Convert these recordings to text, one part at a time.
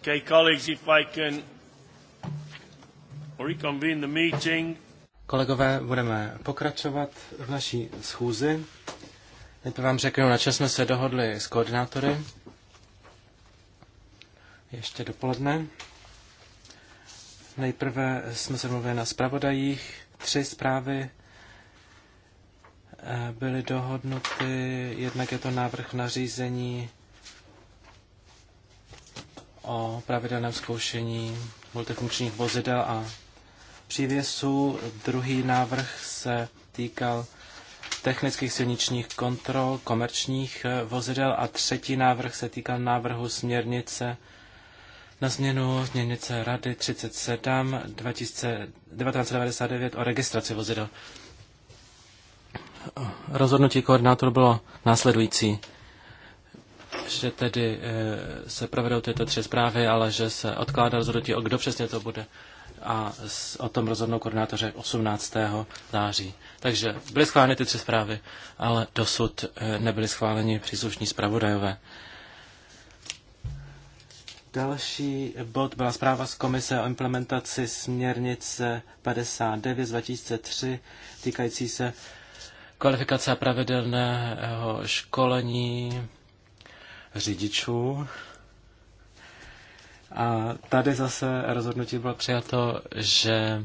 Okay, colleagues, if I can reconvene the meeting. Kolegové, budeme pokračovat v naší schůzi. Nejprve vám řeknu, na čem jsme se dohodli s koordinátory. Ještě dopoledne. Nejprve jsme se mluvili na zpravodajích. Tři zprávy eh, byly dohodnuty. Jednak je to návrh na řízení o pravidelném zkoušení multifunkčních vozidel a přívěsů. Druhý návrh se týkal technických silničních kontrol komerčních eh, vozidel a třetí návrh se týkal návrhu směrnice na změnu směrnice Rady 37 1999 o registraci vozidel. Rozhodnutí koordinátoru bylo následující že tedy eh, se provedou tyto tři zprávy, ale že se odkládá rozhodnutí, o kdo přesně to bude a o tom rozhodnou koordinátoře 18. září. Takže byly schváleny ty tři zprávy, ale dosud eh, nebyly schváleni příslušní zpravodajové. Další bod byla zpráva z Komise o implementaci směrnice 59 z 2003 týkající se kvalifikace a pravidelného školení řidičů. A tady zase rozhodnutí bylo přijato, že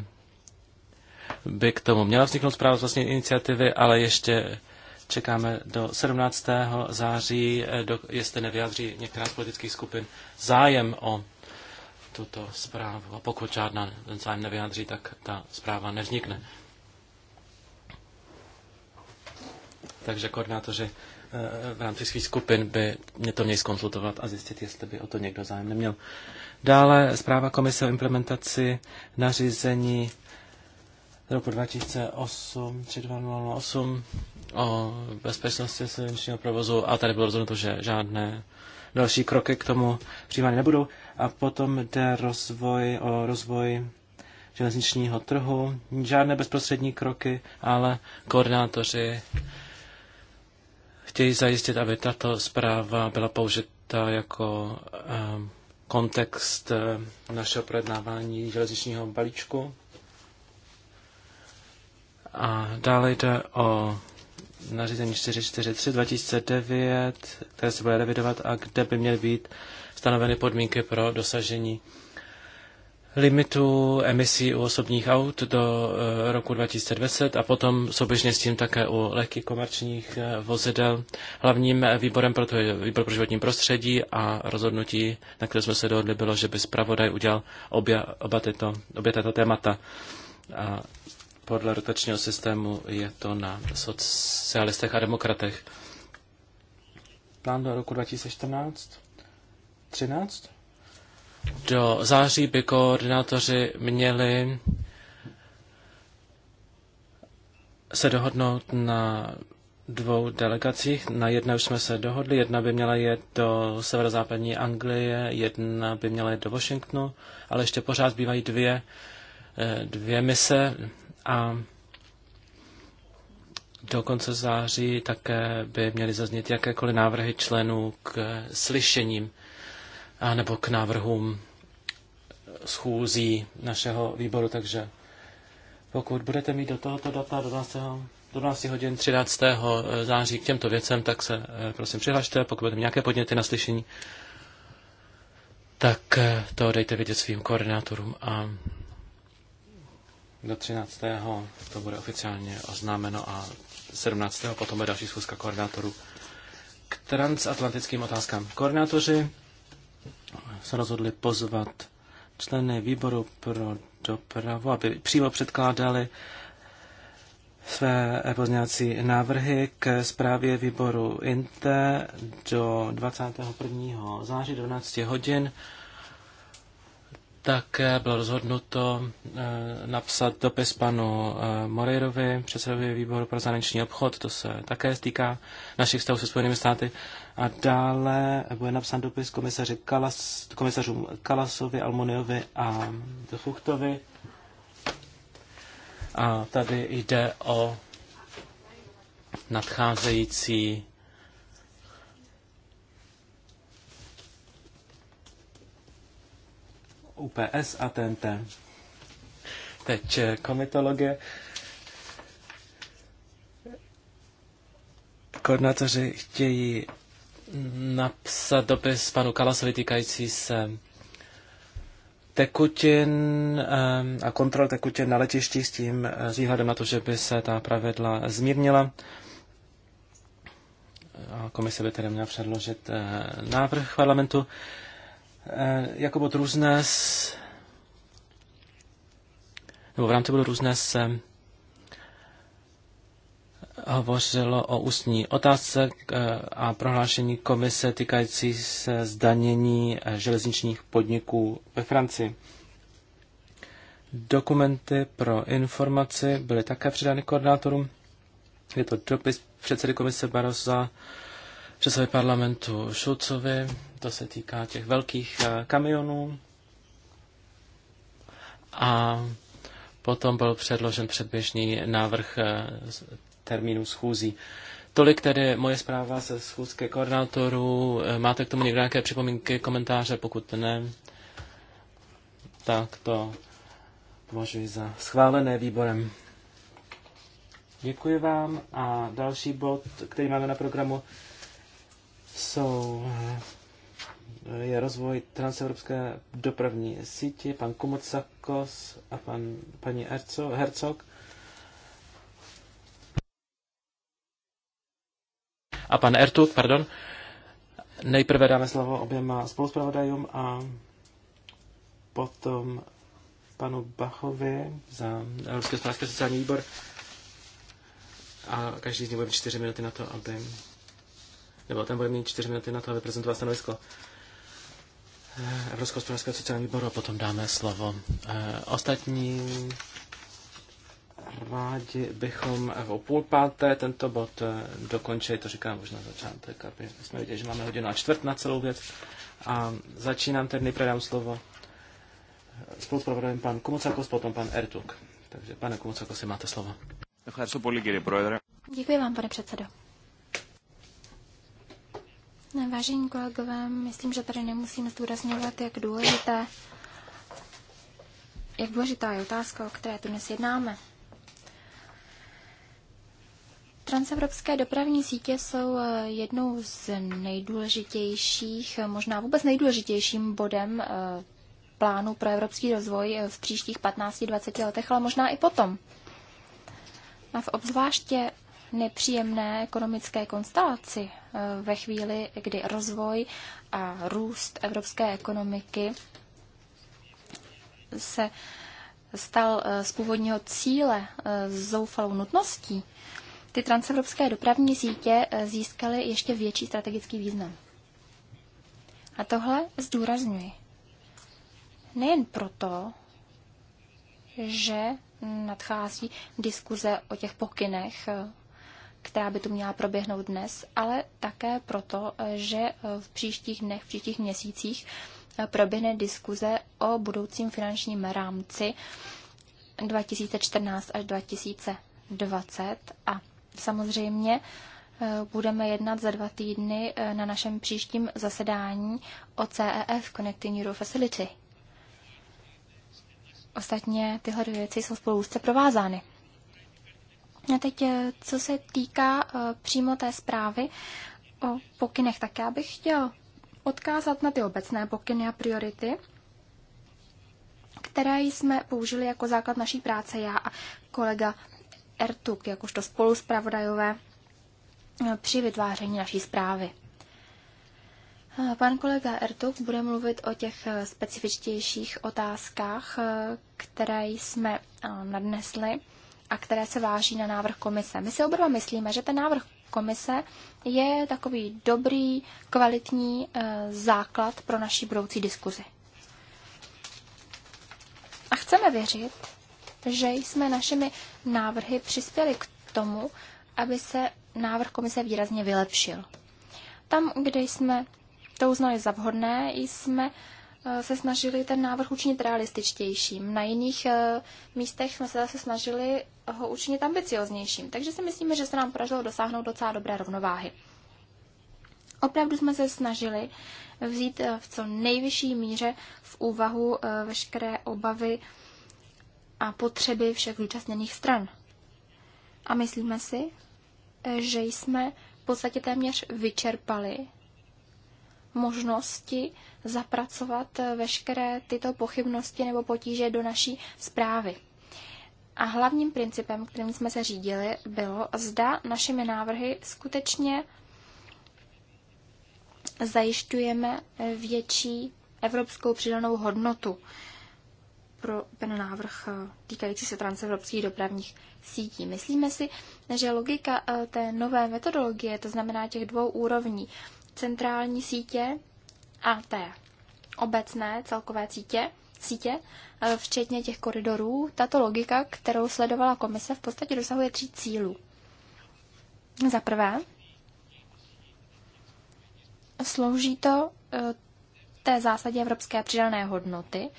by k tomu měla vzniknout zpráva z vlastní iniciativy, ale ještě čekáme do 17. září, do, jestli nevyjádří některá z politických skupin zájem o tuto zprávu. A pokud žádná ten zájem nevyjádří, tak ta zpráva nevznikne. Takže koordinátoři v rámci svých skupin by mě to měli skonsultovat a zjistit, jestli by o to někdo zájem neměl. Dále zpráva komise o implementaci nařízení roku 2008, 3208 o bezpečnosti silničního provozu a tady bylo rozhodnuto, že žádné další kroky k tomu přijímány nebudou. A potom jde rozvoj o rozvoj železničního trhu. Žádné bezprostřední kroky, ale koordinátoři Chtějí zajistit, aby tato zpráva byla použita jako ehm, kontext eh, našeho projednávání železničního balíčku. A dále jde o nařízení 443 2009, které se bude revidovat a kde by měly být stanoveny podmínky pro dosažení limitu emisí u osobních aut do eh, roku 2020 a potom souběžně s tím také u lehkých komerčních eh, vozidel. Hlavním eh, výborem pro to je výbor pro životní prostředí a rozhodnutí, na které jsme se dohodli, bylo, že by zpravodaj udělal obě, oba tyto, obě tato témata. A podle rotačního systému je to na socialistech a demokratech. Plán do roku 2014? 13? Do září by koordinátoři měli se dohodnout na dvou delegacích. Na jedné už jsme se dohodli. Jedna by měla jet do severozápadní Anglie, jedna by měla jet do Washingtonu, ale ještě pořád bývají dvě, eh, dvě mise a do konce září také by měly zaznít jakékoliv návrhy členů k slyšením a nebo k návrhům schůzí našeho výboru, takže pokud budete mít do tohoto data do 12, do 12 hodin 13. Eh, září k těmto věcem, tak se eh, prosím přihlašte, pokud budete nějaké podněty na slyšení, tak eh, to dejte vědět svým koordinátorům a do 13. to bude oficiálně oznámeno a 17. potom bude další schůzka koordinátorů k transatlantickým otázkám. Koordinátoři se rozhodli pozvat členy výboru pro dopravu, aby přímo předkládali své pozněvací návrhy k zprávě výboru INTE do 21. září 12 hodin. Také bylo rozhodnuto eh, napsat dopis panu eh, Moreirovi, předsedovi výboru pro zahraniční obchod, to se také týká našich vztahů se Spojenými státy, a dále bude napsán dopis komisaři Kalas, komisařům Kalasovi, Almoniovi a Chuchtovi. A tady jde o nadcházející UPS a TNT. Teď eh, komitologie. Koordinátoři chtějí napsat dopis panu Kalasovi týkající se tekutin a kontrol tekutin na letišti s tím eh, s výhledem na to, že by se ta pravidla zmírnila. A komise by tedy měla předložit eh, návrh parlamentu. Eh, jako bod různé s, nebo v rámci bodu různé se hovořilo o ústní otázce eh, a prohlášení komise týkající se zdanění eh, železničních podniků ve Francii. Dokumenty pro informaci byly také předány koordinátorům. Je to dopis předsedy komise Barosa, předsedy parlamentu Šulcovi, to se týká těch velkých eh, kamionů. A potom byl předložen předběžný návrh termínu schůzí. Tolik tedy moje zpráva ze schůzky koordinátorů. Máte k tomu někdo nějaké připomínky, komentáře? Pokud ne, tak to považuji za schválené výborem. Děkuji vám a další bod, který máme na programu, jsou, je rozvoj transevropské dopravní sítě, pan Kumocakos a pan, paní Herco, Hercog. a pan Ertuk, pardon. Nejprve dáme slovo oběma spoluspravodajům a potom panu Bachovi za Evropské hospodářské sociální výbor. A každý z nich bude mít čtyři minuty na to, aby... Nebo ten bude mít čtyři minuty na to, aby prezentoval stanovisko eh, Evropského hospodářského sociální výboru a potom dáme slovo eh, ostatním rádi bychom o půl páté tento bod eh, dokončili, to říkám možná začátek, aby jsme viděli, že máme hodinu a čtvrt na celou věc. A začínám tedy, nejprve dám slovo eh, spolu s pan Kumocakos, potom pan Ertuk. Takže pane Kumocakos, si máte slovo. Děkuji vám, pane předsedo. Vážení kolegové, myslím, že tady nemusíme zdůrazňovat, jak důležité jak důležitá je otázka, o které tu dnes jednáme. Transevropské dopravní sítě jsou eh, jednou z nejdůležitějších, eh, možná vůbec nejdůležitějším bodem eh, plánu pro evropský rozvoj v příštích 15-20 letech, ale možná i potom. A v obzvláště nepříjemné ekonomické konstelaci ve chvíli, kdy rozvoj a růst evropské ekonomiky se stal z původního cíle zoufalou nutností, ty transevropské dopravní sítě eh, získaly ještě větší strategický význam. A tohle zdůrazňuji. Nejen proto, že nadchází diskuze o těch pokynech, eh, která by tu měla proběhnout dnes, ale také proto, eh, že v příštích dnech, v příštích měsících proběhne diskuze o budoucím finančním rámci 2014 až 2020 a samozřejmě eh, budeme jednat za dva týdny eh, na našem příštím zasedání o CEF, Connecting Euro Facility. Ostatně tyhle dvě věci jsou spolu úzce provázány. A teď, eh, co se týká přímo té zprávy o pokynech, tak já bych chtěl odkázat na ty obecné pokyny a priority, které jsme použili jako základ naší práce já a kolega Ertuk jakožto spoluspravodajové eh, při vytváření naší zprávy. Eh, pan kolega Ertuk bude mluvit o těch eh, specifičtějších otázkách, které jsme nadnesli a které se váží na návrh komise. My si oba myslíme, že ten návrh komise je takový dobrý, kvalitní základ pro naší budoucí diskuzi. A chceme věřit, že jsme našimi návrhy přispěli k tomu, aby se návrh komise výrazně vylepšil. Tam, kde jsme to uznali za vhodné, jsme eh, se snažili ten návrh učinit realističtějším. Na jiných eh, místech jsme se zase snažili ho učinit ambicioznějším. Takže si myslíme, že se nám podařilo dosáhnout docela dobré rovnováhy. Opravdu jsme se snažili vzít eh, v co nejvyšší míře v úvahu veškeré obavy a potřeby všech zúčastněných stran. A myslíme si, že jsme v podstatě téměř vyčerpali možnosti zapracovat veškeré tyto pochybnosti nebo potíže do naší zprávy. A hlavním principem, kterým jsme se řídili, bylo, zda našimi návrhy skutečně zajišťujeme větší evropskou přidanou hodnotu pro ten návrh eh, týkající se transevropských dopravních sítí. Myslíme si, že logika eh, té nové metodologie, to znamená těch dvou úrovní, centrální sítě a té obecné celkové sítě, sítě, eh, včetně těch koridorů, tato logika, kterou sledovala komise, v podstatě dosahuje tří cílů. Za prvé, slouží to té zásadě evropské přidané hodnoty.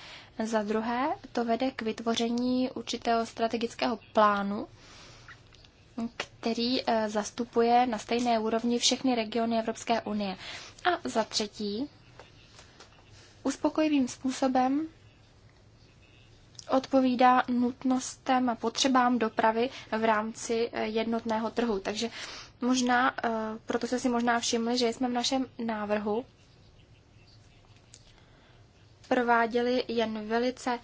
Za druhé, to vede k vytvoření určitého strategického plánu, který eh, zastupuje na stejné úrovni všechny regiony Evropské unie. A za třetí, uspokojivým způsobem odpovídá nutnostem a potřebám dopravy v rámci eh, jednotného trhu. Takže možná, eh, proto jste si možná všimli, že jsme v našem návrhu prováděly jen velice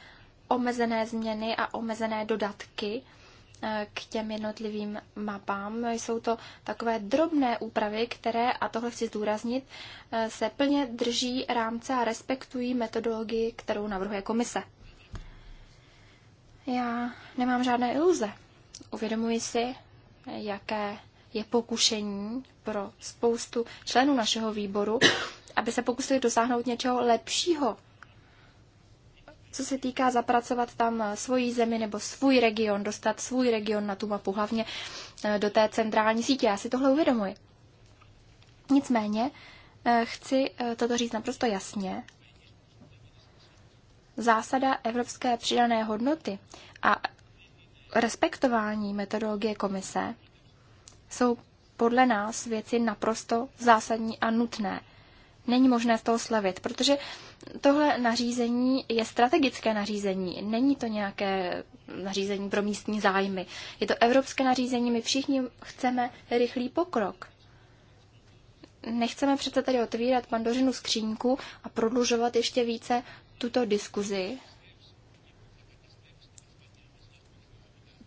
omezené změny a omezené dodatky eh, k těm jednotlivým mapám. Jsou to takové drobné úpravy, které, a tohle chci zdůraznit, eh, se plně drží rámce a respektují metodologii, kterou navrhuje komise. Já nemám žádné iluze. Uvědomuji si, jaké je pokušení pro spoustu členů našeho výboru, aby se pokusili dosáhnout něčeho lepšího co se týká zapracovat tam svoji zemi nebo svůj region, dostat svůj region na tu mapu, hlavně eh, do té centrální sítě. Já si tohle uvědomuji. Nicméně eh, chci eh, toto říct naprosto jasně. Zásada evropské přidané hodnoty a respektování metodologie komise jsou podle nás věci naprosto zásadní a nutné není možné z toho slavit, protože tohle nařízení je strategické nařízení, není to nějaké nařízení pro místní zájmy. Je to evropské nařízení, my všichni chceme rychlý pokrok. Nechceme přece tady otvírat pandořinu skřínku a prodlužovat ještě více tuto diskuzi,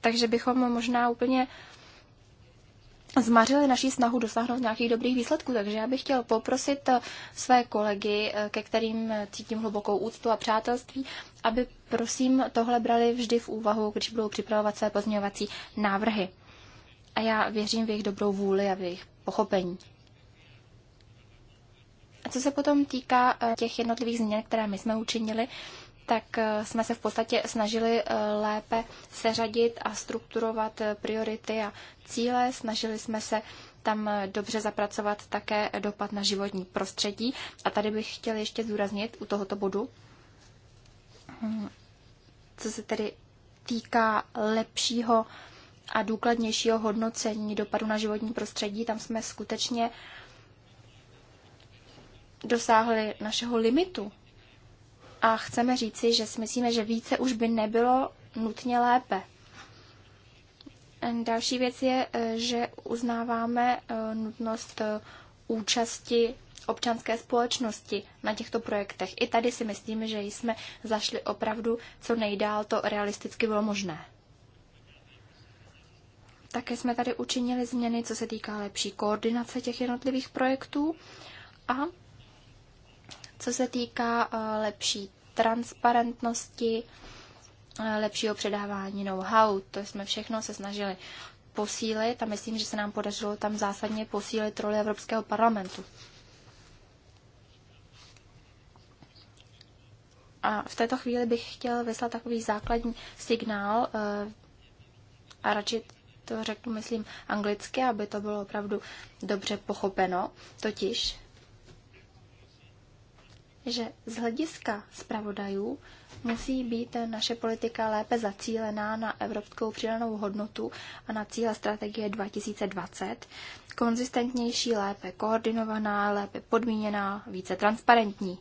takže bychom možná úplně zmařili naši snahu dosáhnout nějakých dobrých výsledků. Takže já bych chtěl poprosit eh, své kolegy, eh, ke kterým cítím hlubokou úctu a přátelství, aby prosím tohle brali vždy v úvahu, když budou připravovat své pozměňovací návrhy. A já věřím v jejich dobrou vůli a v jejich pochopení. A co se potom týká eh, těch jednotlivých změn, které my jsme učinili, tak eh, jsme se v podstatě snažili eh, lépe seřadit a strukturovat eh, priority a cíle. Snažili jsme se tam dobře zapracovat také dopad na životní prostředí. A tady bych chtěl ještě zúraznit u tohoto bodu, hm, co se tedy týká lepšího a důkladnějšího hodnocení dopadu na životní prostředí, tam jsme skutečně dosáhli našeho limitu a chceme říci, že si myslíme, že více už by nebylo nutně lépe. Další věc je, eh, že uznáváme eh, nutnost eh, účasti občanské společnosti na těchto projektech. I tady si myslíme, že jsme zašli opravdu co nejdál, to realisticky bylo možné. Také jsme tady učinili změny, co se týká lepší koordinace těch jednotlivých projektů a co se týká eh, lepší transparentnosti, eh, lepšího předávání know-how, to jsme všechno se snažili posílit a myslím, že se nám podařilo tam zásadně posílit roli Evropského parlamentu. A v této chvíli bych chtěl vyslat takový základní signál eh, a radši to řeknu, myslím, anglicky, aby to bylo opravdu dobře pochopeno. Totiž že z hlediska zpravodajů musí být naše politika lépe zacílená na evropskou přidanou hodnotu a na cíle strategie 2020, konzistentnější, lépe koordinovaná, lépe podmíněná, více transparentní.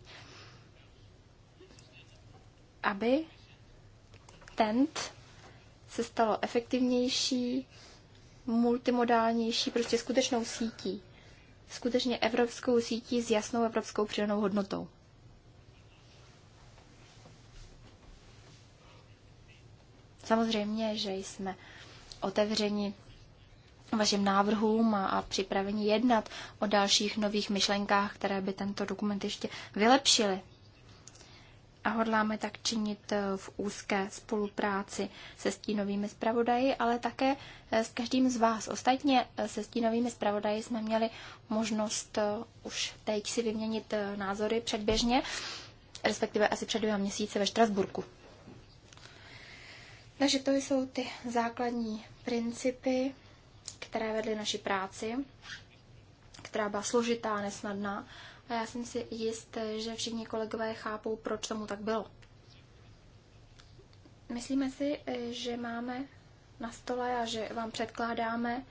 Aby TENT se stalo efektivnější, multimodálnější, prostě skutečnou sítí. Skutečně evropskou sítí s jasnou evropskou přidanou hodnotou. Samozřejmě, že jsme otevřeni vašim návrhům a, a připraveni jednat o dalších nových myšlenkách, které by tento dokument ještě vylepšily. A hodláme tak činit eh, v úzké spolupráci se stínovými zpravodaji, ale také eh, s každým z vás. Ostatně eh, se stínovými zpravodaji jsme měli možnost už teď si vyměnit názory předběžně, respektive asi před dvěma měsíce ve Štrasburku. Takže to jsou ty základní principy, které vedly naši práci, která byla složitá, nesnadná. A já jsem si jist, že všichni kolegové chápou, proč tomu tak bylo. Myslíme si, že máme na stole a že vám předkládáme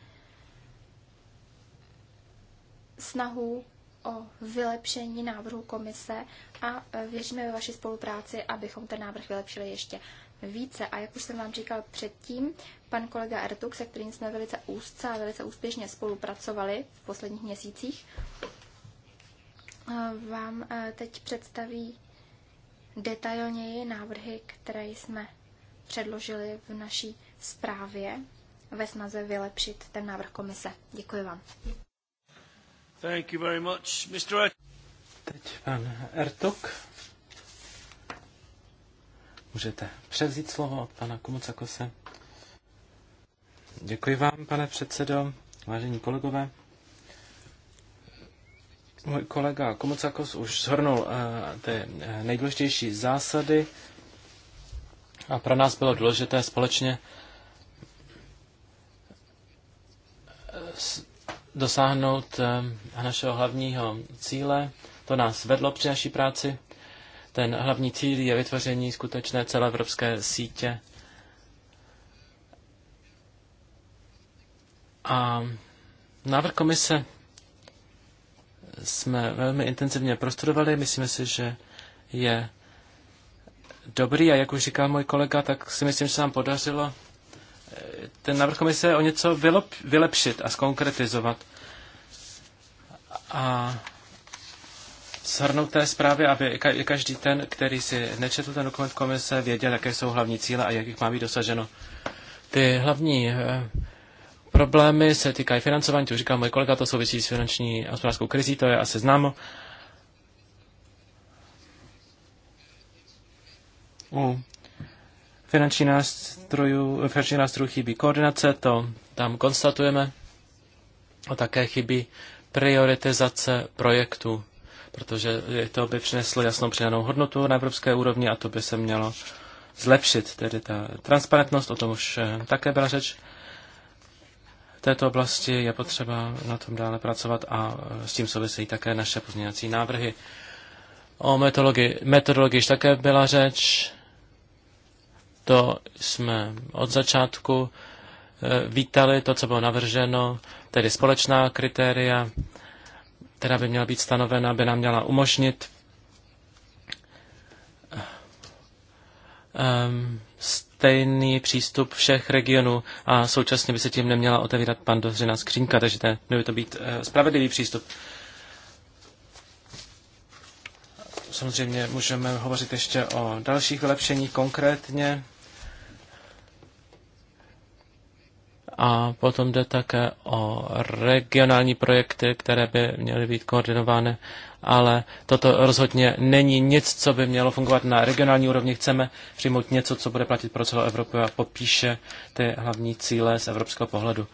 snahu o vylepšení návrhu komise a věříme ve vaší spolupráci, abychom ten návrh vylepšili ještě více. A jak už jsem vám říkal předtím, pan kolega Ertuk, se kterým jsme velice úzce a velice úspěšně spolupracovali v posledních měsících, eh, vám eh, teď představí detailněji návrhy, které jsme předložili v naší zprávě ve snaze vylepšit ten návrh komise. Děkuji vám. Thank you very much, Mr. Teď pan Ertuk. Můžete převzít slovo od pana Kumocakose. Děkuji vám, pane předsedo, vážení kolegové. Můj kolega Komocakos už shrnul uh, ty eh, nejdůležitější zásady a pro nás bylo důležité společně eh, dosáhnout uh, našeho hlavního cíle. To nás vedlo při naší práci. Ten hlavní cíl je vytvoření skutečné celoevropské sítě. A návrh komise jsme velmi intenzivně prostudovali. Myslíme si, že je dobrý a jak už říkal můj kolega, tak si myslím, že se nám podařilo eh, ten návrh komise o něco vylepšit a zkonkretizovat. A shrnout té zprávy, aby každý ten, který si nečetl ten dokument komise, věděl, jaké jsou hlavní cíle a jak jich má být dosaženo. Ty hlavní eh, problémy se týkají financování, to říkal můj kolega, to souvisí s finanční a hospodářskou krizí, to je asi známo. U finanční nástrojů, finanční nástrojů chybí koordinace, to tam konstatujeme. A také chybí prioritizace projektu protože to by přineslo jasnou přidanou hodnotu na evropské úrovni a to by se mělo zlepšit. Tedy ta transparentnost, o tom už eh, také byla řeč. V této oblasti je potřeba na tom dále pracovat a eh, s tím souvisejí také naše pozměňovací návrhy. O metodologii, metodologii také byla řeč. To jsme od začátku eh, vítali, to, co bylo navrženo, tedy společná kritéria která by měla být stanovena, by nám měla umožnit um, stejný přístup všech regionů a současně by se tím neměla otevírat pandořina skřínka, takže to, měl by to být uh, spravedlivý přístup. Samozřejmě můžeme hovořit ještě o dalších vylepšeních konkrétně. A potom jde také o regionální projekty, které by měly být koordinovány, ale toto rozhodně není nic, co by mělo fungovat na regionální úrovni. Chceme přijmout něco, co bude platit pro celou Evropu a popíše ty hlavní cíle z evropského pohledu.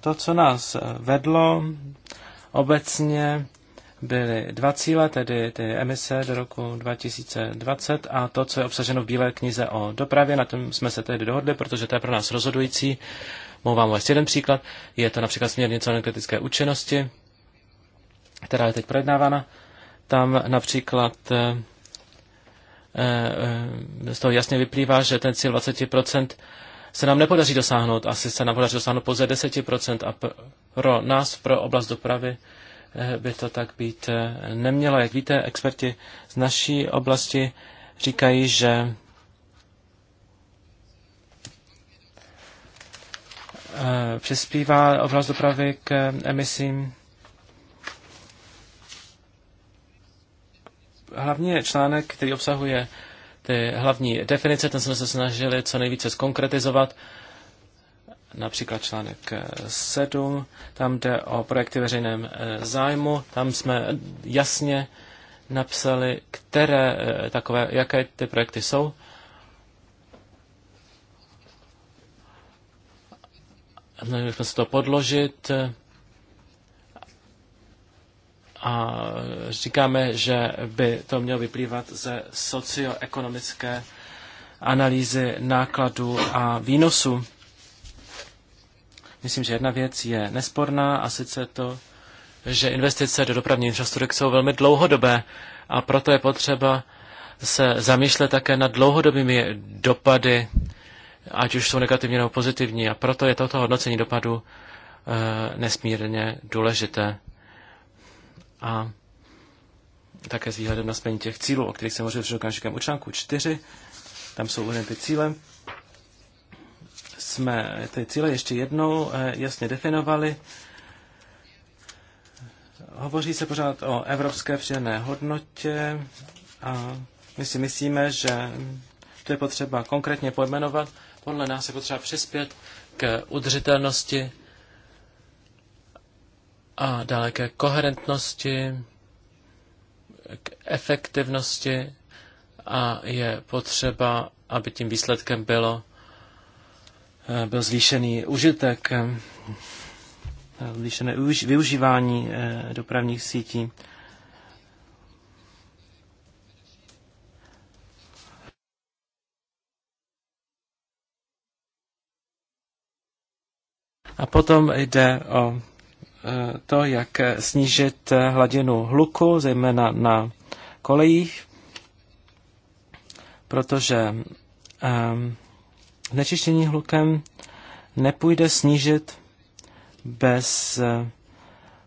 To, co nás vedlo obecně byly dva cíle, tedy ty emise do roku 2020 a to, co je obsaženo v Bílé knize o dopravě. Na tom jsme se tedy dohodli, protože to je pro nás rozhodující. Mohu vám uvést jeden příklad. Je to například směrnice o energetické účinnosti, která je teď projednávána. Tam například eh, eh, z toho jasně vyplývá, že ten cíl 20% se nám nepodaří dosáhnout. Asi se nám podaří dosáhnout pouze 10% a pro nás, pro oblast dopravy, Eh, by to tak být eh, nemělo. Jak víte, experti z naší oblasti říkají, že eh, přispívá oblast dopravy k emisím. Hlavně článek, který obsahuje ty hlavní definice, ten jsme se snažili co nejvíce zkonkretizovat například článek 7, eh, tam jde o projekty veřejném eh, zájmu, tam jsme jasně napsali, které eh, takové, jaké ty projekty jsou. Měli jsme se to podložit a říkáme, že by to mělo vyplývat ze socioekonomické analýzy nákladů a výnosů. Myslím, že jedna věc je nesporná a sice to, že investice do dopravní infrastruktury jsou velmi dlouhodobé a proto je potřeba se zamýšlet také nad dlouhodobými dopady, ať už jsou negativní nebo pozitivní. A proto je toto hodnocení dopadu e, nesmírně důležité. A také s výhledem na splnění těch cílů, o kterých se možná před okamžikem u článku 4, tam jsou uvedeny ty cíle jsme ty cíle ještě jednou eh, jasně definovali. Hovoří se pořád o evropské přidané hodnotě a my si myslíme, že to je potřeba konkrétně pojmenovat. Podle nás je potřeba přispět k udržitelnosti a dále ke koherentnosti, k efektivnosti a je potřeba, aby tím výsledkem bylo byl zvýšený užitek, zvýšené využívání eh, dopravních sítí. A potom jde o eh, to, jak snížit eh, hladinu hluku, zejména na kolejích, protože um, znečištění hlukem nepůjde snížit bez eh,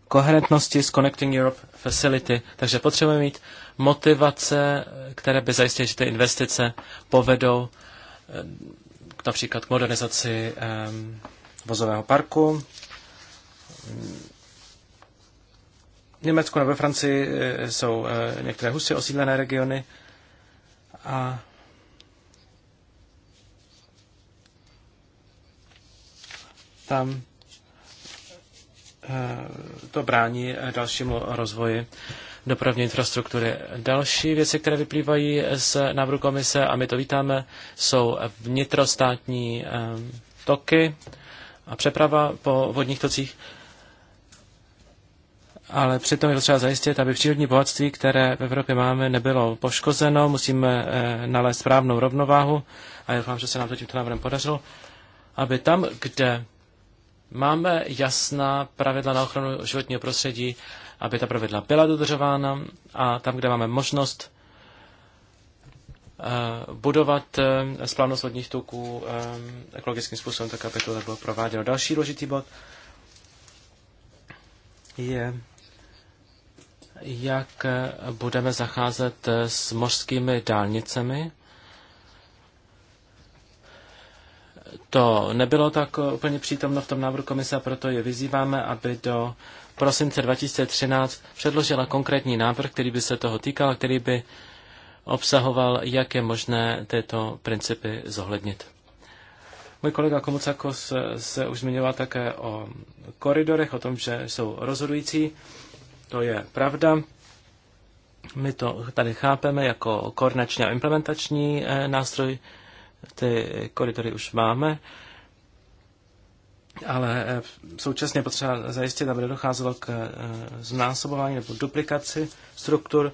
koherentnosti s Connecting Europe Facility. Takže potřebujeme mít motivace, které by zajistily, že ty investice povedou eh, například k modernizaci eh, vozového parku. V Německu nebo ve Francii jsou některé hustě osídlené regiony a tam eh, to brání dalšímu rozvoji dopravní infrastruktury. Další věci, které vyplývají z návrhu komise, a my to vítáme, jsou vnitrostátní eh, toky a přeprava po vodních tocích. Ale přitom je potřeba zajistit, aby přírodní bohatství, které v Evropě máme, nebylo poškozeno. Musíme eh, nalézt správnou rovnováhu a já doufám, že se nám to tímto návrhem podařilo, aby tam, kde Máme jasná pravidla na ochranu životního prostředí, aby ta pravidla byla dodržována a tam, kde máme možnost eh, budovat eh, splavnost vodních tuků eh, ekologickým způsobem, tak aby to bylo prováděno. Další důležitý bod je, jak budeme zacházet s mořskými dálnicemi. to nebylo tak úplně přítomno v tom návrhu komise, proto je vyzýváme, aby do prosince 2013 předložila konkrétní návrh, který by se toho týkal, který by obsahoval, jak je možné tyto principy zohlednit. Můj kolega Komucakos se už zmiňoval také o koridorech, o tom, že jsou rozhodující. To je pravda. My to tady chápeme jako koordinační a implementační eh, nástroj ty koridory už máme, ale eh, současně potřeba zajistit, aby nedocházelo k eh, znásobování nebo duplikaci struktur.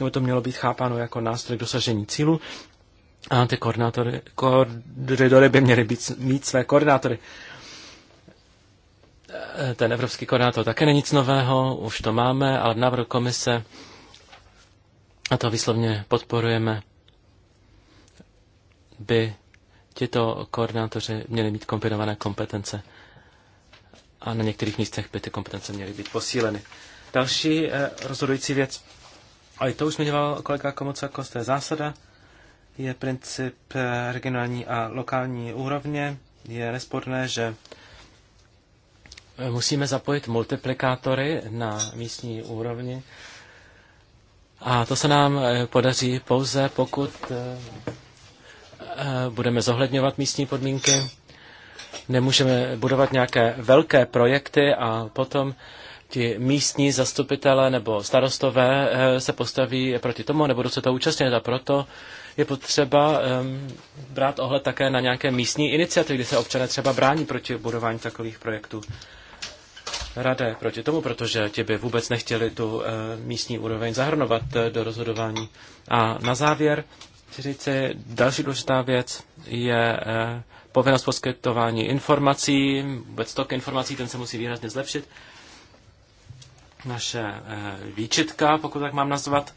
aby to mělo být chápáno jako nástroj k dosažení cílu. A ty koordinátory, koordinátory by měly být, mít své koordinátory. Eh, ten evropský koordinátor také není nic nového, už to máme, ale v návrhu komise, a to výslovně podporujeme, by tito koordinátoři měli mít kombinované kompetence a na některých místech by ty kompetence měly být posíleny. Další eh, rozhodující věc, a i to už zmiňoval kolega Komocakos, to je zásada, je princip eh, regionální a lokální úrovně. Je nesporné, že eh, musíme zapojit multiplikátory na místní úrovni. A to se nám eh, podaří pouze, pokud eh, Eh, budeme zohledňovat místní podmínky, nemůžeme budovat nějaké velké projekty a potom ti místní zastupitelé nebo starostové eh, se postaví proti tomu, nebudou se to účastnit a proto je potřeba ehm, brát ohled také na nějaké místní iniciativy, kdy se občané třeba brání proti budování takových projektů. Rade proti tomu, protože ti by vůbec nechtěli tu eh, místní úroveň zahrnovat do rozhodování. A na závěr chci říci, další důležitá věc je eh, povinnost poskytování informací. Vůbec tok informací, ten se musí výrazně zlepšit. Naše eh, výčitka, pokud tak mám nazvat,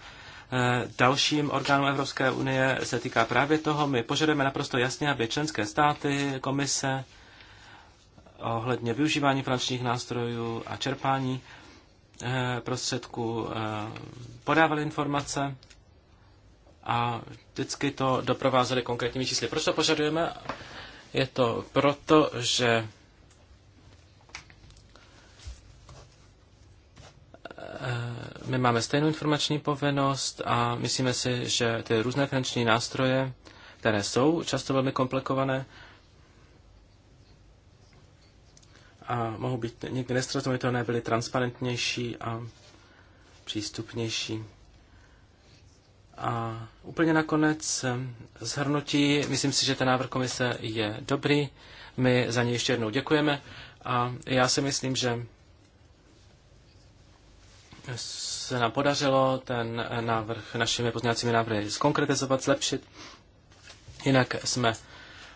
eh, dalším orgánům Evropské unie se týká právě toho. My požadujeme naprosto jasně, aby členské státy, komise ohledně využívání finančních nástrojů a čerpání prostředků podávaly informace a vždycky to doprovázeli konkrétními čísly. Proč to požadujeme? Je to proto, že my máme stejnou informační povinnost a myslíme si, že ty různé finanční nástroje, které jsou často velmi komplikované a mohou být někdy nesrozumitelné, byly transparentnější a přístupnější. A úplně nakonec eh, zhrnutí, myslím si, že ten návrh komise je dobrý. My za něj ještě jednou děkujeme a já si myslím, že se nám podařilo ten návrh našimi pozměňovacími návrhy zkonkretizovat, zlepšit. Jinak jsme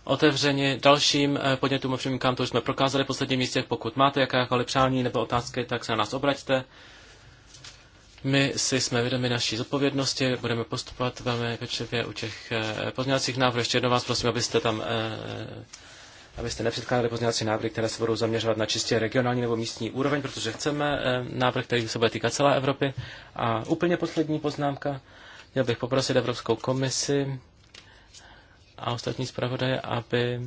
otevřeni dalším eh, podnětům a kam to už jsme prokázali v posledních místech. Pokud máte jakékoliv přání nebo otázky, tak se na nás obraťte. My si jsme vědomi naší zodpovědnosti, budeme postupovat velmi pečlivě u těch eh, pozměňovacích návrhů. Ještě jednou vás prosím, abyste tam eh, eh, abyste nepředkládali pozměňovací návrhy, které se budou zaměřovat na čistě regionální nebo místní úroveň, protože chceme návrh, který se bude týkat celé Evropy. A úplně poslední poznámka. Měl bych poprosit Evropskou komisi a ostatní zpravodaje, aby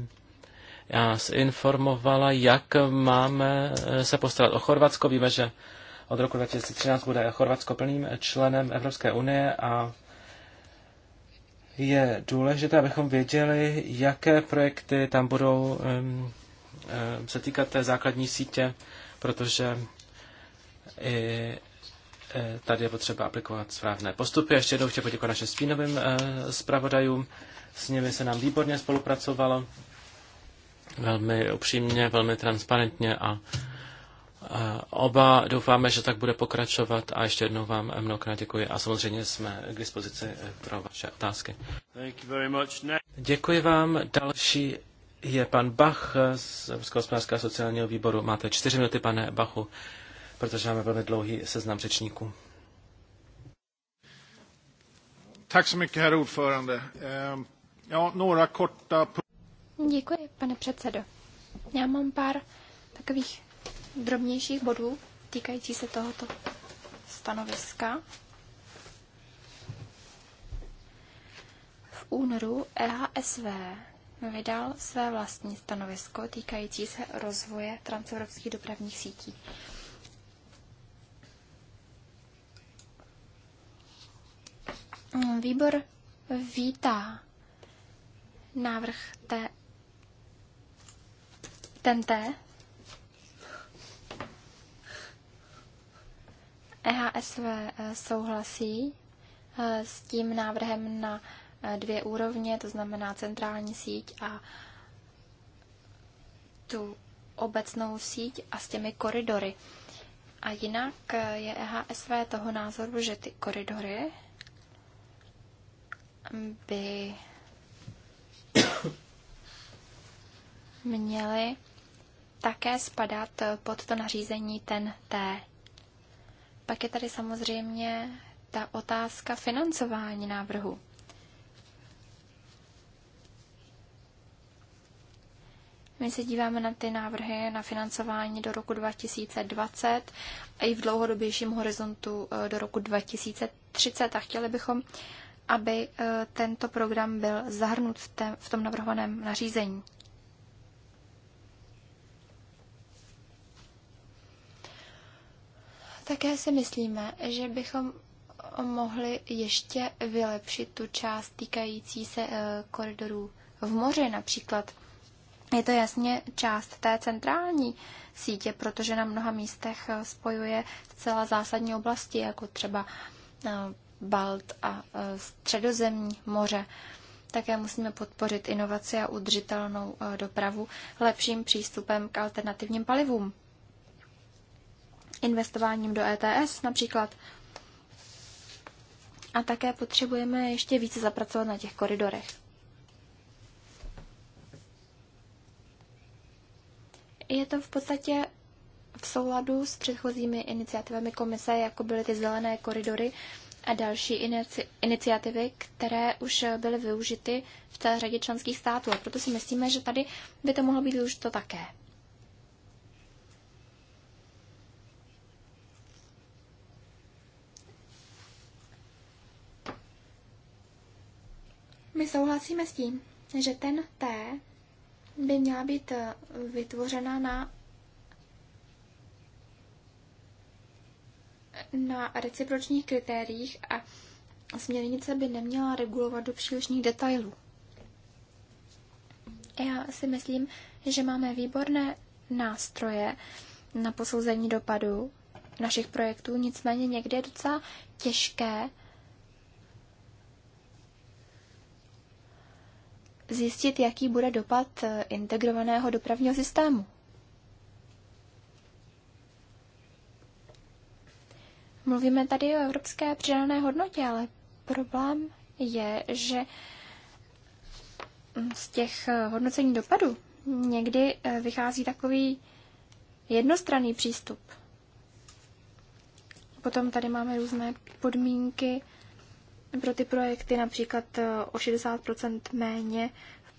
já informovala, jak máme se postarat o Chorvatsko. Víme, že od roku 2013 bude Chorvatsko plným členem Evropské unie a je důležité, abychom věděli, jaké projekty tam budou se týkat té základní sítě, protože i e, tady je potřeba aplikovat správné postupy. Ještě jednou chtěl poděkovat našim spínovým e, zpravodajům. S nimi se nám výborně spolupracovalo. Velmi upřímně, velmi transparentně a Oba doufáme, že tak bude pokračovat a ještě jednou vám mnohokrát děkuji a samozřejmě jsme k dispozici eh, pro vaše otázky. Děkuji vám. Další je pan Bach z Evropského hospodářského sociálního výboru. Máte čtyři minuty, pane Bachu, protože máme velmi dlouhý seznam řečníků. Tack så ehm, Děkuji, pane předsedo. Já mám pár takových drobnějších bodů týkající se tohoto stanoviska. V únoru EHSV vydal své vlastní stanovisko týkající se rozvoje transevropských dopravních sítí. Výbor vítá návrh té, T EHSV e, souhlasí e, s tím návrhem na e, dvě úrovně, to znamená centrální síť a tu obecnou síť a s těmi koridory. A jinak je EHSV toho názoru, že ty koridory by měly také spadat pod to nařízení ten T. Pak je tady samozřejmě ta otázka financování návrhu. My se díváme na ty návrhy na financování do roku 2020 a i v dlouhodobějším horizontu eh, do roku 2030 a chtěli bychom, aby eh, tento program byl zahrnut v, tom navrhovaném nařízení. Také si myslíme, že bychom mohli ještě vylepšit tu část týkající se eh, koridorů v moři například. Je to jasně část té centrální sítě, protože na mnoha místech eh, spojuje zcela zásadní oblasti, jako třeba eh, Balt a středozemní moře. Také musíme podpořit inovaci a udržitelnou dopravu lepším přístupem k alternativním palivům investováním do ETS například. A také potřebujeme ještě více zapracovat na těch koridorech. Je to v podstatě v souladu s předchozími iniciativami komise, jako byly ty zelené koridory a další iniciativy, které už byly využity v té řadě členských států. A proto si myslíme, že tady by to mohlo být už to také. My souhlasíme s tím, že ten T by měla být eh, vytvořena na na recipročních kritériích a směrnice by neměla regulovat do přílišných detailů. Já si myslím, že máme výborné nástroje na posouzení dopadu našich projektů, nicméně někdy je docela těžké zjistit, jaký bude dopad eh, integrovaného dopravního systému. Mluvíme tady o evropské přidané hodnotě, ale problém je, že mm, z těch eh, hodnocení dopadu někdy eh, vychází takový jednostranný přístup. Potom tady máme různé podmínky, pro ty projekty, například eh, o 60% méně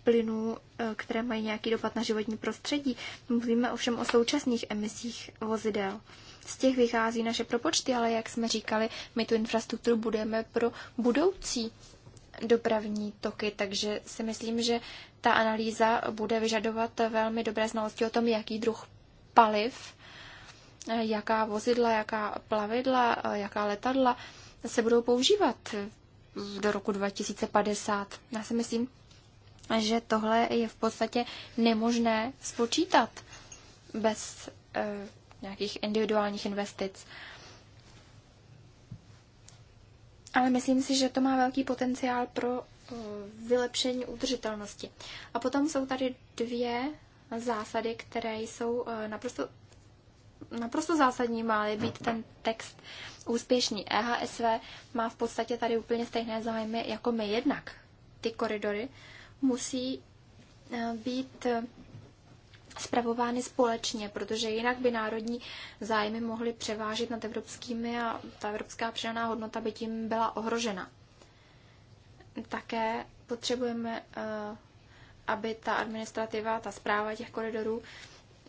plynů, eh, které mají nějaký dopad na životní prostředí. Mluvíme ovšem o současných emisích vozidel. Z těch vychází naše propočty, ale jak jsme říkali, my tu infrastrukturu budeme pro budoucí dopravní toky, takže si myslím, že ta analýza bude vyžadovat velmi dobré znalosti o tom, jaký druh paliv, eh, jaká vozidla, jaká plavidla, jaká letadla se budou používat do roku 2050. Já si myslím, že tohle je v podstatě nemožné spočítat bez e, nějakých individuálních investic. Ale myslím si, že to má velký potenciál pro eh, vylepšení udržitelnosti. A potom jsou tady dvě zásady, které jsou eh, naprosto naprosto zásadní, má být ten text úspěšný. EHSV má v podstatě tady úplně stejné zájmy jako my jednak. Ty koridory musí eh, být eh, spravovány společně, protože jinak by národní zájmy mohly převážit nad evropskými a ta evropská přidaná hodnota by tím byla ohrožena. Také potřebujeme, eh, aby ta administrativa, ta zpráva těch koridorů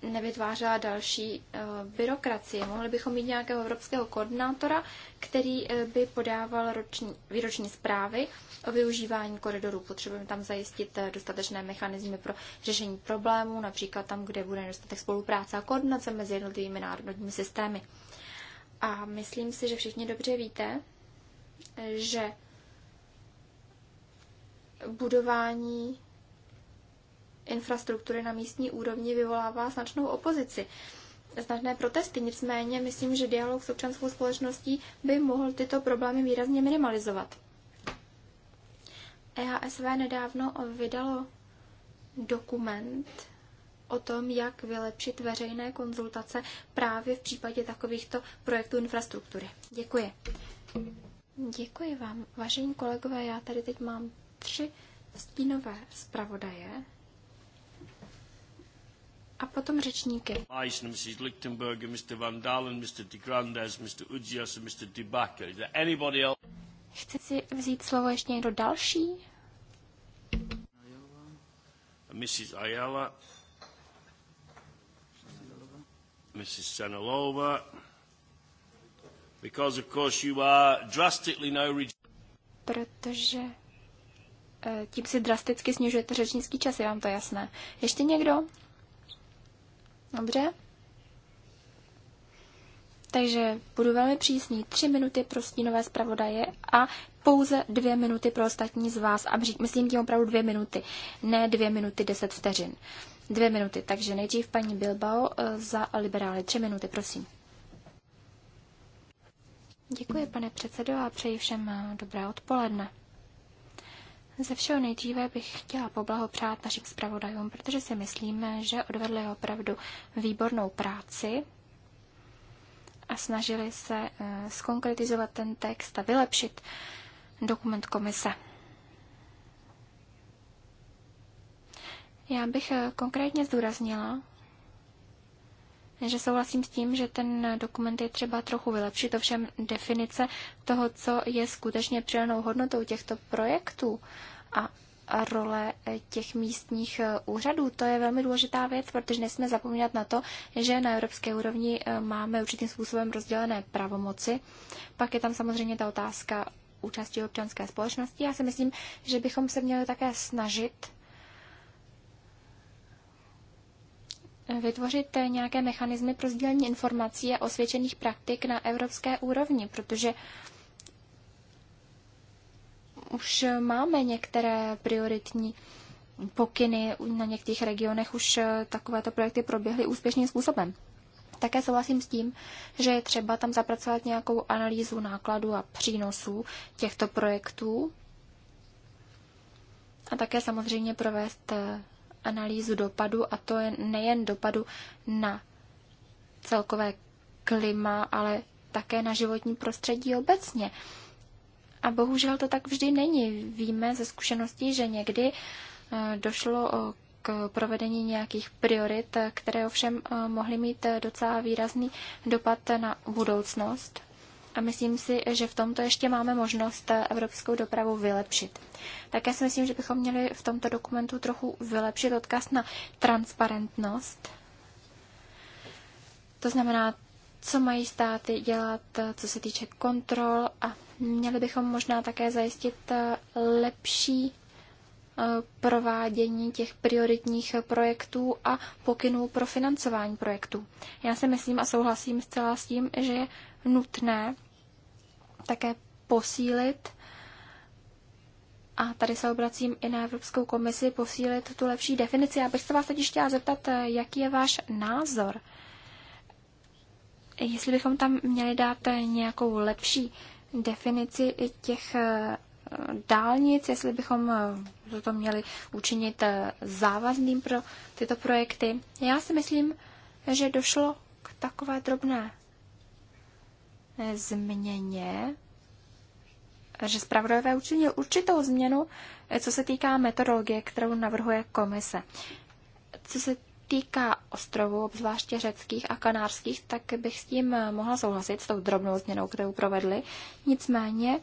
nevytvářela další eh, byrokracie. Mohli bychom mít nějakého evropského koordinátora, který eh, by podával roční, výroční zprávy o využívání koridorů. Potřebujeme tam zajistit eh, dostatečné mechanismy pro řešení problémů, například tam, kde bude nedostatek spolupráce a koordinace mezi jednotlivými národními systémy. A myslím si, že všichni dobře víte, že budování infrastruktury na místní úrovni vyvolává značnou opozici značné protesty. Nicméně myslím, že dialog s občanskou společností by mohl tyto problémy výrazně minimalizovat. EHSV nedávno vydalo dokument o tom, jak vylepšit veřejné konzultace právě v případě takovýchto projektů infrastruktury. Děkuji. Děkuji vám. Vážení kolegové, já tady teď mám tři stínové zpravodaje a potom řečníky. Chce si vzít slovo ještě někdo další? Mrs. Ayala. Mrs. Senalova. Because of course you are drastically now Protože eh, tím si drasticky snižujete řečnický čas, je vám to jasné. Ještě někdo? Dobře? Takže budu velmi přísný. Tři minuty pro stínové zpravodaje a pouze dvě minuty pro ostatní z vás. A myslím tím opravdu dvě minuty, ne dvě minuty deset vteřin. Dvě minuty, takže nejdřív paní Bilbao eh, za liberály. Tři minuty, prosím. Děkuji, pane předsedo, a přeji všem eh, dobré odpoledne. Ze všeho nejdříve bych chtěla poblahopřát našim zpravodajům, protože si myslíme, že odvedli opravdu výbornou práci a snažili se eh, skonkretizovat ten text a vylepšit dokument komise. Já bych eh, konkrétně zdůraznila, že souhlasím s tím, že ten dokument je třeba trochu vylepšit, ovšem definice toho, co je skutečně přidanou hodnotou těchto projektů a role eh, těch místních eh, úřadů. To je velmi důležitá věc, protože nesmíme zapomínat na to, že na evropské úrovni eh, máme určitým způsobem rozdělené pravomoci. Pak je tam samozřejmě ta otázka účasti občanské společnosti. Já si myslím, že bychom se měli také snažit vytvořit nějaké mechanismy pro sdílení informací a osvědčených praktik na evropské úrovni, protože už máme některé prioritní pokyny, na některých regionech už takovéto projekty proběhly úspěšným způsobem. Také souhlasím s tím, že je třeba tam zapracovat nějakou analýzu nákladu a přínosů těchto projektů a také samozřejmě provést analýzu dopadu, a to je nejen dopadu na celkové klima, ale také na životní prostředí obecně. A bohužel to tak vždy není. Víme ze zkušeností, že někdy eh, došlo eh, k provedení nějakých priorit, eh, které ovšem mohly mít docela výrazný dopad na budoucnost a myslím si, že v tomto ještě máme možnost evropskou dopravu vylepšit. Také si myslím, že bychom měli v tomto dokumentu trochu vylepšit odkaz na transparentnost. To znamená, co mají státy dělat, co se týče kontrol a měli bychom možná také zajistit lepší eh, provádění těch prioritních projektů a pokynů pro financování projektů. Já si myslím a souhlasím zcela s tím, že je nutné také posílit, a tady se obracím i na Evropskou komisi, posílit tu lepší definici. Já bych se vás teď chtěla zeptat, jaký je váš názor? Jestli bychom tam měli dát nějakou lepší definici těch eh, dálnic, jestli bychom eh, to měli učinit eh, závazným pro tyto projekty. Já si myslím, že došlo k takové drobné změně, že zpravodajové učinil určitou změnu, co se týká metodologie, kterou navrhuje komise. Co se týká ostrovů, obzvláště řeckých a kanárských, tak bych s tím mohla souhlasit, s tou drobnou změnou, kterou provedli. Nicméně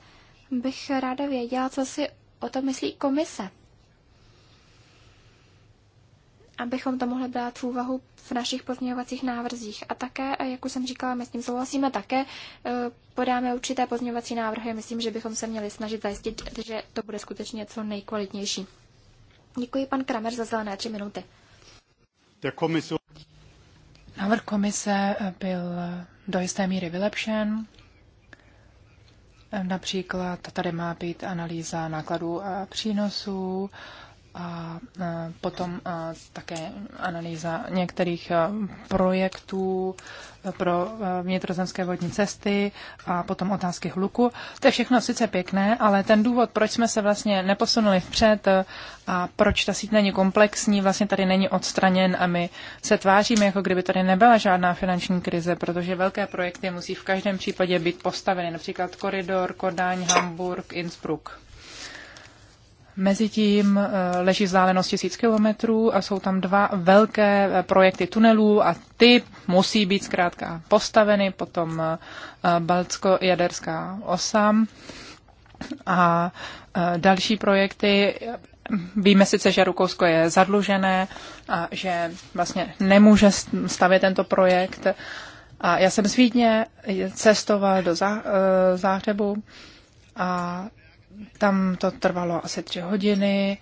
bych ráda věděla, co si o to myslí komise abychom to mohli brát v úvahu v našich pozměňovacích návrzích. A také, jak už jsem říkala, my s tím souhlasíme, také e, podáme určité pozměňovací návrhy. Myslím, že bychom se měli snažit zajistit, že to bude skutečně co nejkvalitnější. Děkuji pan Kramer za zelené tři minuty. Návrh komise byl do jisté míry vylepšen. Například tady má být analýza nákladů a přínosů, a potom také analýza některých projektů e, pro e, vnitrozemské vodní cesty a potom otázky hluku. To je všechno sice pěkné, ale ten důvod, proč jsme se vlastně neposunuli vpřed e, a proč ta síť není komplexní, vlastně tady není odstraněn a my se tváříme, jako kdyby tady nebyla žádná finanční krize, protože velké projekty musí v každém případě být postaveny, například koridor Kodaň, Hamburg, Innsbruck. Mezi tím eh, leží vzdálenost tisíc kilometrů a jsou tam dva velké eh, projekty tunelů a ty musí být zkrátka postaveny, potom eh, Baltsko-Jaderská osa a další projekty. Víme sice, že Rukovsko je zadlužené a že vlastně nemůže stavět tento projekt. A já jsem z Vídně cestoval do Záhřebu a tam to trvalo asi tři hodiny,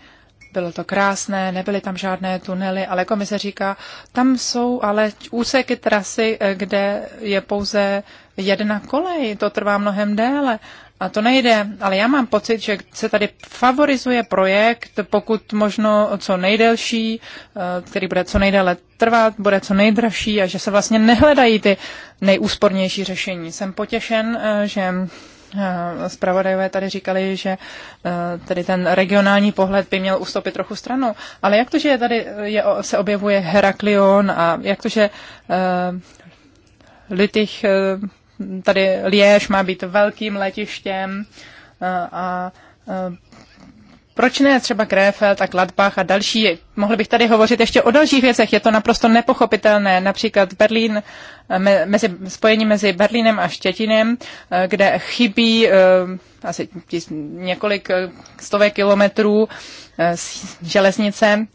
bylo to krásné, nebyly tam žádné tunely, ale komise říká, tam jsou ale úseky trasy, eh, kde je pouze jedna kolej, to trvá mnohem déle. A to nejde, ale já mám pocit, že se tady favorizuje projekt, pokud možno co nejdelší, eh, který bude co nejdéle trvat, bude co nejdražší a že se vlastně nehledají ty nejúspornější řešení. Jsem potěšen, eh, že Eh, zpravodajové tady říkali, že eh, tady ten regionální pohled by měl ustoupit trochu stranou. Ale jak to, že tady je, se objevuje Heraklion a jak to, že eh, Litych, tady Liež má být velkým letištěm a proč ne třeba Krefeld a Gladbach a další? Mohl bych tady hovořit ještě o dalších věcech. Je to naprosto nepochopitelné. Například Berlín, eh, me, mezi, spojení mezi Berlínem a Štětinem, eh, kde chybí eh, asi tis, několik eh, stovek kilometrů eh, železnice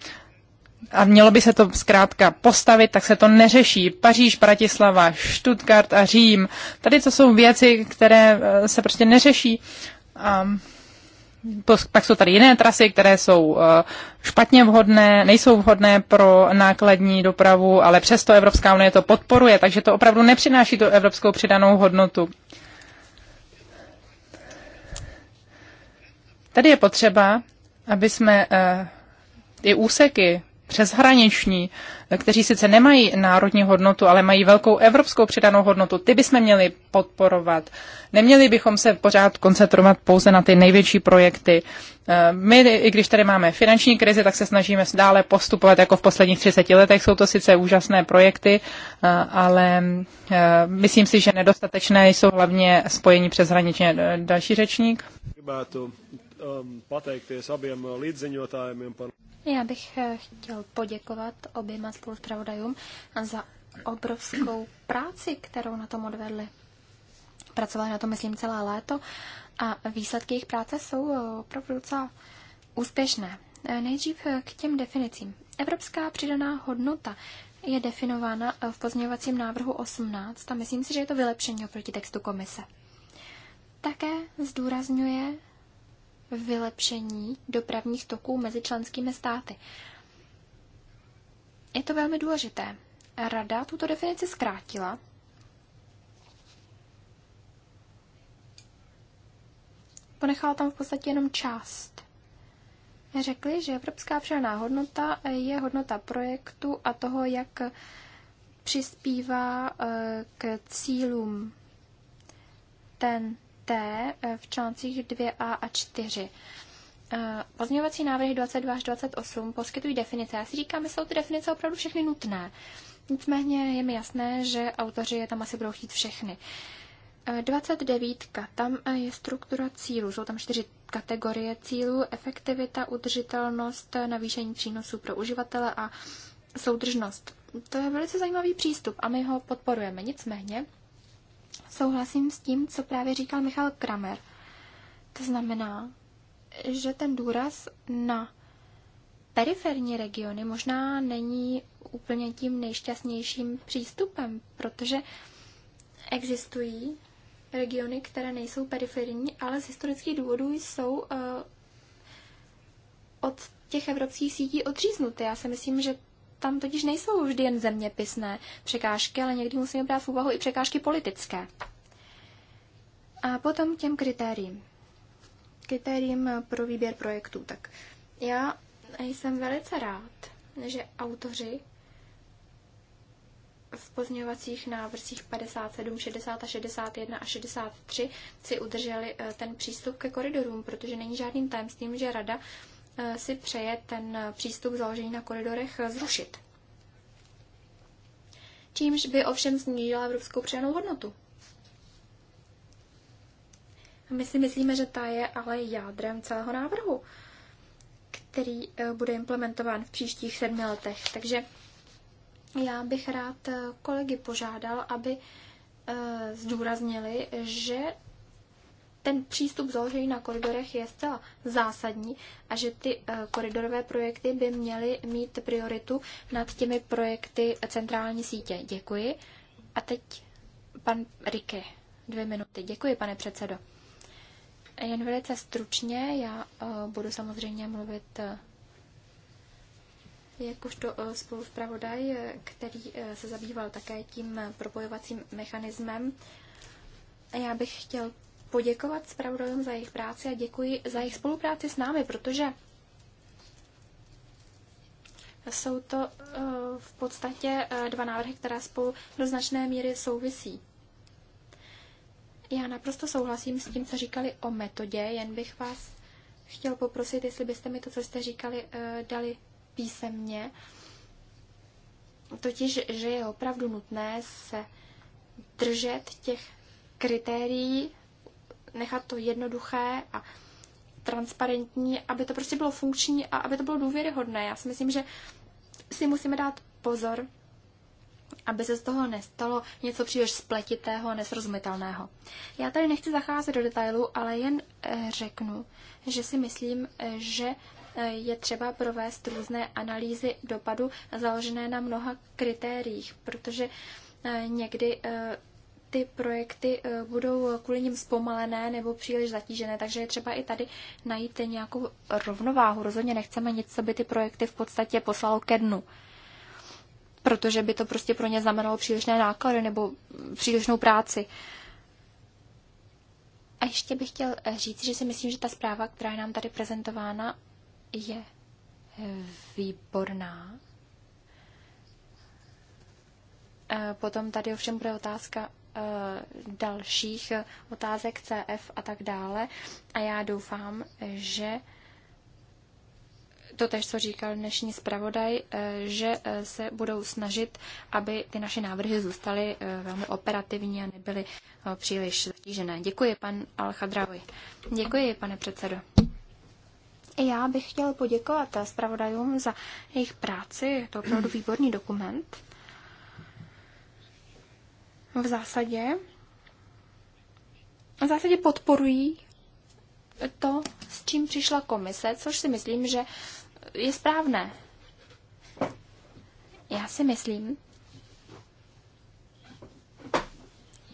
a mělo by se to zkrátka postavit, tak se to neřeší. Paříž, Bratislava, Stuttgart a Řím. Tady to jsou věci, které se prostě neřeší. A, pak jsou tady jiné trasy, které jsou eh, špatně vhodné, nejsou vhodné pro nákladní dopravu, ale přesto Evropská unie to podporuje, takže to opravdu nepřináší tu evropskou přidanou hodnotu. Tady je potřeba, aby jsme eh, ty úseky přeshraniční, kteří sice nemají národní hodnotu, ale mají velkou evropskou přidanou hodnotu, ty bychom měli podporovat. Neměli bychom se pořád koncentrovat pouze na ty největší projekty. Eh, my, i když tady máme finanční krizi, tak se snažíme dále postupovat jako v posledních 30 letech. Jsou to sice úžasné projekty, eh, ale eh, myslím si, že nedostatečné jsou hlavně spojení přeshraničně. Další řečník. um, pateikties abiem par já bych eh, chtěl poděkovat oběma spolupravodajům za obrovskou práci, kterou na tom odvedli. Pracovali na tom, myslím, celé léto a výsledky jejich práce jsou eh, opravdu docela úspěšné. Eh, nejdřív k těm definicím. Evropská přidaná hodnota je definována v pozměňovacím návrhu 18 a myslím si, že je to vylepšení oproti textu komise. Také zdůrazňuje vylepšení dopravních toků mezi členskými státy. Je to velmi důležité. Rada tuto definici zkrátila. Ponechala tam v podstatě jenom část. Řekli, že evropská přidaná hodnota je hodnota projektu a toho, jak přispívá eh, k cílům ten T eh, v článcích 2a a 4. Eh, pozměňovací návrhy 22 až 28 poskytují definice. Já si říkám, jsou ty definice opravdu všechny nutné. Nicméně je mi jasné, že autoři je tam asi budou chtít všechny. 29. Eh, tam je struktura cílů. Jsou tam čtyři kategorie cílů. Efektivita, udržitelnost, navýšení přínosů pro uživatele a soudržnost. To je velice zajímavý přístup a my ho podporujeme. Nicméně souhlasím s tím, co právě říkal Michal Kramer. To znamená, že ten důraz na periferní regiony možná není úplně tím nejšťastnějším přístupem, protože existují regiony, které nejsou periferní, ale z historických důvodů jsou uh, od těch evropských sítí odříznuty. Já si myslím, že tam totiž nejsou vždy jen zeměpisné překážky, ale někdy musíme brát v úvahu i překážky politické. A potom těm kritériím. Kritériím pro výběr projektů. Tak já jsem velice rád, že autoři v pozměňovacích návrzích 57, 60 a 61 a 63 si udrželi eh, ten přístup ke koridorům, protože není žádným tajemstvím, že rada Eh, si přeje ten přístup založený na koridorech eh, zrušit. Čímž by ovšem snížila evropskou přidanou hodnotu. A my si myslíme, že ta je ale jádrem celého návrhu, který eh, bude implementován v příštích sedmi letech. Takže já bych rád kolegy požádal, aby zdůraznili, že ten přístup založený na koridorech je zcela zásadní a že ty eh, koridorové projekty by měly mít prioritu nad těmi projekty centrální sítě. Děkuji. A teď pan Riky. Dvě minuty. Děkuji, pane předsedo. Jen velice stručně, já eh, budu samozřejmě mluvit eh, jakožto spoluzpravodaj, který se zabýval také tím propojovacím mechanismem. Já bych chtěl poděkovat zpravodajům za jejich práci a děkuji za jejich spolupráci s námi, protože jsou to eh, v podstatě eh, dva návrhy, které spolu do značné míry souvisí. Já naprosto souhlasím s tím, co říkali o metodě, jen bych vás chtěl poprosit, jestli byste mi to, co jste říkali, eh, dali písemně. Totiž, že je opravdu nutné se držet těch kritérií nechat to jednoduché a transparentní, aby to prostě bylo funkční a aby to bylo důvěryhodné. Já si myslím, že si musíme dát pozor, aby se z toho nestalo něco příliš spletitého, nesrozumitelného. Já tady nechci zacházet do detailů, ale jen eh, řeknu, že si myslím, eh, že eh, je třeba provést různé analýzy dopadu založené na mnoha kritériích, protože někdy ty projekty eh, budou kvůli ním zpomalené nebo příliš zatížené, takže je třeba i tady najít nějakou rovnováhu. Rozhodně nechceme nic, co by ty projekty v podstatě poslalo ke dnu, protože by to prostě pro ně znamenalo přílišné náklady nebo přílišnou práci. A ještě bych chtěl eh, říct, že si myslím, že ta zpráva, která je nám tady prezentována, je eh, výborná. Potom tady ovšem bude otázka Eh, dalších otázek CF a tak dále. A já doufám, že to tež, co říkal dnešní zpravodaj, eh, že eh, se budou snažit, aby ty naše návrhy zůstaly velmi operativní a nebyly příliš zatížené. Děkuji, pan Alchadraoui. Děkuji, pane předsedo. Já bych chtěl poděkovat zpravodajům za jejich práci, je to opravdu výborný dokument v zásadě v zásadě podporují to, s čím přišla komise, což si myslím, že je správné. Já si myslím,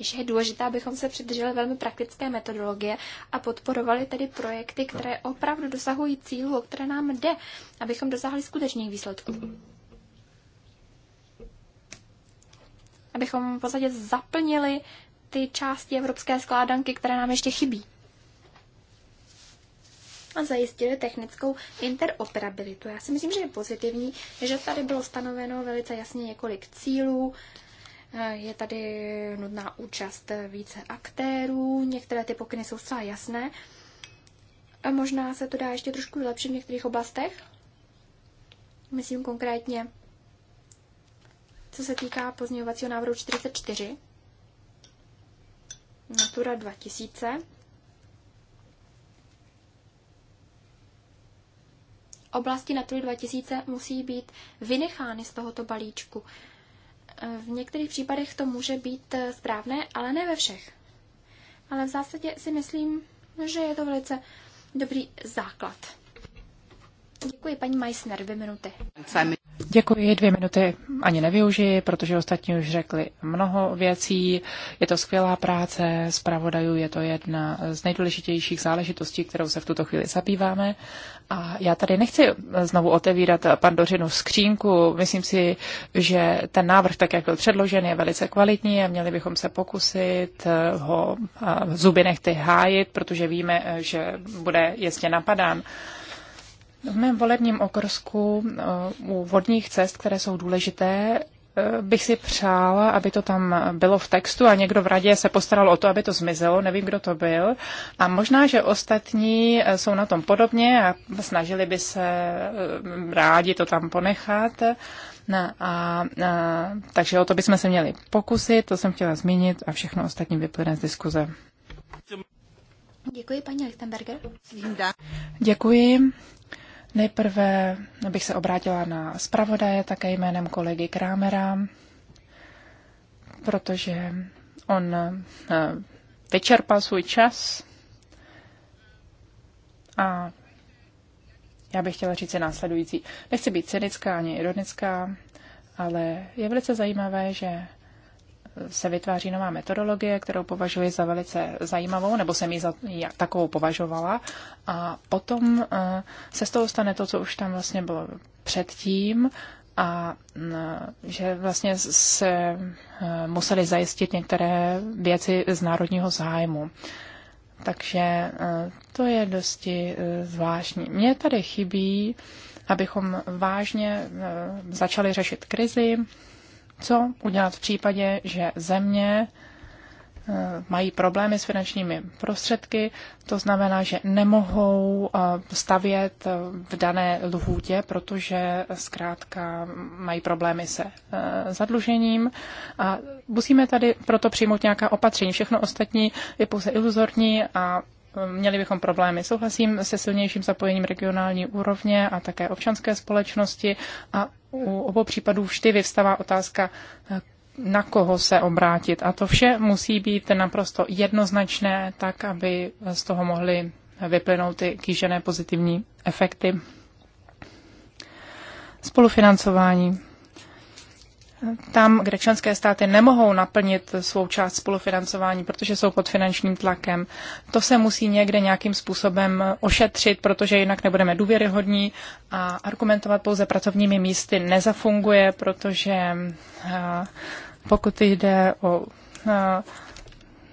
že je důležité, abychom se přidrželi velmi praktické metodologie a podporovali tedy projekty, které opravdu dosahují cílu, o které nám jde, abychom dosáhli skutečných výsledků. abychom v podstatě zaplnili ty části evropské skládanky, které nám ještě chybí. A zajistili technickou interoperabilitu. Já si myslím, že je pozitivní, že tady bylo stanoveno velice jasně několik cílů, je tady nutná účast více aktérů, některé ty pokyny jsou zcela jasné. A možná se to dá ještě trošku vylepšit v některých oblastech. Myslím konkrétně co se týká pozměňovacího návrhu 44, Natura 2000, oblasti Natury 2000 musí být vynechány z tohoto balíčku. V některých případech to může být správné, ale ne ve všech. Ale v zásadě si myslím, že je to velice dobrý základ. Děkuji paní Meissner, dvě minuty. Děkuji, dvě minuty ani nevyužiji, protože ostatní už řekli mnoho věcí. Je to skvělá práce pravodajů, je to jedna z nejdůležitějších záležitostí, kterou se v tuto chvíli zabýváme. A já tady nechci znovu otevírat pandořinu skřínku. Myslím si, že ten návrh, tak jak byl předložen, je velice kvalitní a měli bychom se pokusit ho zuby nechty hájit, protože víme, že bude jistě napadán. V mém volebním okrsku eh, u vodních cest, které jsou důležité, eh, bych si přála, aby to tam bylo v textu a někdo v radě se postaral o to, aby to zmizelo, nevím, kdo to byl. A možná, že ostatní eh, jsou na tom podobně a snažili by se rádi to tam ponechat. No, a, a, takže o to bychom se měli pokusit, to jsem chtěla zmínit a všechno ostatní vyplyne z diskuze. Děkuji, paní Lichtenberger. Děkuji. Nejprve bych se obrátila na zpravodaje, také jménem kolegy Krámera, protože on eh, vyčerpal svůj čas a já bych chtěla říct si následující. Nechci být cynická ani ironická, ale je velice zajímavé, že se vytváří nová metodologie, kterou považuji za velice zajímavou, nebo jsem ji za takovou považovala. A potom eh, se z toho stane to, co už tam vlastně bylo předtím, a mm, že vlastně se eh, museli zajistit některé věci z národního zájmu. Takže eh, to je dosti zvláštní. Mně tady chybí, abychom vážně začali řešit krizi, co udělat v případě, že země eh, mají problémy s finančními prostředky, to znamená, že nemohou eh, stavět eh, v dané lhůtě, protože zkrátka mají problémy se zadlužením a musíme tady proto přijmout nějaká opatření. Všechno ostatní je pouze iluzorní a měli bychom problémy. Souhlasím se silnějším zapojením regionální úrovně a také občanské společnosti a u obou případů vždy vyvstává otázka, eh, na koho se obrátit. A to vše musí být naprosto jednoznačné, tak aby z toho mohly vyplynout ty kýžené pozitivní efekty. Spolufinancování tam, kde členské státy nemohou naplnit svou část spolufinancování, protože jsou pod finančním tlakem. To se musí někde nějakým způsobem ošetřit, protože jinak nebudeme důvěryhodní a argumentovat pouze pracovními místy nezafunguje, protože eh, pokud jde o eh,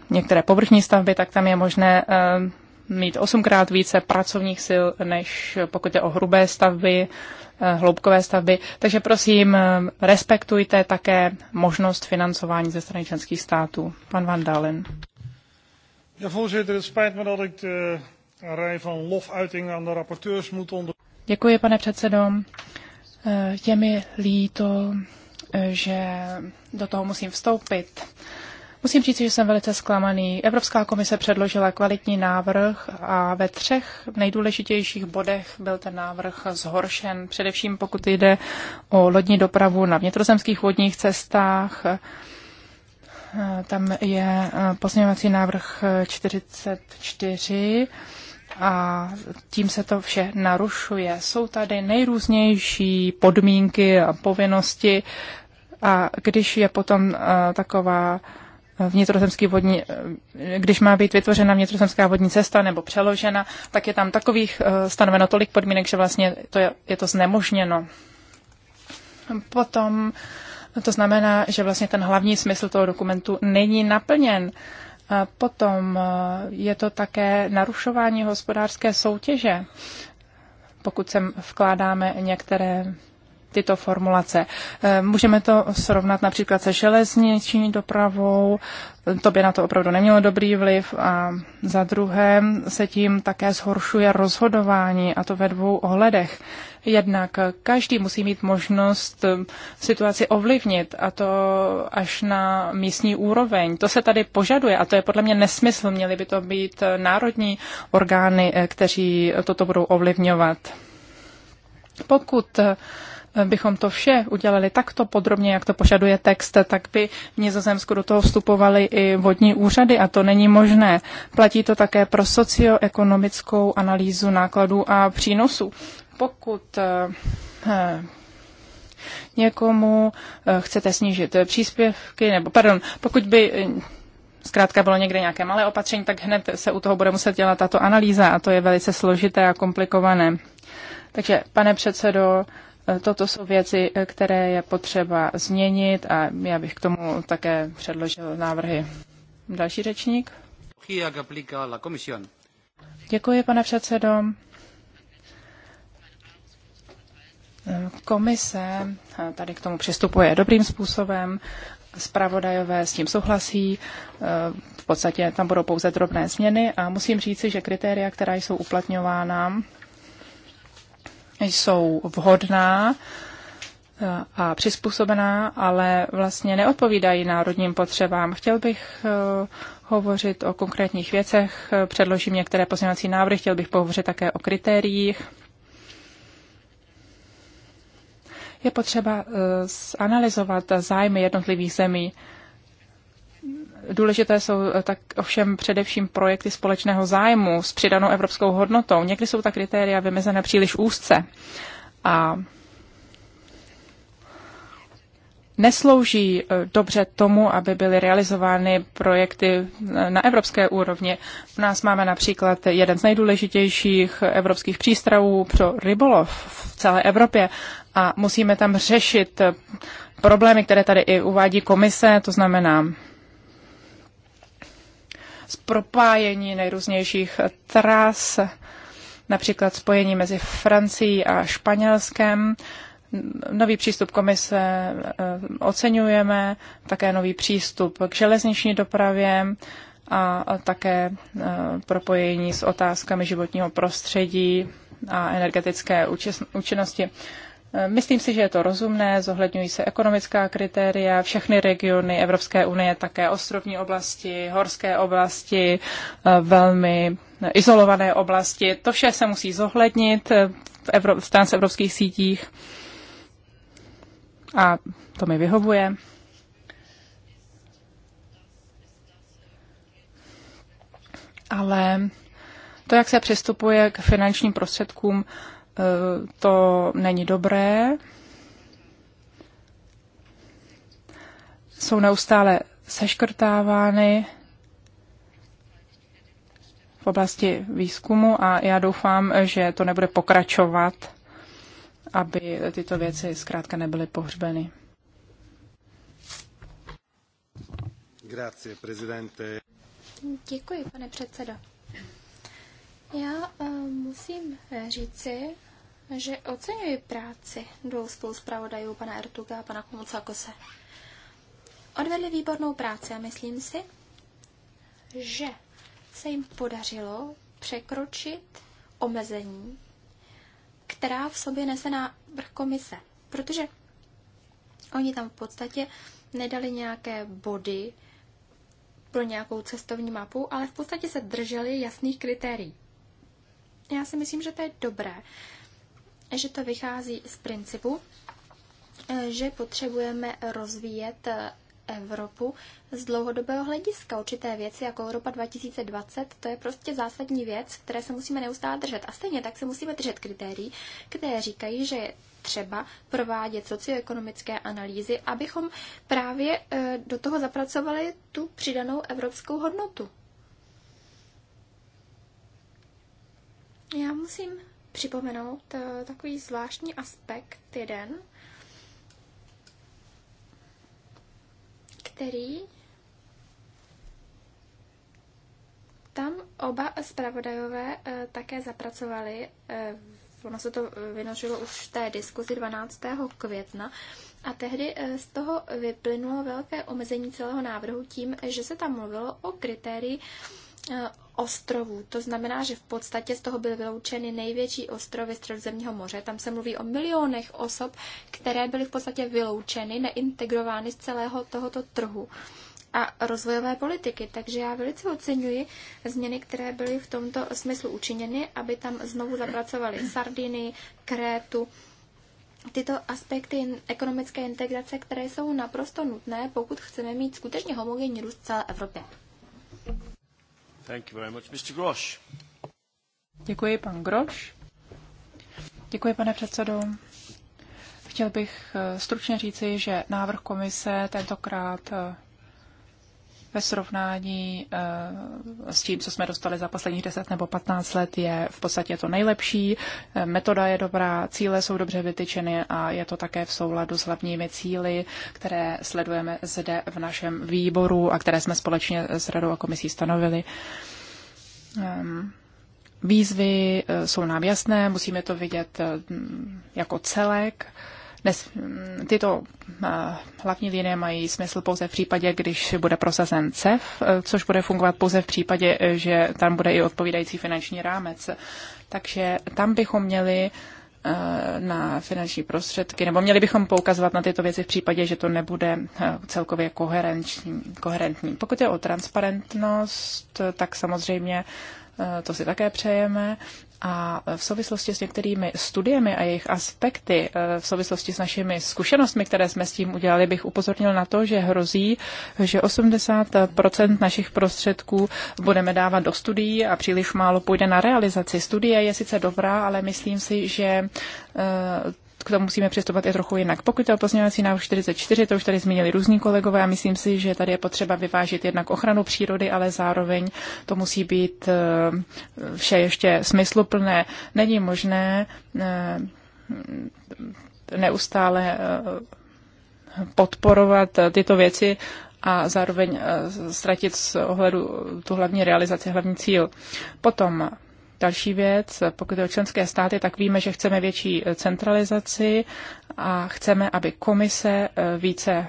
některé povrchní stavby, tak tam je možné eh, mít osmkrát více pracovních sil, než pokud je o hrubé stavby, eh, hloubkové stavby. Takže prosím, eh, respektujte také možnost financování ze strany členských států. Pan Van Dalen. Ja, voorzitter, het spijt me dat ik de eh, rij van lofuitingen aan de rapporteurs moet onder... Děkuji, pane předsedo. Je mi líto, že do toho musím vstoupit. Musím říct, že jsem velice zklamaný. Evropská komise předložila kvalitní návrh a ve třech nejdůležitějších bodech byl ten návrh zhoršen, především pokud jde o lodní dopravu na vnitrozemských vodních cestách. Tam je eh, pozměňovací návrh 44 a tím se to vše narušuje. Jsou tady nejrůznější podmínky a povinnosti a když je potom eh, taková vnitrozemský vodní, když má být vytvořena vnitrozemská vodní cesta nebo přeložena, tak je tam takových eh, stanoveno tolik podmínek, že vlastně to je, je to znemožněno. Potom to znamená, že vlastně ten hlavní smysl toho dokumentu není naplněn. A potom eh, je to také narušování hospodářské soutěže, pokud sem vkládáme některé tyto formulace. Eh, můžeme to srovnat například se železniční dopravou, to by na to opravdu nemělo dobrý vliv a za druhé se tím také zhoršuje rozhodování a to ve dvou ohledech. Jednak každý musí mít možnost eh, situaci ovlivnit a to až na místní úroveň. To se tady požaduje a to je podle mě nesmysl. Měly by to být eh, národní orgány, kteří toto budou ovlivňovat. Pokud bychom to vše udělali takto podrobně, jak to požaduje text, tak by v Nizozemsku do toho vstupovaly i vodní úřady a to není možné. Platí to také pro socioekonomickou analýzu nákladů a přínosů. Pokud eh, eh, někomu eh, chcete snížit příspěvky, nebo pardon, pokud by zkrátka bylo někde nějaké malé opatření, tak hned se u toho bude muset dělat tato analýza a to je velice složité a komplikované. Takže, pane předsedo, Toto jsou věci, které je potřeba změnit a já bych k tomu také předložil návrhy. Další řečník. Děkuji, pane předsedo. Komise tady k tomu přistupuje dobrým způsobem. Spravodajové s tím souhlasí. V podstatě tam budou pouze drobné změny a musím říci, že kritéria, která jsou uplatňována, jsou vhodná eh, a přizpůsobená, ale vlastně neodpovídají národním potřebám. Chtěl bych eh, hovořit o konkrétních věcech, eh, předložím některé pozměňovací návrhy, chtěl bych pohovořit také o kritériích. Je potřeba zanalizovat zájmy jednotlivých zemí Důležité jsou eh, tak ovšem především projekty společného zájmu s přidanou evropskou hodnotou. Někdy jsou ta kritéria vymezena příliš úzce a neslouží eh, dobře tomu, aby byly realizovány projekty eh, na evropské úrovni. U nás máme například jeden z nejdůležitějších evropských přístrojů pro rybolov v celé Evropě a musíme tam řešit problémy, které tady i uvádí komise, to znamená z propájení nejrůznějších tras, například spojení mezi Francií a Španělskem. Nový přístup komise eh, oceňujeme, také nový přístup k železniční dopravě a také eh, propojení s otázkami životního prostředí a energetické účinnosti. Myslím si, že je to rozumné, zohledňují se ekonomická kritéria, všechny regiony Evropské unie, také ostrovní oblasti, horské oblasti, eh, velmi izolované oblasti. To vše se musí zohlednit eh, v, Evro- v transevropských sítích a to mi vyhovuje. Ale to, jak se přistupuje k finančním prostředkům, to není dobré. Jsou neustále seškrtávány v oblasti výzkumu a já doufám, že to nebude pokračovat, aby tyto věci zkrátka nebyly pohřbeny. Grazie, prezidente. Děkuji, pane předsedo. Já uh, musím říci, že oceňuji práci dvou spoluzpravodajů, pana Ertuga a pana Komucakose. Odvedli výbornou práci a myslím si, že se jim podařilo překročit omezení, která v sobě nese návrh komise. Protože oni tam v podstatě nedali nějaké body pro nějakou cestovní mapu, ale v podstatě se drželi jasných kritérií. Já si myslím, že to je dobré, že to vychází z principu, eh, že potřebujeme rozvíjet eh, Evropu z dlouhodobého hlediska. Určité věci jako Evropa 2020, to je prostě zásadní věc, které se musíme neustále držet. A stejně tak se musíme držet kritérií, které říkají, že je třeba provádět socioekonomické analýzy, abychom právě eh, do toho zapracovali tu přidanou evropskou hodnotu. Já musím připomenout eh, takový zvláštní aspekt jeden, který tam oba zpravodajové eh, také zapracovali. Eh, ono se to vynožilo už v té diskuzi 12. května a tehdy z toho vyplynulo velké omezení celého návrhu tím, že se tam mluvilo o kritérii E, ostrovů. To znamená, že v podstatě z toho byly vyloučeny největší ostrovy Středozemního moře. Tam se mluví o milionech osob, které byly v podstatě vyloučeny, neintegrovány z celého tohoto trhu a rozvojové politiky. Takže já velice oceňuji změny, které byly v tomto smyslu učiněny, aby tam znovu zapracovali Sardiny, Krétu, tyto aspekty ekonomické integrace, které jsou naprosto nutné, pokud chceme mít skutečně homogenní růst v celé Evropě. Děkuji, pan Groš. Děkuji, pane předsedo. Chtěl bych eh, stručně říci, že návrh komise tentokrát eh, ve srovnání eh, s tím, co jsme dostali za posledních 10 nebo 15 let, je v podstatě to nejlepší. Eh, metoda je dobrá, cíle jsou dobře vytyčeny a je to také v souladu s hlavními cíly, které sledujeme zde v našem výboru a které jsme společně s Radou a komisí stanovili. Ehm, výzvy eh, jsou nám jasné, musíme to vidět jako celek. Dnes mm, tyto eh, hlavní linie mají smysl pouze v případě, když bude prosazen CEF, eh, což bude fungovat pouze v případě, eh, že tam bude i odpovídající finanční rámec. Takže tam bychom měli na finanční prostředky, nebo měli bychom poukazovat na tyto věci v případě, že to nebude celkově koherentní. Pokud je o transparentnost, tak samozřejmě to si také přejeme. A v souvislosti s některými studiemi a jejich aspekty, eh, v souvislosti s našimi zkušenostmi, které jsme s tím udělali, bych upozornil na to, že hrozí, že 80 našich prostředků budeme dávat do studií a příliš málo půjde na realizaci. Studie je sice dobrá, ale myslím si, že eh, k tomu musíme přistupovat i trochu jinak. Pokud je o pozměňovací návrh 44, to už tady zmínili různí kolegové a myslím si, že tady je potřeba vyvážit jednak ochranu přírody, ale zároveň to musí být eh, vše ještě smysluplné. Není možné eh, neustále eh, podporovat tyto věci a zároveň ztratit z ohledu tu hlavní realizaci, hlavní cíl. Potom Další věc, pokud je o členské státy, tak víme, že chceme větší centralizaci a chceme, aby komise eh, více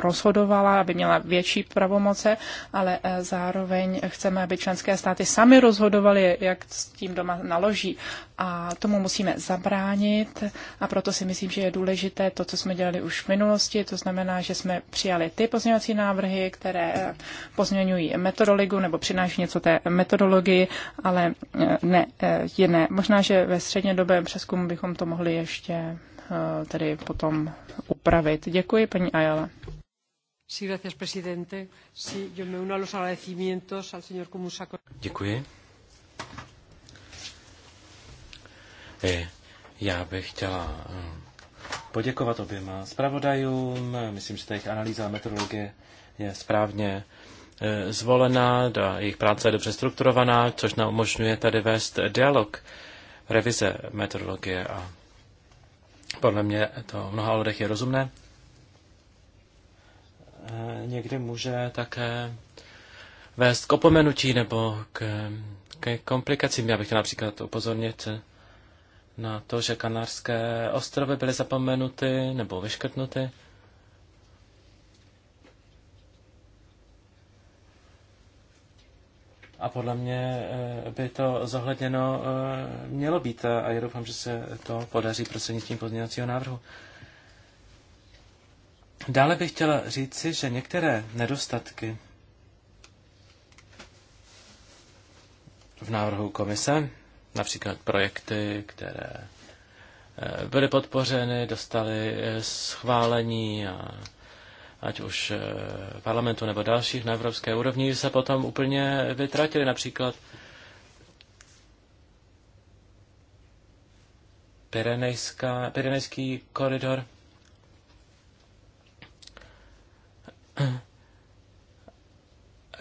rozhodovala, aby měla větší pravomoce, ale eh, zároveň chceme, aby členské státy sami rozhodovaly, jak s tím doma naloží. A tomu musíme zabránit a proto si myslím, že je důležité to, co jsme dělali už v minulosti, to znamená, že jsme přijali ty pozměňovací návrhy, které eh, pozměňují metodologu nebo přináší něco té metodologii, ale eh, ne jiné. Možná, že ve střednědobém přeskumu bychom to mohli ještě Eh, tedy potom upravit. Děkuji, paní Ayala. Děkuji. Eh, já bych chtěla eh, poděkovat oběma zpravodajům. Myslím, že ta jejich analýza a metodologie je správně zvolená, ta jejich práce je dobře strukturovaná, což nám umožňuje tady vést dialog revize metodologie a podle mě to v mnoha lidech je rozumné. E, někdy může také vést k opomenutí nebo k, k komplikacím. Já bych chtěl například upozornit na to, že Kanárské ostrovy byly zapomenuty nebo vyškrtnuty. A podle mě eh, by to zohledněno eh, mělo být eh, a já doufám, že se to podaří prostřednictvím pozměňovacího návrhu. Dále bych chtěla říci, že některé nedostatky v návrhu komise, například projekty, které byly podpořeny, dostaly schválení a ať už eh, parlamentu nebo dalších na evropské úrovni, se potom úplně vytratili. Například Pirenejský koridor.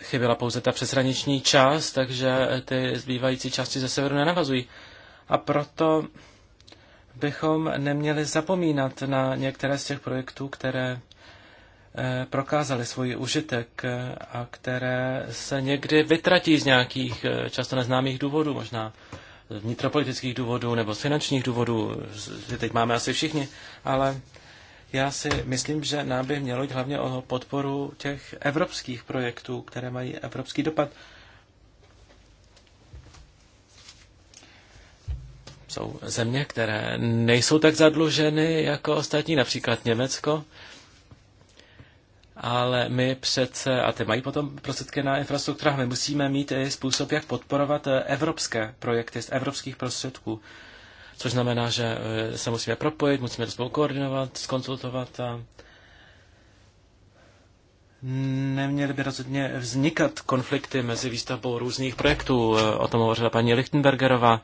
Chyběla pouze ta přeshraniční část, takže ty zbývající části ze severu nenavazují. A proto bychom neměli zapomínat na některé z těch projektů, které Eh, prokázaly svůj užitek eh, a které se někdy vytratí z nějakých eh, často neznámých důvodů, možná vnitropolitických důvodů nebo z finančních důvodů, že teď máme asi všichni, ale já si myslím, že nám by mělo jít hlavně o podporu těch evropských projektů, které mají evropský dopad. Jsou země, které nejsou tak zadluženy jako ostatní, například Německo, ale my přece, a ty mají potom prostředky na infrastrukturách, my musíme mít i způsob, jak podporovat eh, evropské projekty z evropských prostředků. Což znamená, že eh, se musíme propojit, musíme to spolu koordinovat, skonsultovat a neměly by rozhodně vznikat konflikty mezi výstavbou různých projektů. Eh, o tom hovořila paní Lichtenbergerová.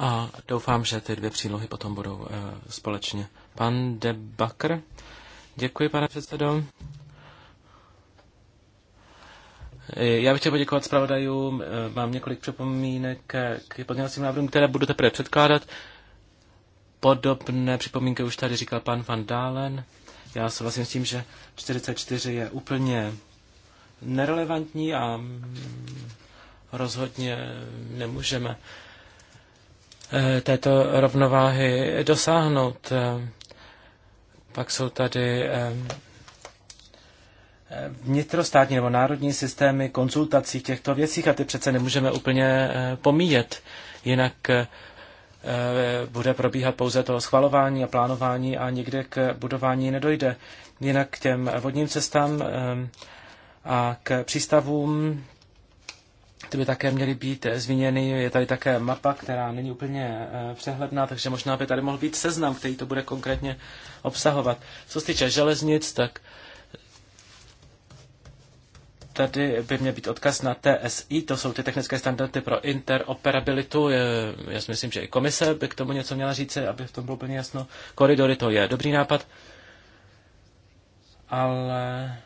A doufám, že ty dvě přílohy potom budou uh, společně. Pan De Bakr. Děkuji, pane předsedo. Eh, já bych chtěl poděkovat zpravodajům. Eh, mám několik připomínek k podněvacím návrhům, které budu teprve předkládat. Podobné připomínky už tady říkal pan Van Dalen. Já souhlasím s tím, že 44 je úplně nerelevantní a mm, rozhodně nemůžeme Eh, této rovnováhy dosáhnout. Eh, pak jsou tady eh, vnitrostátní nebo národní systémy konzultací v těchto věcích a ty přece nemůžeme úplně pomíjet. Jinak bude probíhat pouze to schvalování a plánování a nikde k budování nedojde. Jinak k těm vodním cestám a k přístavům ty by také měly být eh, zmíněny. Je tady také mapa, která není úplně eh, přehledná, takže možná by tady mohl být seznam, který to bude konkrétně obsahovat. Co se týče železnic, tak tady by měl být odkaz na TSI, to jsou ty technické standardy pro interoperabilitu. Já si myslím, že i komise by k tomu něco měla říct, aby v tom bylo úplně jasno. Koridory to je dobrý nápad, ale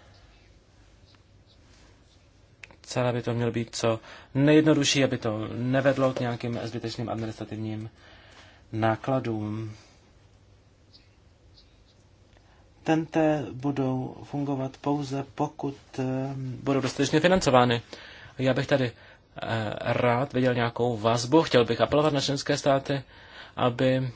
celé by to mělo být co nejjednodušší, aby to nevedlo k nějakým zbytečným administrativním nákladům. Tente budou fungovat pouze, pokud eh, budou dostatečně financovány. Já bych tady eh, rád viděl nějakou vazbu, chtěl bych apelovat na členské státy, aby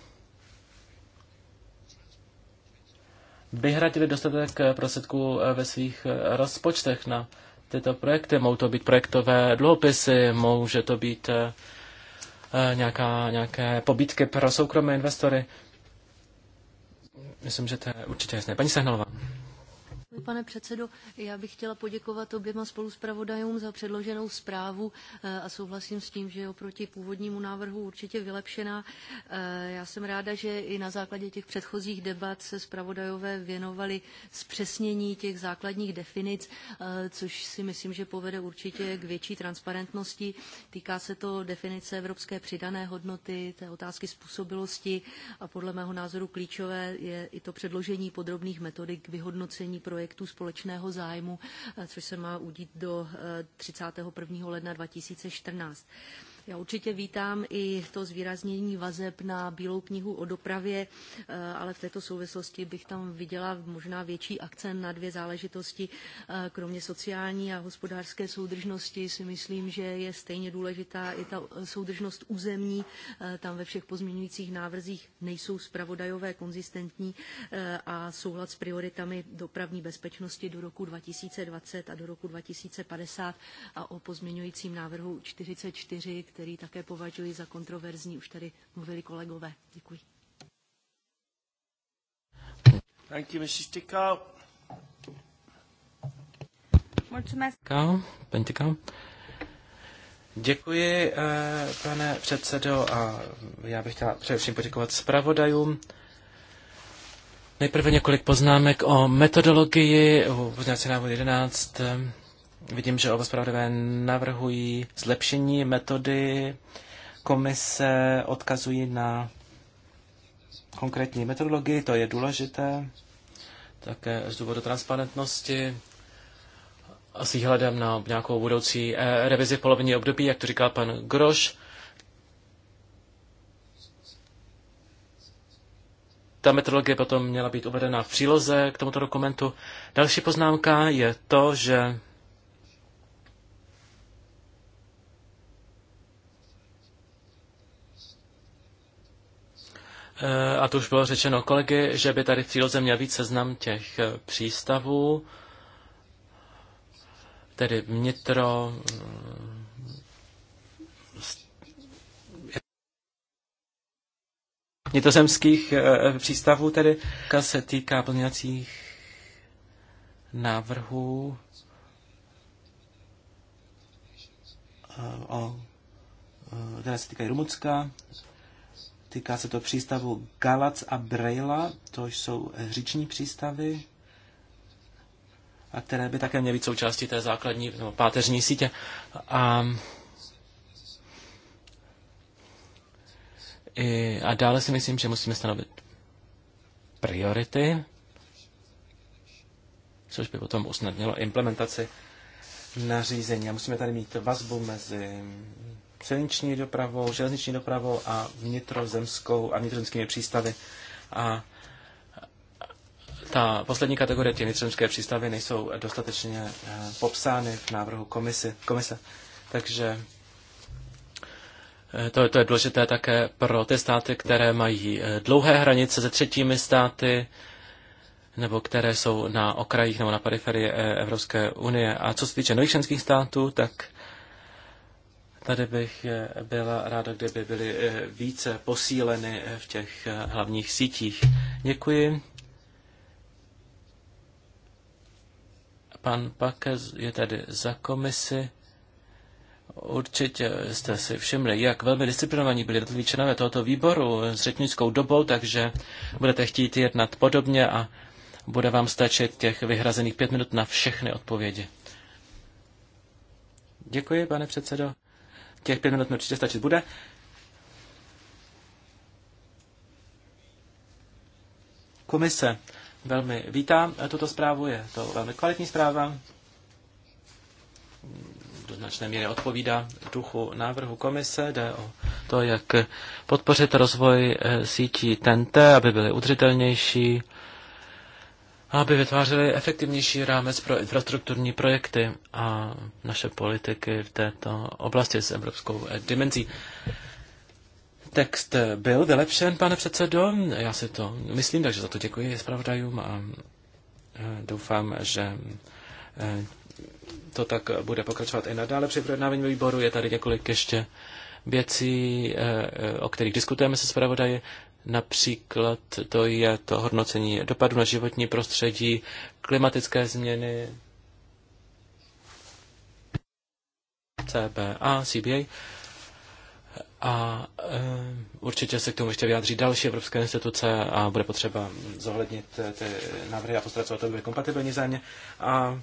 vyhradili dostatek prostředků eh, ve svých rozpočtech na tyto projekty. Mohou to být projektové dluhopisy, může to být eh, eh, nějaká, nějaké pobítky pro soukromé investory. Myslím, že to je určitě jasné. Paní Sehnalová. Pane předsedo, já bych chtěla poděkovat oběma spoluspravodajům za předloženou zprávu eh, a souhlasím s tím, že je oproti původnímu návrhu určitě vylepšená. Eh, já jsem ráda, že i na základě těch předchozích debat se spravodajové věnovali zpřesnění těch základních definic, eh, což si myslím, že povede určitě k větší transparentnosti. Týká se to definice evropské přidané hodnoty, té otázky způsobilosti a podle mého názoru klíčové je i to předložení podrobných metodik vyhodnocení projektu projektů společného zájmu, eh, což se má udít do 31. Eh, ledna 2014. Já určitě vítám i to zvýraznění vazeb na Bílou knihu o dopravě, eh, ale v této souvislosti bych tam viděla možná větší akcent na dvě záležitosti. Eh, kromě sociální a hospodářské soudržnosti si myslím, že je stejně důležitá i ta soudržnost územní. Eh, tam ve všech pozměňujících návrzích nejsou zpravodajové konzistentní a souhlad s prioritami dopravní bezpečnosti do roku 2020 a do roku 2050 a o pozměňujícím návrhu 44, který také považuji za kontroverzní, už tady mluvili kolegové. Děkuji. Thank you, Mrs. Tikau. Mulțumesc. Tikau, Děkuji, eh, pane předsedo, a já bych chtěla především poděkovat zpravodajům. Nejprve několik poznámek o metodologii, o návod 11. Vidím, že oba zpravodajové navrhují zlepšení metody. Komise odkazují na konkrétní metodologii, to je důležité, také z důvodu transparentnosti a s výhledem na nějakou budoucí eh, revizi v polovině období, jak to říká pan Groš. Ta metodologie potom měla být uvedena v příloze k tomuto dokumentu. Další poznámka je to, že Eh, a to už bylo řečeno kolegy, že by tady v příloze měl být seznam těch eh, přístavů, tedy vnitro, eh, vnitrozemských přístavů, tedy se týká plňacích návrhů o, které se týkají Rumunska, Týká se to přístavu Galac a Brejla, to jsou říční přístavy, a které by také měly být součástí té základní nebo páteřní sítě. A, i, a dále si myslím, že musíme stanovit priority, což by potom usnadnilo implementaci nařízení. A musíme tady mít vazbu mezi silniční dopravou, železniční dopravou a vnitrozemskou a vnitrozemskými přístavy. A ta poslední kategorie, ty vnitrozemské přístavy, nejsou dostatečně eh, popsány v návrhu komisi, komise. Takže eh, to, to je důležité také pro ty státy, které mají eh, dlouhé hranice se třetími státy, nebo které jsou na okrajích nebo na periferii Evropské unie. A co se týče nových členských států, tak Tady bych eh, byla ráda, kdyby byly eh, více posíleny eh, v těch hlavních sítích. Děkuji. Pan Pakez je tady za komisi. Určitě jste si všimli, jak velmi disciplinovaní byli jednotliví členové tohoto výboru s řečnickou dobou, takže budete chtít jednat podobně a bude vám stačit těch vyhrazených pět minut na všechny odpovědi. Děkuji, pane předsedo. Těch pět minut mi určitě stačit bude. Komise velmi vítá tuto zprávu, je to velmi kvalitní zpráva. Do značné míry odpovídá duchu návrhu komise, jde o to, jak podpořit rozvoj eh, sítí TNT, aby byly udržitelnější, aby vytvářely efektivnější rámec pro infrastrukturní projekty a naše politiky v této oblasti s evropskou eh, dimenzí. Text eh, byl vylepšen, pane předsedo, já si to myslím, takže za to děkuji zpravodajům a eh, doufám, že to tak bude pokračovat i nadále. Při projednávání výboru je tady několik ještě věcí, o kterých diskutujeme se zpravodaji. Například to je to hodnocení dopadu na životní prostředí, klimatické změny, CBA, CBA. A e, určitě se k tomu ještě vyjádří další evropské instituce a bude potřeba zohlednit eh, ty návrhy a postarat se o to, aby kompatibilní zájemně. A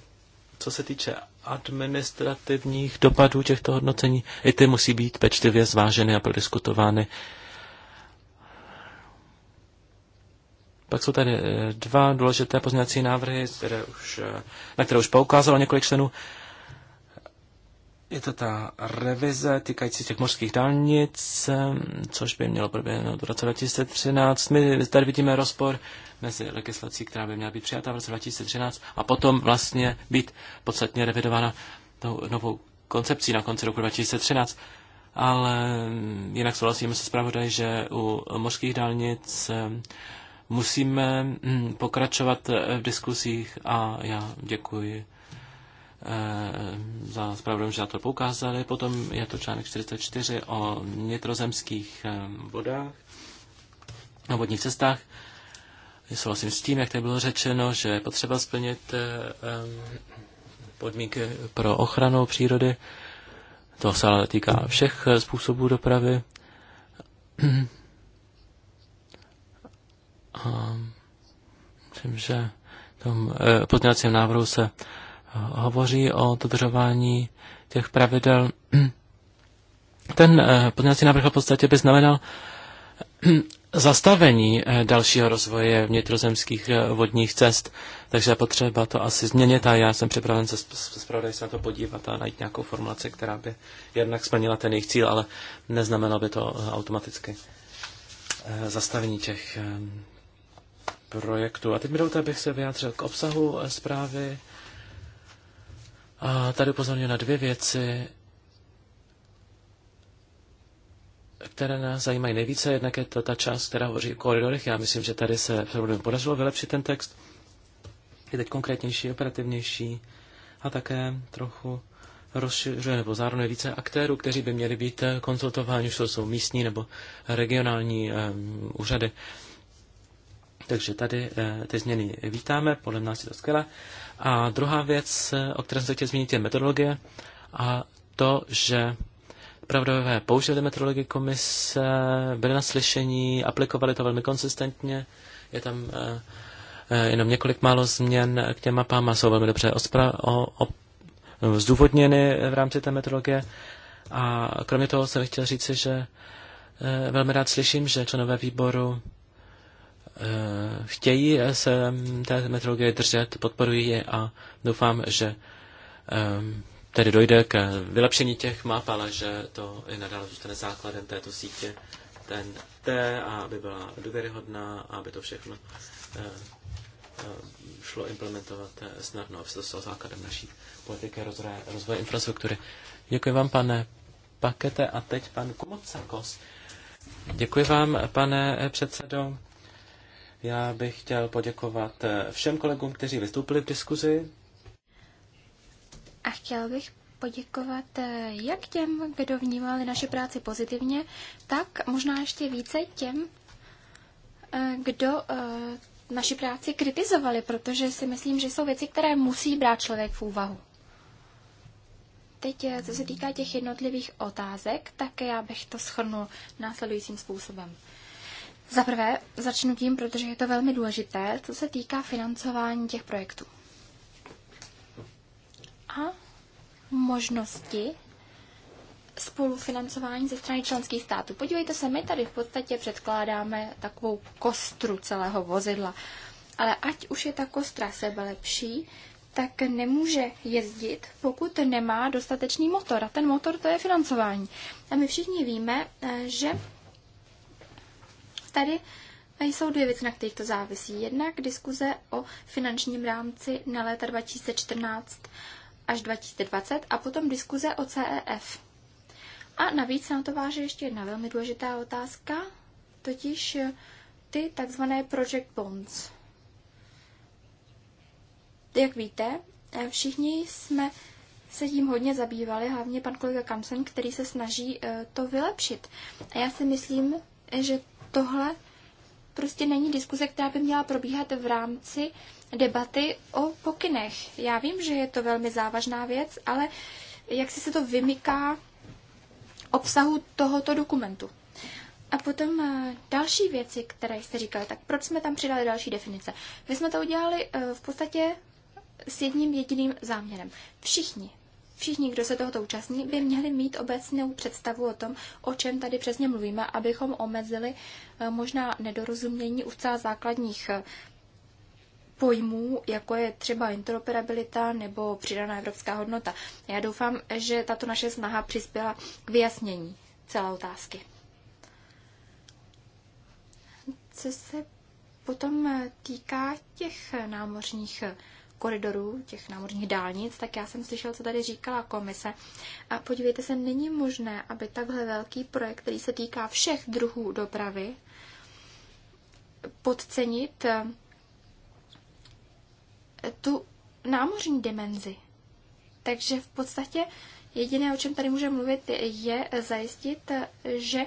co se týče administrativních dopadů těchto hodnocení, i ty musí být pečlivě zváženy a prodiskutovány Pak jsou tady eh, dva důležité pozměňovací návrhy, které už, eh, na které už poukázalo několik členů. Je to ta revize týkající těch mořských dálnic, eh, což by mělo proběhnout v roce 2013. My tady vidíme rozpor mezi legislací, která by měla být přijata v roce 2013 a potom vlastně být podstatně revidována tou novou koncepcí na konci roku 2013. Ale mm, jinak souhlasíme se zpravodaj, že u mořských dálnic musíme mm, pokračovat eh, v diskusích a já děkuji eh, za zpravodajům, že na to poukázali. Potom je to článek 44 o nitrozemských eh, vodách a vodních cestách. Souhlasím s tím, jak tady bylo řečeno, že je potřeba splnit podmínky pro ochranu přírody. To se ale týká všech způsobů dopravy. myslím, že v tom eh, pozměňovacím návrhu se hovoří o dodržování těch pravidel. Ten eh, pozměňovací návrh v podstatě by znamenal zastavení eh, dalšího rozvoje vnitrozemských vodních cest, takže je potřeba to asi změnit a já jsem připraven se zpravodaj se na to podívat a najít nějakou formulaci, která by jednak splnila ten jejich cíl, ale neznamenalo by to automaticky zastavení těch projektu. A teď mi dovolte, abych se vyjádřil k obsahu eh, zprávy. A tady upozorňuji na dvě věci, které nás zajímají nejvíce. Jednak je to ta část, která hovoří o koridorech. Já myslím, že tady se Ferbudu podařilo vylepšit ten text. Je teď konkrétnější, operativnější a také trochu rozšiřuje nebo zároveň více aktérů, kteří by měli být eh, konzultováni, už to jsou místní nebo regionální um, úřady. Takže tady eh, ty změny vítáme, podle nás je to skvělé. A druhá věc, eh, o které jsem se chtěl zmínit, je metodologie a to, že pravdové použili metodologii komise, byli na slyšení, aplikovali to velmi konsistentně. Je tam eh, jenom několik málo změn k těm mapám a jsou velmi dobře ospra- o, o, zdůvodněny v rámci té metodologie. A kromě toho jsem chtěl říci, že velmi rád slyším, že členové výboru Eh, chtějí se mm, té metrologie držet, podporují je a doufám, že ehm, tedy dojde k vylepšení těch map, ale že to i nadále zůstane základem této sítě ten T, a aby byla důvěryhodná, a aby to všechno eh, eh, šlo implementovat snadno, aby se to stalo základem naší politiky rozvoje, rozvoje infrastruktury. Děkuji vám, pane Pakete, a teď pan Kumocakos. Děkuji vám, pane předsedo. Já bych chtěl poděkovat eh, všem kolegům, kteří vystoupili v diskuzi. A chtěl bych poděkovat eh, jak těm, kdo vnímali naše práci pozitivně, tak možná ještě více těm, eh, kdo naši práci kritizovali, protože si myslím, že jsou věci, které musí brát člověk v úvahu. Teď, co se týká těch jednotlivých otázek, tak já bych to shrnul následujícím způsobem. Za prvé začnu tím, protože je to velmi důležité, co se týká financování těch projektů. A možnosti spolufinancování ze strany členských států. Podívejte se, my tady v podstatě předkládáme takovou kostru celého vozidla. Ale ať už je ta kostra sebelepší, tak nemůže jezdit, pokud nemá dostatečný motor. A ten motor to je financování. A my všichni víme, eh, že Tady jsou dvě věci, na kterých to závisí. Jednak diskuze o finančním rámci na léta 2014 až 2020 a potom diskuze o CEF. A navíc se na to váže ještě jedna velmi důležitá otázka, totiž ty takzvané project bonds. Jak víte, všichni jsme se tím hodně zabývali, hlavně pan kolega Kamsen, který se snaží eh, to vylepšit. A já si myslím, že tohle prostě není diskuze, která by měla probíhat v rámci debaty o pokynech. Já vím, že je to velmi závažná věc, ale jak si se to vymyká obsahu tohoto dokumentu. A potom eh, další věci, které jste říkali, tak proč jsme tam přidali další definice? My jsme to udělali eh, v podstatě s jedním jediným záměrem. Všichni Všichni, kdo se tohoto účastní, by měli mít obecnou představu o tom, o čem tady přesně mluvíme, abychom omezili eh, možná nedorozumění u celá základních eh, pojmů, jako je třeba interoperabilita nebo přidaná evropská hodnota. Já doufám, že tato naše snaha přispěla k vyjasnění celé otázky. Co se potom eh, týká těch námořních koridorů, těch námořních dálnic, tak já jsem slyšel, co tady říkala komise. A podívejte se, není možné, aby takhle velký projekt, který se týká všech druhů dopravy, podcenit eh, tu námořní dimenzi. Takže v podstatě jediné, o čem tady můžeme mluvit, je zajistit, že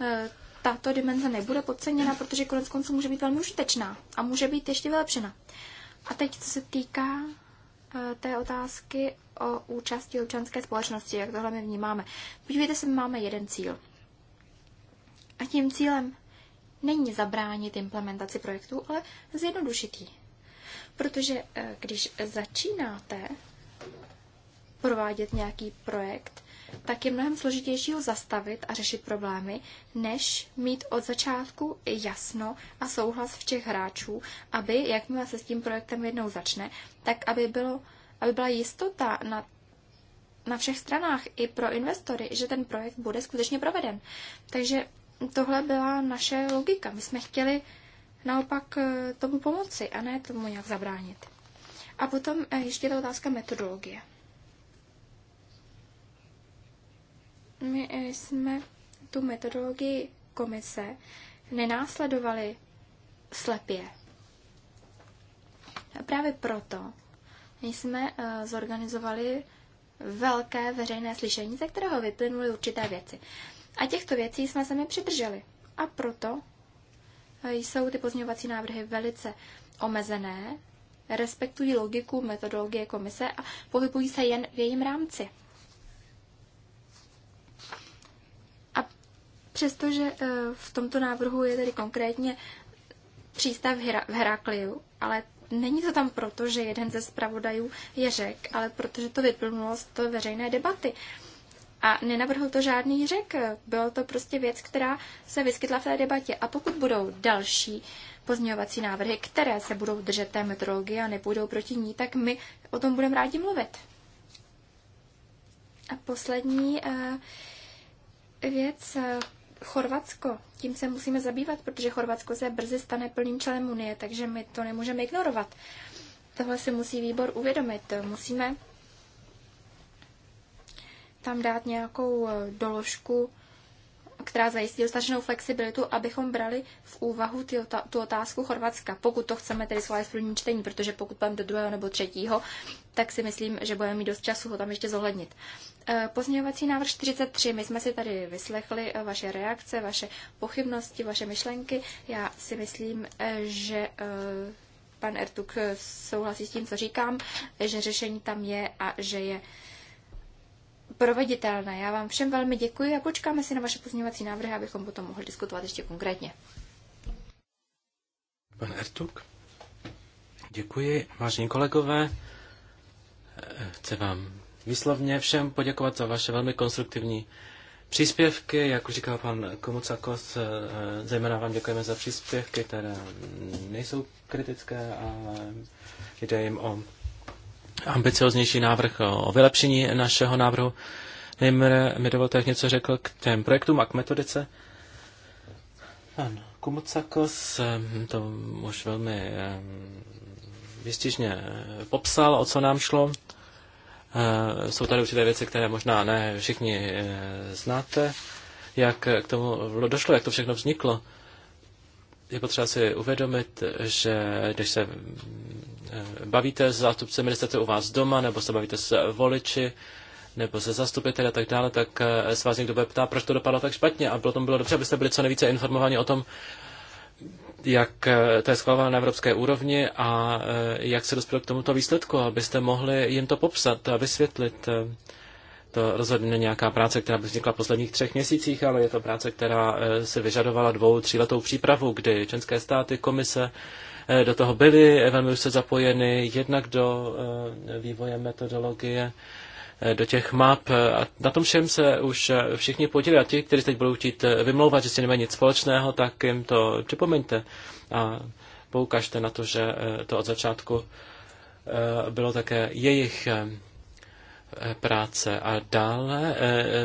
eh, tato dimenze nebude podceněna, protože konec konců může být velmi užitečná a může být ještě vylepšena. A teď, co se týká eh, té otázky o účasti občanské společnosti, jak tohle my vnímáme. Podívejte se, my máme jeden cíl. A tím cílem není zabránit implementaci projektů, ale zjednodušitý. Protože eh, když začínáte provádět nějaký projekt, tak je mnohem složitější ho zastavit a řešit problémy, než mít od začátku jasno a souhlas všech hráčů, aby, jakmile se s tím projektem jednou začne, tak aby, bylo, aby byla jistota na na všech stranách, i pro investory, že ten projekt bude skutečně proveden. Takže tohle byla naše logika. My jsme chtěli naopak eh, tomu pomoci a ne tomu nějak zabránit. A potom eh, ještě ta otázka metodologie. My jsme tu metodologii komise nenásledovali slepě. A právě proto jsme eh, zorganizovali velké veřejné slyšení, ze kterého vyplynuly určité věci. A těchto věcí jsme se mi přidrželi. A proto eh, jsou ty pozměňovací návrhy velice omezené, respektují logiku metodologie komise a pohybují se jen v jejím rámci. Přestože eh, v tomto návrhu je tedy konkrétně přístav v Herakliu, ale není to tam proto, že jeden ze zpravodajů je řek, ale protože to vyplnulo z to veřejné debaty. A nenavrhl to žádný řek, bylo to prostě věc, která se vyskytla v té debatě. A pokud budou další pozměňovací návrhy, které se budou držet té metrologie a nebudou proti ní, tak my o tom budeme rádi mluvit. A poslední eh, věc, eh, Chorvatsko. Tím se musíme zabývat, protože Chorvatsko se brzy stane plným členem Unie, takže my to nemůžeme ignorovat. Tohle si musí výbor uvědomit. Musíme tam dát nějakou eh, doložku, která zajistí dostatečnou flexibilitu, abychom brali v úvahu ty, tu otázku Chorvatska. Pokud to chceme tedy schválit v prvním čtení, protože pokud půjdeme do druhého nebo třetího, tak si myslím, že budeme mít dost času ho tam ještě zohlednit. Eh, pozměňovací návrh 43. My jsme si tady vyslechli eh, vaše reakce, vaše pochybnosti, vaše myšlenky. Já si myslím, eh, že pan Ertuk souhlasí s tím, co říkám, že řešení tam je a že je proveditelné. Já vám všem velmi děkuji a počkáme si na vaše pozměňovací návrhy, abychom potom mohli diskutovat ještě konkrétně. Pan Ertuk, děkuji. Vážení kolegové, chci vám výslovně všem poděkovat za vaše velmi konstruktivní příspěvky. Jak už říkal pan Komucakos, eh, zejména vám děkujeme za příspěvky, které nejsou kritické, ale jde jim o ambicioznější návrh, o vylepšení našeho návrhu. Nejmre, mi dovolte, jak něco řekl k těm projektům a k metodice. Pan Kumucakos eh, to už velmi eh, vystižně popsal, o co nám šlo. Eh, jsou tady určité věci, které možná ne všichni eh, znáte, jak k tomu došlo, jak to všechno vzniklo. Je potřeba si uvědomit, že když se eh, bavíte s zástupci ministerstva u vás doma, nebo se bavíte s voliči, nebo se zastupiteli a tak dále, tak se vás někdo bude ptá, proč to dopadlo tak špatně. A potom bylo dobře, abyste byli co nejvíce informováni o tom, jak eh, to je schváleno na evropské úrovni a eh, jak se dospěl k tomuto výsledku, abyste mohli jim to popsat a vysvětlit. Eh, to rozhodně není nějaká práce, která by vznikla v posledních třech měsících, ale je to práce, která se vyžadovala dvou, tříletou přípravu, kdy členské státy, komise do toho byly velmi už se zapojeny jednak do vývoje metodologie Eh, do těch map. Eh, a na tom všem se už eh, všichni podílí. A ti, kteří teď budou chtít vymlouvat, že si nemají nic společného, tak jim to připomeňte a poukažte na to, že to od začátku bylo také jejich práce. A dále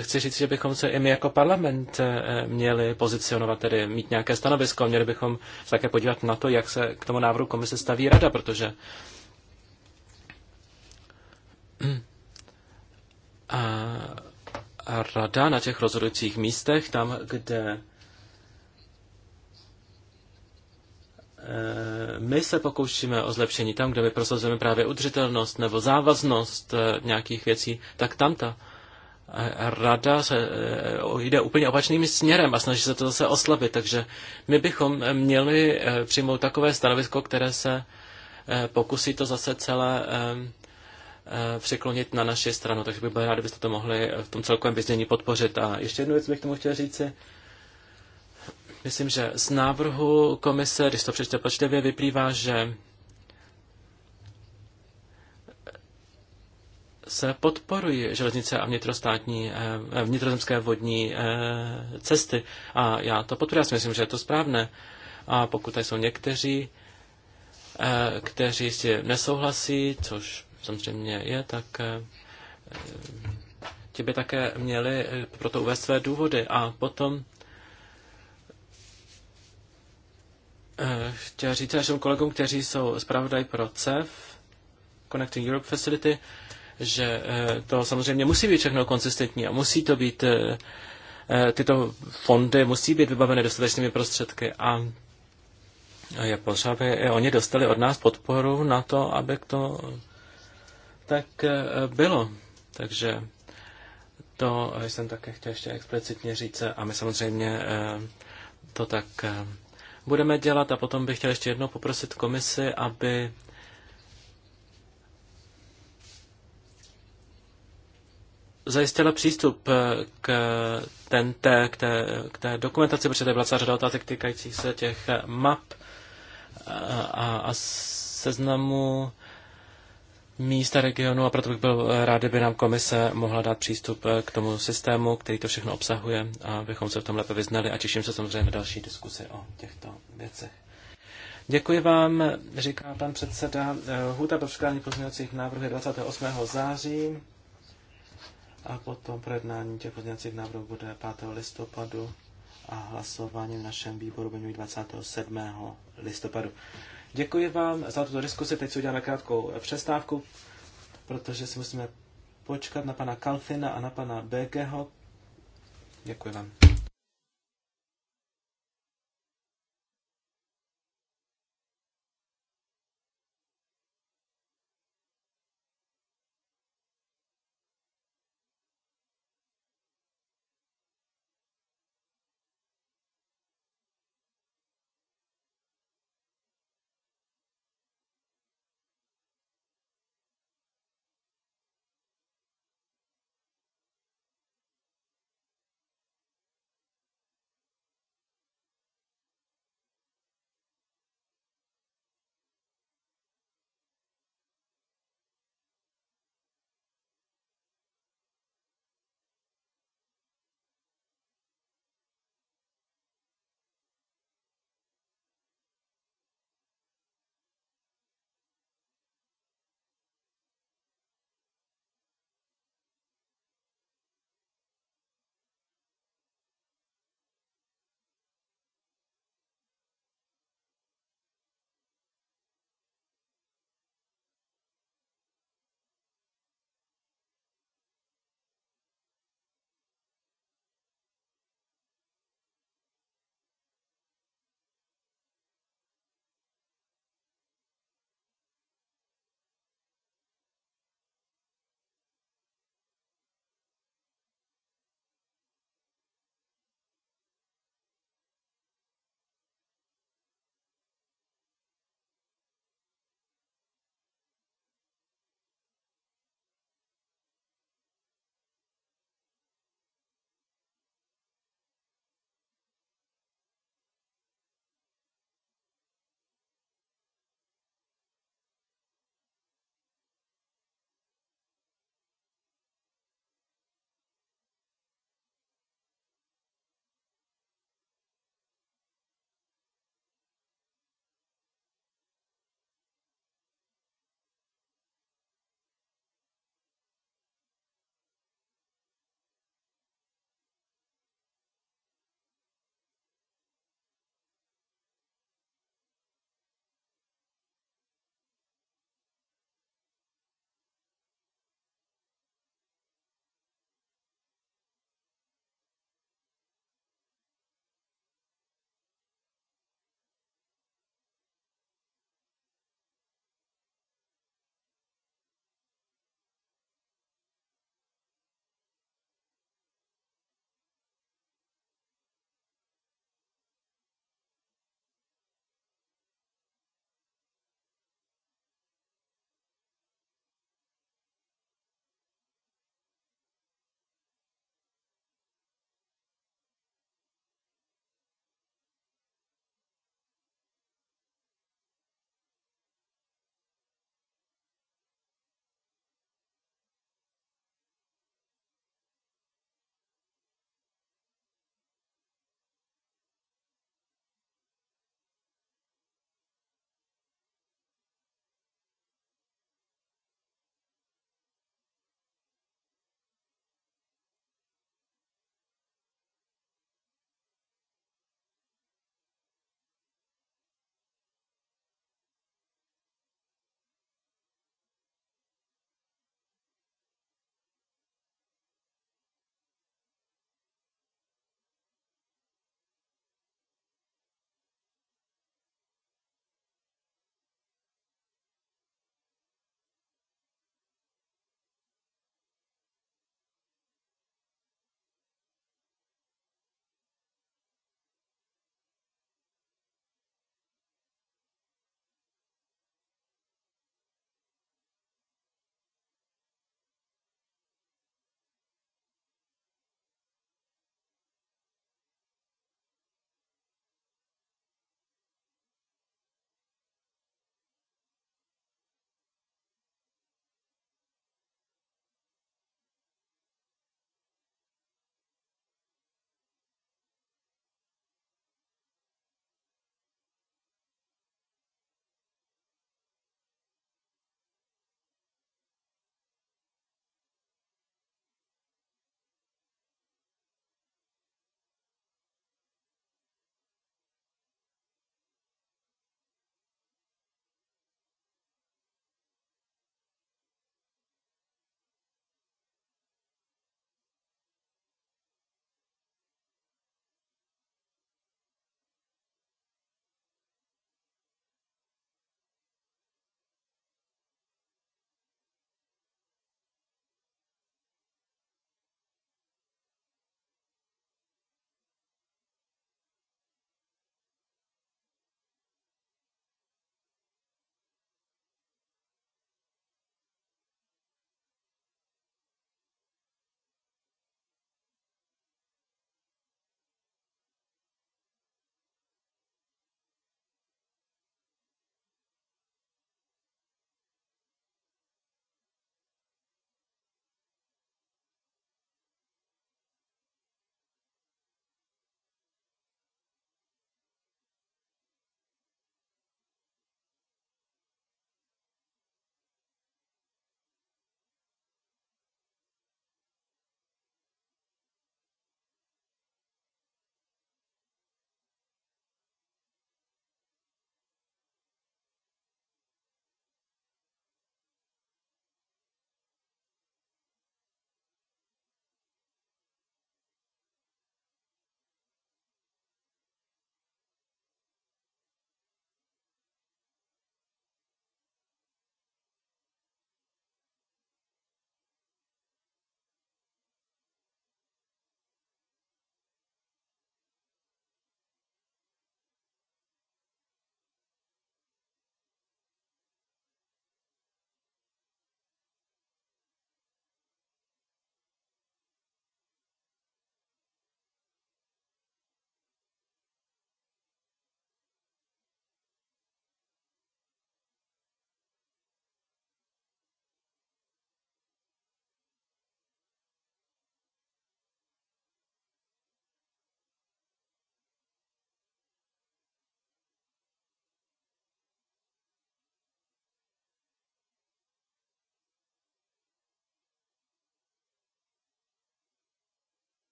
chci říct, že bychom se i my jako parlament měli pozicionovat, tedy mít nějaké stanovisko. Měli bychom se také podívat na to, jak se k tomu návrhu komise staví rada, protože a rada na těch rozhodujících místech, tam, kde eh, my se pokoušíme o zlepšení tam, kde my prosazujeme právě udržitelnost nebo závaznost eh, nějakých věcí, tak tam ta eh, rada se jde úplně opačným směrem a snaží se to zase oslabit. Takže my bychom měli přijmout takové stanovisko, které se pokusí to zase celé Eh, překlonit na naši stranu, takže bych byl rád, kdybyste to mohli v tom celkovém vyznění podpořit. A ještě jednu věc bych tomu chtěl říci. Myslím, že z návrhu komise, když to přečte počtevě, vyplývá, že se podporují železnice a vnitrostátní, eh, vnitrozemské vodní eh, cesty. A já to podporuji, já si myslím, že je to správné. A pokud tady jsou někteří, kteří si nesouhlasí, což samozřejmě je, tak eh, ti by také měli eh, proto uvést své důvody. A potom eh, chtěl říct našim kolegům, kteří jsou zpravodaj pro CEF, Connecting Europe Facility, že to samozřejmě musí být všechno konsistentní a musí to být, tyto fondy musí být vybaveny dostatečnými prostředky a je potřeba, aby oni dostali od nás podporu na to, aby to tak eh, bylo. Takže to jsem také chtěl ještě explicitně říct a my samozřejmě eh, to tak eh, budeme dělat a potom bych chtěl ještě jednou poprosit komisi, aby zajistila přístup k, ten, té, k, té, k té dokumentaci, protože tady byla celá řada otázek týkajících se těch map a, a seznamu místa regionu a proto bych byl rád, kdyby nám komise mohla dát přístup eh, k tomu systému, který to všechno obsahuje a abychom se v tom lépe vyznali a těším se samozřejmě na další diskusy o těchto věcech. Děkuji vám, říká pan předseda. Huta eh, pro předkládání pozměňovacích návrhů je 28. září a potom projednání těch pozměňovacích návrhů bude 5. listopadu a hlasování v našem výboru bude 27. listopadu. Děkuji vám za tuto diskusi. Teď si uděláme krátkou přestávku, protože si musíme počkat na pana Kalfina a na pana Begeho. Děkuji vám.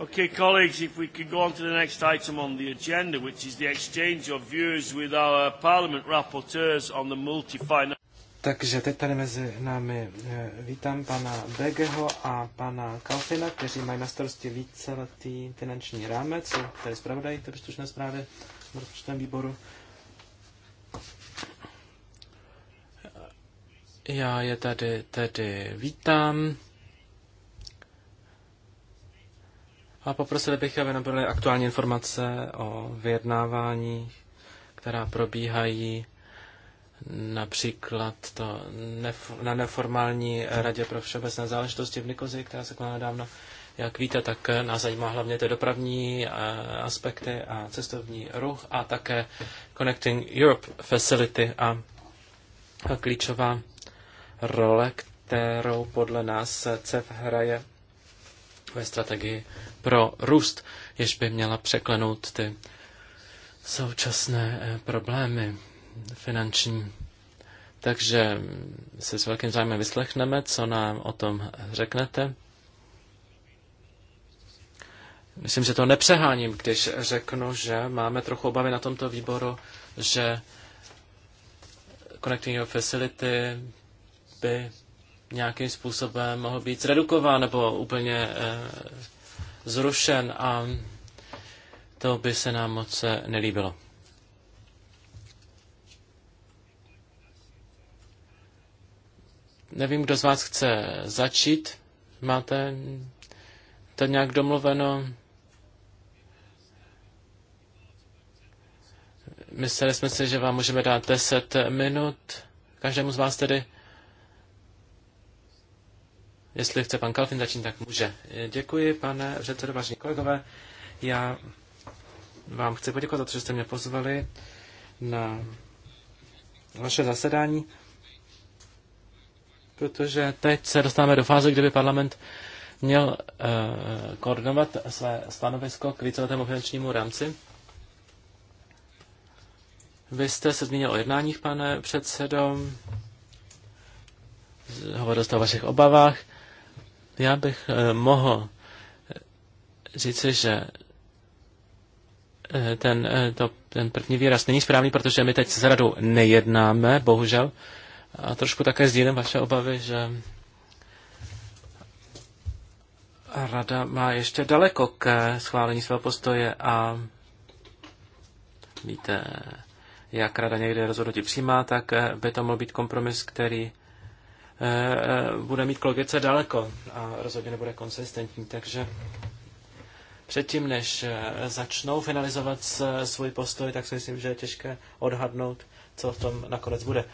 Okay, colleagues, if we could go on to the next item on the agenda, which is the exchange of views with our parliament rapporteurs on the multi Takže teď tady mezi námi eh, vítám pana Begeho a pana Kalfina, kteří mají na starosti víceletý finanční rámec, jsou tady zpravodají té příslušné zprávy v rozpočtovém výboru. Já je tady tedy vítám. A poprosili bych, aby nám byly aktuální informace o vyjednávání, která probíhají například to nef- na neformální radě pro všeobecné záležitosti v Nikozi, která se konala dávno. Jak víte, tak nás zajímá hlavně ty dopravní eh, aspekty a cestovní ruch a také Connecting Europe Facility a, a klíčová role, kterou podle nás CEF hraje tvoje strategii pro růst, jež by měla překlenout ty současné eh, problémy finanční. Takže se s velkým zájmem vyslechneme, co nám o tom řeknete. Myslím, že to nepřeháním, když řeknu, že máme trochu obavy na tomto výboru, že Connecting Your Facility by nějakým způsobem mohl být zredukován nebo úplně eh, zrušen a to by se nám moc eh, nelíbilo. Nevím, kdo z vás chce začít. Máte to nějak domluveno? Mysleli jsme si, že vám můžeme dát 10 minut, každému z vás tedy. Jestli chce pan Kalfin začít, tak může. Eh, děkuji, pane předsedo, vážení kolegové. Já vám chci poděkovat za to, že jste mě pozvali na vaše zasedání, protože teď se dostáváme do fáze, kdyby parlament měl uh, koordinovat své stanovisko k víceletému finančnímu rámci. Vy jste se zmínil o jednáních, pane předsedo, hovořil jste o vašich obavách. Já bych eh, mohl říci, že eh, ten, eh, to, ten první výraz není správný, protože my teď s radou nejednáme, bohužel. A trošku také sdílím vaše obavy, že rada má ještě daleko k schválení svého postoje a víte, jak rada někde rozhodnutí přijímá, tak by to mohl být kompromis, který Eh, eh, bude mít k logice daleko a rozhodně nebude konsistentní. Takže předtím, než eh, začnou finalizovat svůj postoj, tak si myslím, že je těžké odhadnout, co v tom nakonec bude.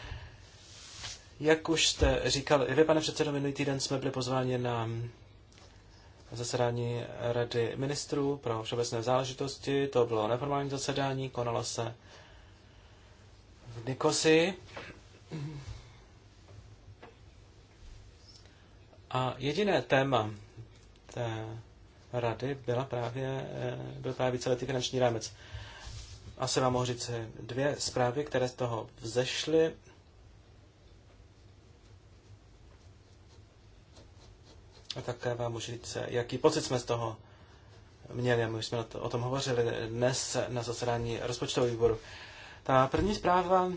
Jak už jste říkal, i vy, pane předsedo, minulý týden jsme byli pozváni na zasedání Rady ministrů pro všeobecné záležitosti. To bylo neformální zasedání, konalo se v Nikosi. A jediné téma té rady byla právě, eh, byl právě víceletý finanční rámec. Asi vám mohu říct dvě zprávy, které z toho vzešly. A také vám můžu říct, jaký pocit jsme z toho měli. My jsme o tom hovořili dnes na zasedání rozpočtového výboru. Ta první zpráva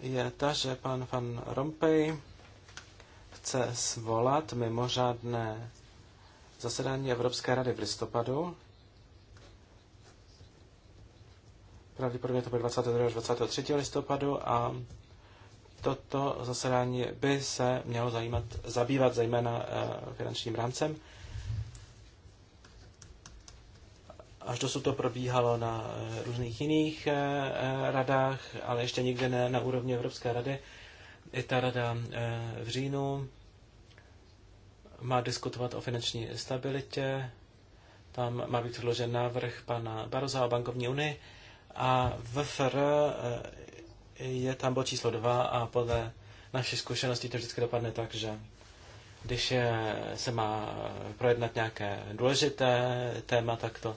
je ta, že pan Van Rompuy chce svolat mimořádné zasedání Evropské rady v listopadu. Pravděpodobně to bude 22. až 23. listopadu a toto zasedání by se mělo zajímat, zabývat zejména eh, finančním rámcem. Až dosud to probíhalo na eh, různých jiných eh, radách, ale ještě nikdy ne na úrovni Evropské rady. I ta rada eh, v říjnu má diskutovat o finanční stabilitě, tam má být vložen návrh pana Baroza o bankovní unii a VFR eh, je tam bod číslo 2 a podle našich zkušeností to vždycky dopadne tak, že když je, eh, se má projednat nějaké důležité téma, tak to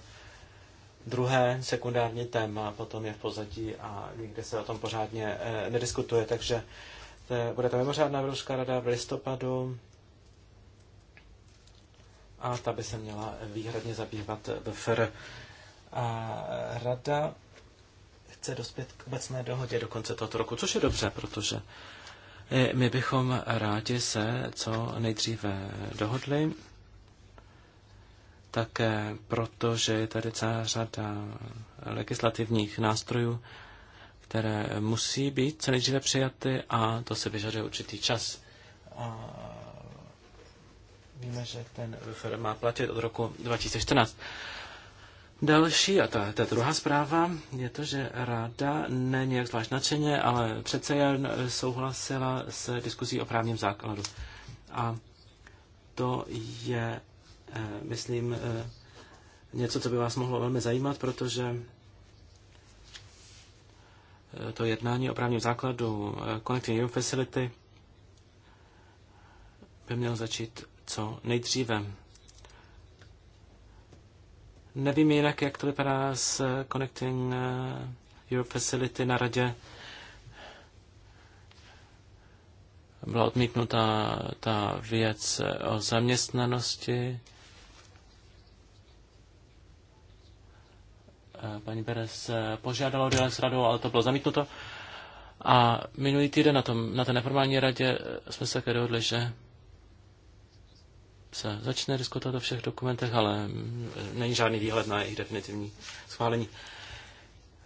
druhé sekundární téma potom je v pozadí a nikde se o tom pořádně nediskutuje, takže je, bude ta mimořádná Evropská rada v listopadu a ta by se měla výhradně zabývat BFR. A rada chce dospět k obecné dohodě do konce tohoto roku, což je dobře, protože eh, my bychom rádi se co nejdříve dohodli, také protože je tady celá řada legislativních nástrojů, které musí být co nejdříve přijaty a to se vyžaduje určitý čas. A víme, že ten refer má platit od roku 2014. Další, a ta, ta druhá zpráva, je to, že rada ne nějak zvlášť nadšeně, ale přece jen souhlasila s diskuzí o právním základu. A to je, eh, myslím, eh, něco, co by vás mohlo velmi zajímat, protože Eh, to jednání o právním základu eh, Connecting Europe Facility by mělo začít co nejdříve. Nevím jinak, jak to vypadá s Connecting eh, Europe Facility na radě. Byla odmítnuta ta věc o zaměstnanosti. Eh, paní Beres eh, požádala o dialog s radou, ale to bylo zamítnuto. A minulý týden na, tom, na té neformální radě eh, jsme se také dohodli, že se začne diskutovat o všech dokumentech, ale mm, není žádný výhled na jejich definitivní schválení.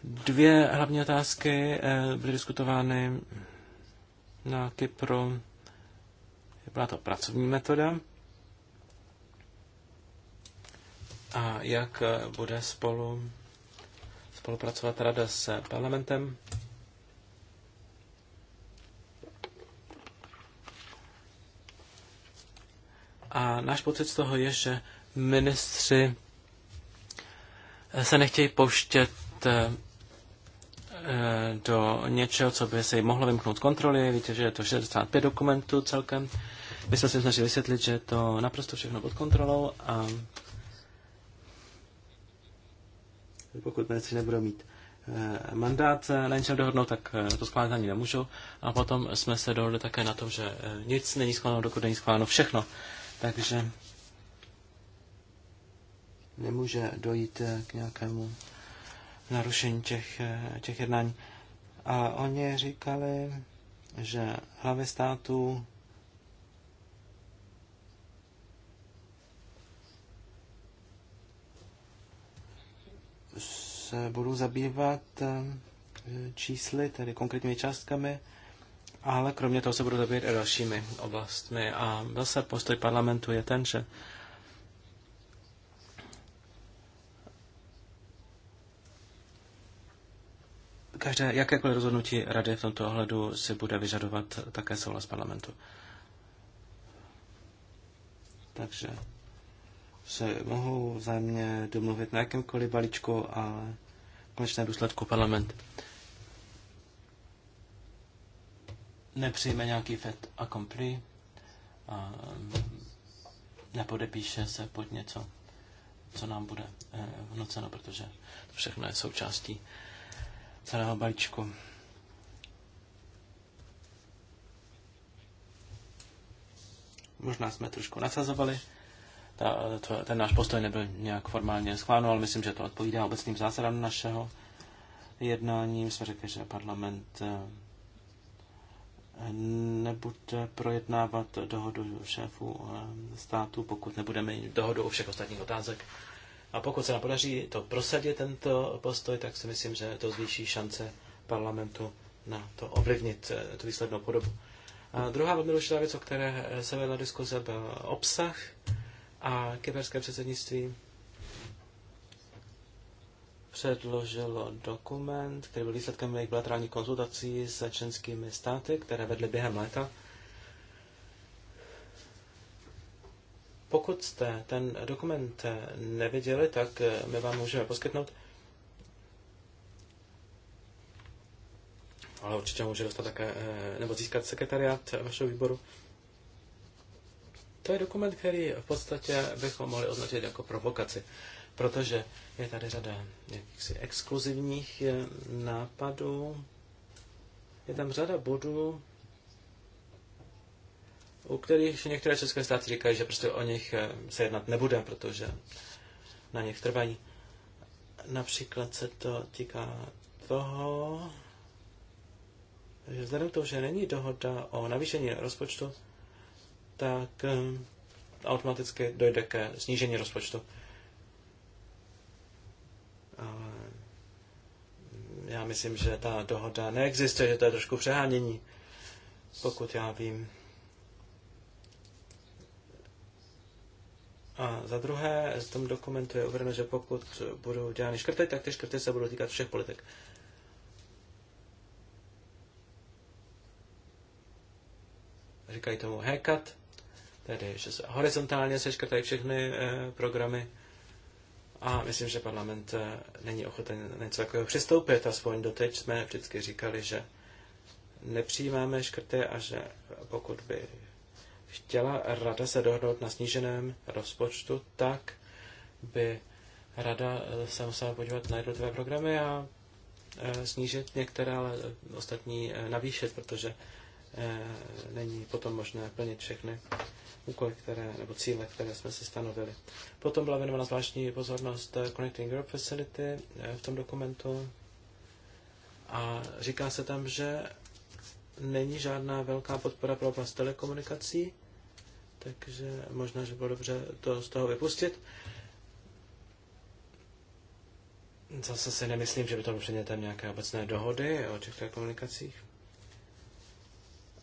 Dvě hlavní otázky byly diskutovány na Kypru. Byla to pracovní metoda a jak bude spolu spolupracovat rada s parlamentem. A náš pocit z toho je, že ministři se nechtějí pouštět eh, do něčeho, co by se jim mohlo vymknout kontroly. Víte, že je to 65 dokumentů celkem. My jsme se snažili vysvětlit, že je to naprosto všechno pod kontrolou a pokud ministři nebudou mít eh, mandát eh, na něčem dohodnout, tak eh, to schválit ani nemůžu. A potom jsme se dohodli také na tom, že nic není schváleno, dokud není schváleno všechno. Takže nemůže dojít k nějakému narušení těch, těch jednání. A oni říkali, že hlavy států se budu zabývat eh, čísly, tedy konkrétními částkami, ale kromě toho se budu zabývat i dalšími oblastmi. A zase postoj parlamentu je ten, že každé, jakékoliv rozhodnutí rady v tomto ohledu si bude vyžadovat také souhlas parlamentu. Takže se mohou vzájemně domluvit na jakémkoliv balíčku, ale v konečném důsledku parlament nepřijme nějaký FED a kompli, mm, a nepodepíše se pod něco, co nám bude eh, vnoceno, protože to všechno je součástí celého balíčku. Možná jsme trošku nasazovali ta, to, ten náš postoj nebyl nějak formálně schválen, ale myslím, že to odpovídá obecným zásadám našeho jednání. Jsme řekli, že parlament eh, nebude projednávat dohodu šéfů eh, státu, pokud nebudeme mít dohodu o všech ostatních otázek. A pokud se nám podaří to prosadit, tento postoj, tak si myslím, že to zvýší šance parlamentu na to ovlivnit eh, tu výslednou podobu. A druhá velmi důležitá věc, o které se vedla diskuze, byl obsah a keperské předsednictví předložilo dokument, který byl výsledkem jejich bilaterálních konzultací s členskými státy, které vedly během léta. Pokud jste ten dokument neviděli, tak my vám můžeme poskytnout. Ale určitě může dostat také, eh, nebo získat sekretariat vašeho výboru. To je dokument, který v podstatě bychom mohli označit jako provokaci, protože je tady řada jakýchsi exkluzivních eh, nápadů, je tam řada bodů, u kterých některé české státy říkají, že prostě o nich eh, se jednat nebude, protože na nich trvají. Například se to týká toho, že vzhledem k tomu, že není dohoda o navýšení rozpočtu, tak eh, automaticky dojde ke snížení rozpočtu. Ale já myslím, že ta dohoda neexistuje, že to je trošku přehánění, pokud já vím. A za druhé, v tom dokumentu je uvedeno, že pokud budou dělány škrty, tak ty škrty se budou týkat všech politik. Říkají tomu haircut tedy že se horizontálně seškrtají všechny eh, programy a myslím, že parlament eh, není ochoten něco takového přistoupit. Aspoň doteď jsme vždycky říkali, že nepřijímáme škrty a že pokud by chtěla rada se dohodnout na sníženém rozpočtu, tak by rada eh, se musela podívat na jednotlivé programy a snížit některé, ale ostatní navýšit, protože Eh, není potom možné plnit všechny úkoly, které, nebo cíle, které jsme si stanovili. Potom byla věnována zvláštní pozornost eh, Connecting Europe Facility eh, v tom dokumentu a říká se tam, že není žádná velká podpora pro oblast telekomunikací, takže možná, že bylo dobře to z toho vypustit. Zase si nemyslím, že by to bylo předmětem nějaké obecné dohody o těch telekomunikacích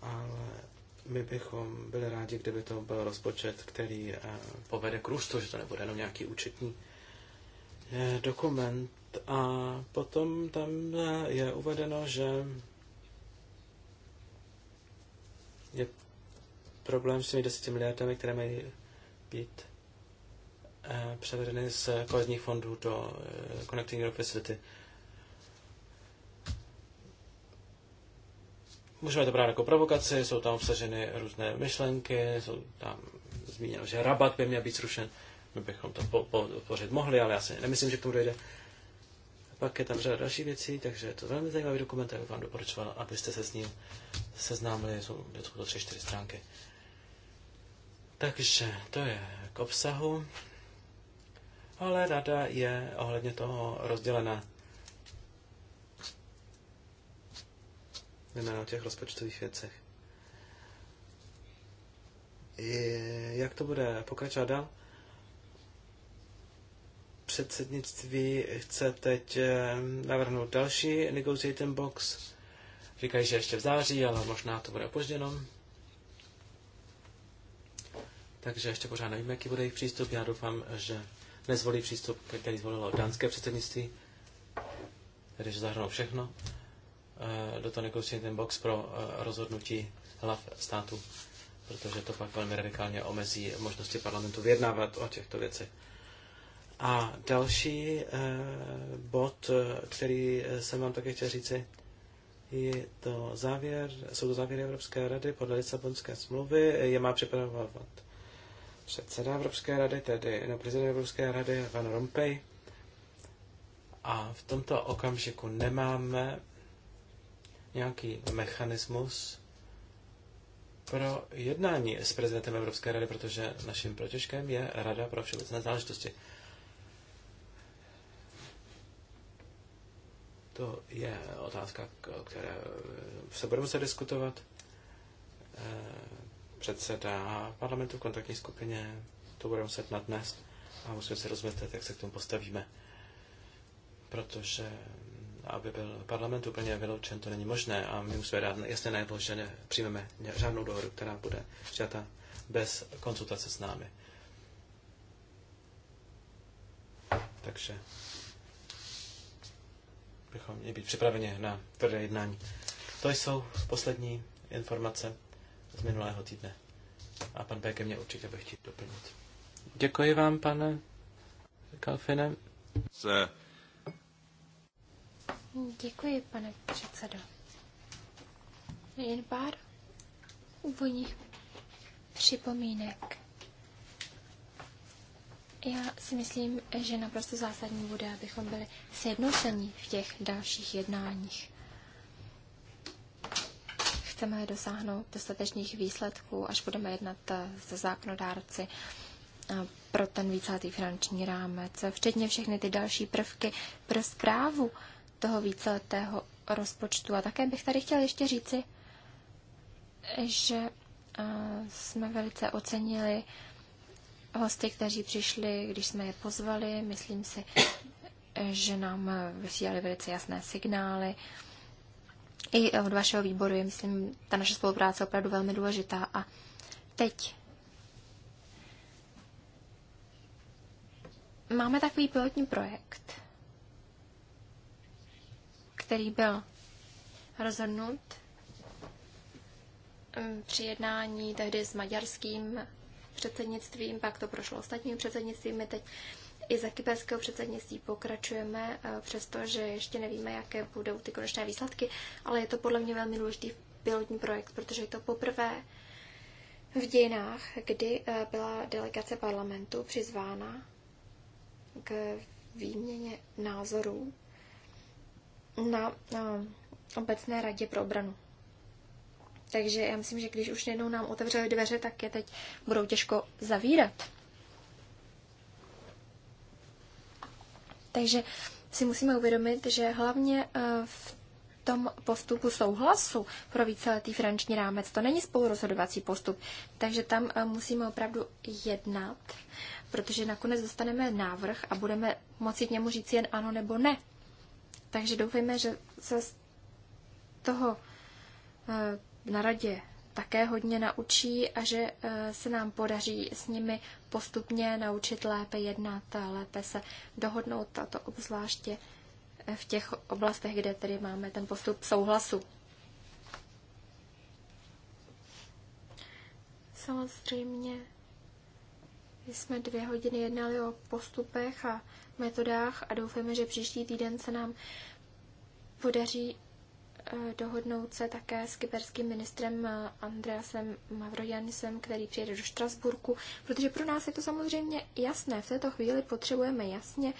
ale my bychom byli rádi, kdyby to byl rozpočet, který eh, povede k růstu, že to nebude jenom nějaký účetní eh, dokument. A potom tam eh, je uvedeno, že je problém s těmi 10 miliardami, které mají být převedeny z kolezních fondů do Connecting Europe Facility. Můžeme to brát jako provokaci, jsou tam obsaženy různé myšlenky, jsou tam zmíněno, že rabat by měl být zrušen. My bychom to podpořit po, mohli, ale já si nemyslím, že k tomu dojde. Pak je tam řada další věcí, takže je to velmi zajímavý dokument, já bych vám doporučoval, abyste se s ním seznámili, jsou, jsou to tři, čtyři stránky. Takže to je k obsahu, ale rada je ohledně toho rozdělena zejména o těch rozpočtových věcech. Jak to bude pokračovat dál? Předsednictví chce teď eh, navrhnout další negotiating box. Říkají, že ještě v září, ale možná to bude opožděno. Takže ještě pořád nevím, jaký bude jejich přístup. Já doufám, že nezvolí přístup, který zvolilo dánské předsednictví, tedy že zahrnou všechno. Eh, do toho nekousí ten box pro eh, rozhodnutí hlav státu, protože to pak velmi radikálně omezí možnosti parlamentu vyjednávat o těchto věcech. A další eh, bod, který jsem vám také chtěl říci, je to závěr, jsou to závěry Evropské rady podle Lisabonské smlouvy, je má připravovat předseda Evropské rady, tedy no, prezident Evropské rady, Van Rompuy. A v tomto okamžiku nemáme nějaký mechanismus pro jednání s prezidentem Evropské rady, protože naším protěžkem je Rada pro všeobecné záležitosti. To je otázka, které se budeme muset diskutovat. Eh, předseda parlamentu v kontaktní skupině to budeme muset nadnést a musíme se rozmyslet, jak se k tomu postavíme. Protože aby byl parlament úplně vyloučen, to není možné a my musíme dát jasně najevo, že přijmeme žádnou dohodu, která bude přijata bez konzultace s námi. Takže bychom měli být připraveni na tvrdé jednání. To jsou poslední informace z minulého týdne. A pan Beke mě určitě bude chtít doplnit. Děkuji vám, pane Kalfine. Se Děkuji, pane předsedo. Jen pár úvodních připomínek. Já si myslím, že naprosto zásadní bude, abychom byli sjednocení v těch dalších jednáních. Chceme dosáhnout dostatečných výsledků, až budeme jednat eh, se zákonodárci eh, pro ten vícátý finanční rámec, včetně všechny ty další prvky pro zprávu toho víceletého rozpočtu. A také bych tady chtěl ještě říci, že eh, jsme velice ocenili hosty, kteří přišli, když jsme je pozvali. Myslím si, že nám vysílali velice jasné signály. I od vašeho výboru je, myslím, ta naše spolupráce opravdu velmi důležitá. A teď máme takový pilotní projekt – který byl rozhodnut ehm, při jednání tehdy s maďarským předsednictvím, pak to prošlo ostatním předsednictvími, teď i za kyperského předsednictví pokračujeme, eh, přestože ještě nevíme, jaké budou ty konečné výsledky, ale je to podle mě velmi důležitý pilotní projekt, protože je to poprvé v dějinách, kdy eh, byla delegace parlamentu přizvána k výměně názorů na, na obecné radě pro obranu. Takže já myslím, že když už jednou nám otevřeli dveře, tak je teď budou těžko zavírat. Takže si musíme uvědomit, že hlavně eh, v tom postupu souhlasu pro víceletý finanční rámec, to není spolurozhodovací postup, takže tam eh, musíme opravdu jednat, protože nakonec dostaneme návrh a budeme moci k němu říct jen ano nebo ne. Takže doufejme, že se z toho eh, na radě také hodně naučí a že eh, se nám podaří s nimi postupně naučit lépe jednat a lépe se dohodnout, a to obzvláště eh, v těch oblastech, kde tedy máme ten postup souhlasu. Samozřejmě jsme dvě hodiny jednali o postupech a metodách a doufáme, že příští týden se nám podaří eh, dohodnout se také s kyperským ministrem eh, Andreasem Mavrojanisem, který přijede do Štrasburku, protože pro nás je to samozřejmě jasné. V této chvíli potřebujeme jasně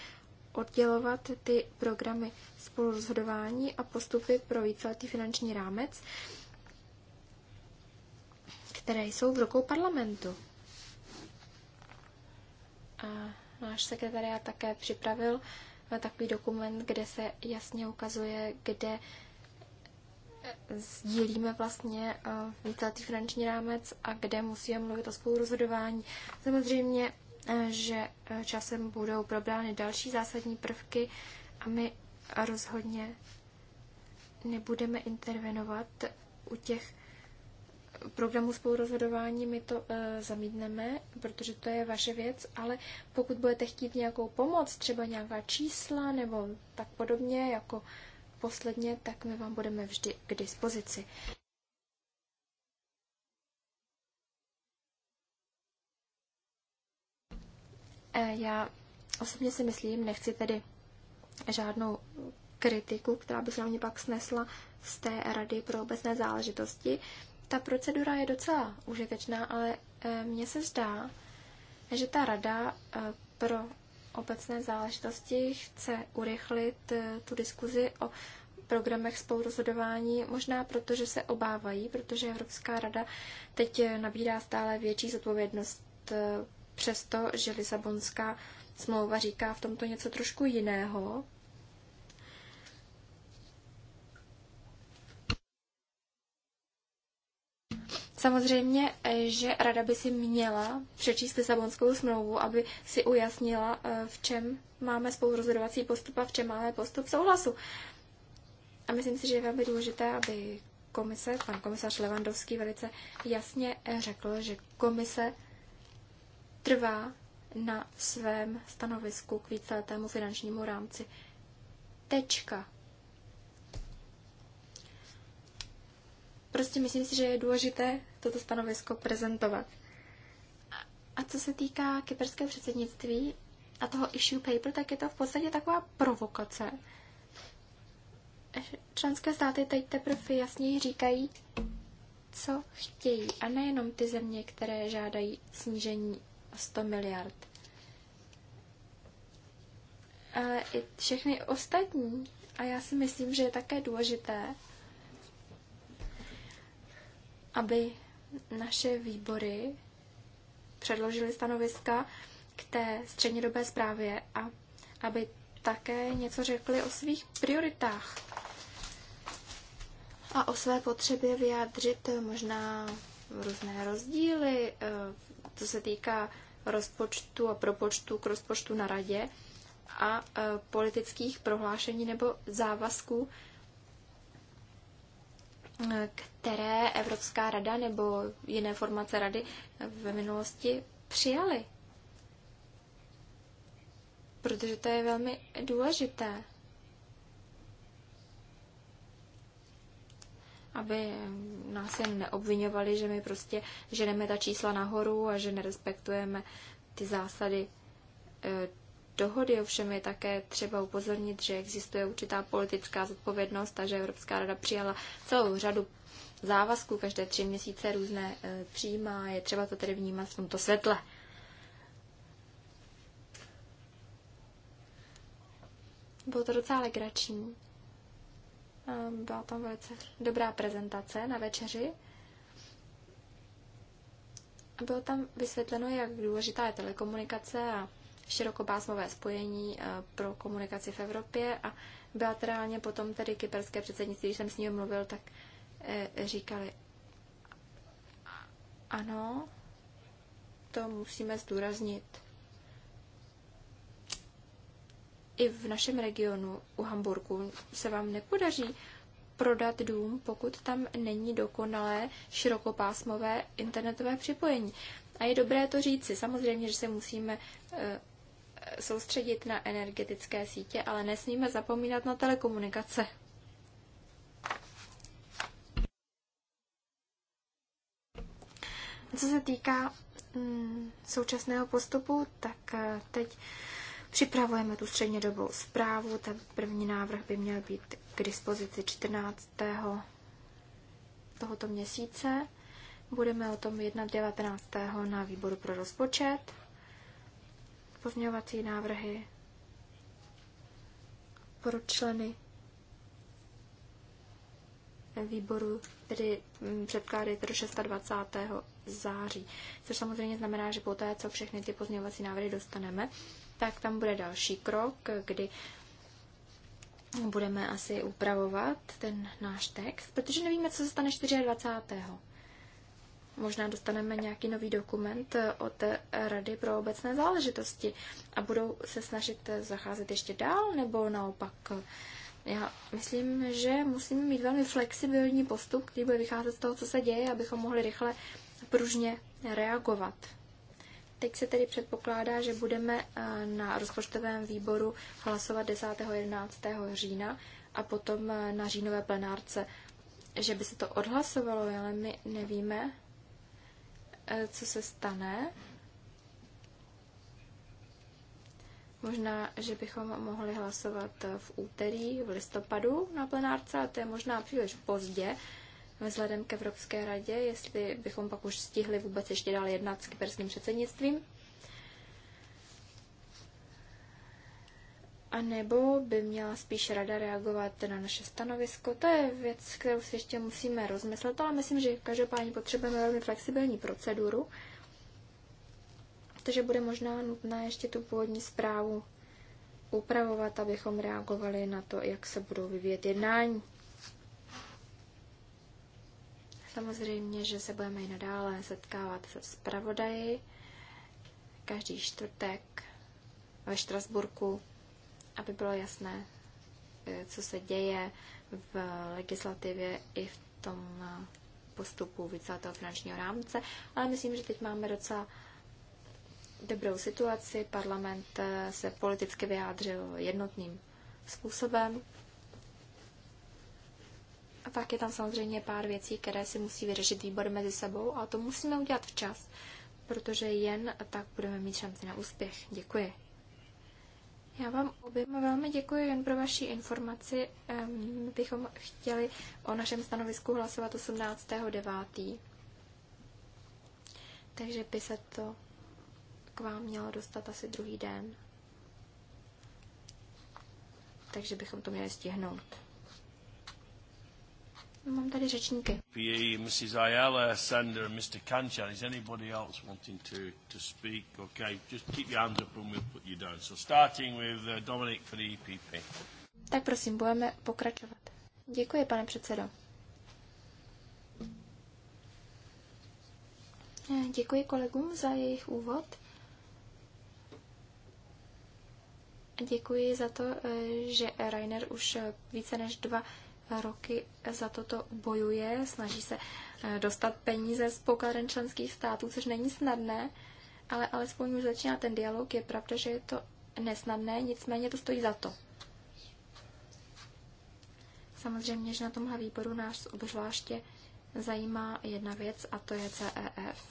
oddělovat ty programy spolurozhodování a postupy pro víceletý finanční rámec, které jsou v rukou parlamentu. A náš sekretariat také připravil eh, takový dokument, kde se jasně ukazuje, kde eh, sdílíme vlastně eh, víceletý finanční rámec a kde musíme mluvit o spolurozhodování. Samozřejmě, že časem budou probrány další zásadní prvky a my rozhodně nebudeme intervenovat u těch programu spolurozhodování my to e, zamítneme, protože to je vaše věc, ale pokud budete chtít nějakou pomoc, třeba nějaká čísla nebo tak podobně, jako posledně, tak my vám budeme vždy k dispozici. E, já osobně si myslím, nechci tedy žádnou kritiku, která by se na mě pak snesla z té rady pro obecné záležitosti. Ta procedura je docela užitečná, ale eh, mně se zdá, že ta rada eh, pro obecné záležitosti chce urychlit eh, tu diskuzi o programech spolurozhodování, možná protože se obávají, protože Evropská rada teď nabírá stále větší zodpovědnost přesto, že Lisabonská smlouva říká v tomto něco trošku jiného, Samozřejmě, eh, že rada by si měla přečíst Lisabonskou smlouvu, aby si ujasnila, eh, v čem máme spolurozhodovací postup a v čem máme postup souhlasu. A myslím si, že je velmi důležité, aby komise, pan komisař Levandovský velice jasně eh, řekl, že komise trvá na svém stanovisku k víceletému finančnímu rámci. Tečka. Prostě myslím si, že je důležité toto stanovisko prezentovat. A co se týká kyperského předsednictví a toho issue paper, tak je to v podstatě taková provokace. Členské státy teď teprve jasněji říkají, co chtějí. A nejenom ty země, které žádají snížení o 100 miliard. Ale i všechny ostatní. A já si myslím, že je také důležité, aby naše výbory předložily stanoviska k té střednědobé zprávě a aby také něco řekli o svých prioritách a o své potřebě vyjádřit možná různé rozdíly, eh, co se týká rozpočtu a propočtu k rozpočtu na radě a eh, politických prohlášení nebo závazků které Evropská rada nebo jiné formace rady v minulosti přijaly. Protože to je velmi důležité. aby nás jen neobvinovali, že my prostě ženeme ta čísla nahoru a že nerespektujeme ty zásady eh, dohody, ovšem je také třeba upozornit, že existuje určitá politická zodpovědnost a že Evropská rada přijala celou řadu závazků, každé tři měsíce různé eh, přijímá, je třeba to tedy vnímat v tomto světle. Bylo to docela legrační. Ehm, byla tam velice dobrá prezentace na večeři. Bylo tam vysvětleno, jak důležitá je telekomunikace a širokopásmové spojení eh, pro komunikaci v Evropě a bilaterálně potom tedy kyperské předsednictví, když jsem s ním mluvil, tak eh, říkali, ano, to musíme zdůraznit. I v našem regionu u Hamburgu se vám nepodaří prodat dům, pokud tam není dokonalé širokopásmové internetové připojení. A je dobré to říci. Samozřejmě, že se musíme eh, soustředit na energetické sítě, ale nesmíme zapomínat na telekomunikace. Co se týká mm, současného postupu, tak eh, teď připravujeme tu střednědobou zprávu. Ten první návrh by měl být k dispozici 14. tohoto měsíce. Budeme o tom jednat 19. na výboru pro rozpočet pozměňovací návrhy pro členy výboru, tedy mm, předkládejte do 26. září. Což samozřejmě znamená, že poté, co všechny ty pozměňovací návrhy dostaneme, tak tam bude další krok, kdy budeme asi upravovat ten náš text, protože nevíme, co se stane 24. Možná dostaneme nějaký nový dokument eh, od Rady pro obecné záležitosti a budou se snažit eh, zacházet ještě dál, nebo naopak. Já myslím, že musíme mít velmi flexibilní postup, který bude vycházet z toho, co se děje, abychom mohli rychle pružně reagovat. Teď se tedy předpokládá, že budeme eh, na rozpočtovém výboru hlasovat 10. 11. října a potom na říjnové plenárce, že by se to odhlasovalo, ale my nevíme, Eh, co se stane. Možná, že bychom mohli hlasovat v úterý, v listopadu na plenárce, ale to je možná příliš pozdě vzhledem k Evropské radě, jestli bychom pak už stihli vůbec ještě dál jednat s kyperským předsednictvím. A nebo by měla spíš rada reagovat na naše stanovisko. To je věc, kterou si ještě musíme rozmyslet, ale myslím, že každopádně potřebujeme velmi flexibilní proceduru, Takže bude možná nutné ještě tu původní zprávu upravovat, abychom reagovali na to, jak se budou vyvíjet jednání. Samozřejmě, že se budeme i nadále setkávat se zpravodaji každý čtvrtek ve Štrasburku aby bylo jasné, eh, co se děje v legislativě i v tom eh, postupu víceletého finančního rámce, ale myslím, že teď máme docela dobrou situaci. Parlament eh, se politicky vyjádřil jednotným způsobem. A pak je tam samozřejmě pár věcí, které si musí vyřešit výbor mezi sebou a to musíme udělat včas, protože jen tak budeme mít šanci na úspěch. Děkuji. Já vám oběma velmi děkuji jen pro vaši informaci. Um, bychom chtěli o našem stanovisku hlasovat 18.9. Takže by se to k vám mělo dostat asi druhý den. Takže bychom to měli stihnout. Mám tady řečníky. Mrs. Ayala, Sander, Mr. Kanchan. Is anybody else wanting to, to speak? Okay, just keep your hands up and we'll put you down. So starting with uh, Dominic for the EPP. Tak prosím, budeme pokračovat. Děkuji, pane předsedo. Eh, děkuji kolegům za jejich úvod. Děkuji za to, eh, že Rainer už eh, více než dva roky za toto bojuje, snaží se eh, dostat peníze z pokladen členských států, což není snadné, ale alespoň už začíná ten dialog. Je pravda, že je to nesnadné, nicméně to stojí za to. Samozřejmě, že na tomhle výboru nás obzvláště zajímá jedna věc a to je CEF.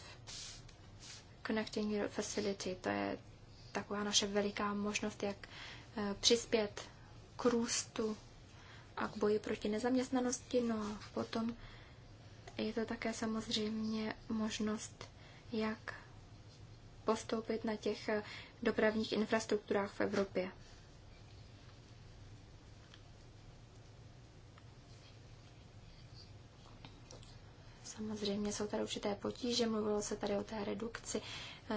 Connecting Europe Facility, to je taková naše veliká možnost, jak eh, přispět k růstu a k boji proti nezaměstnanosti. No a potom je to také samozřejmě možnost, jak postoupit na těch eh, dopravních infrastrukturách v Evropě. Samozřejmě jsou tady určité potíže, mluvilo se tady o té redukci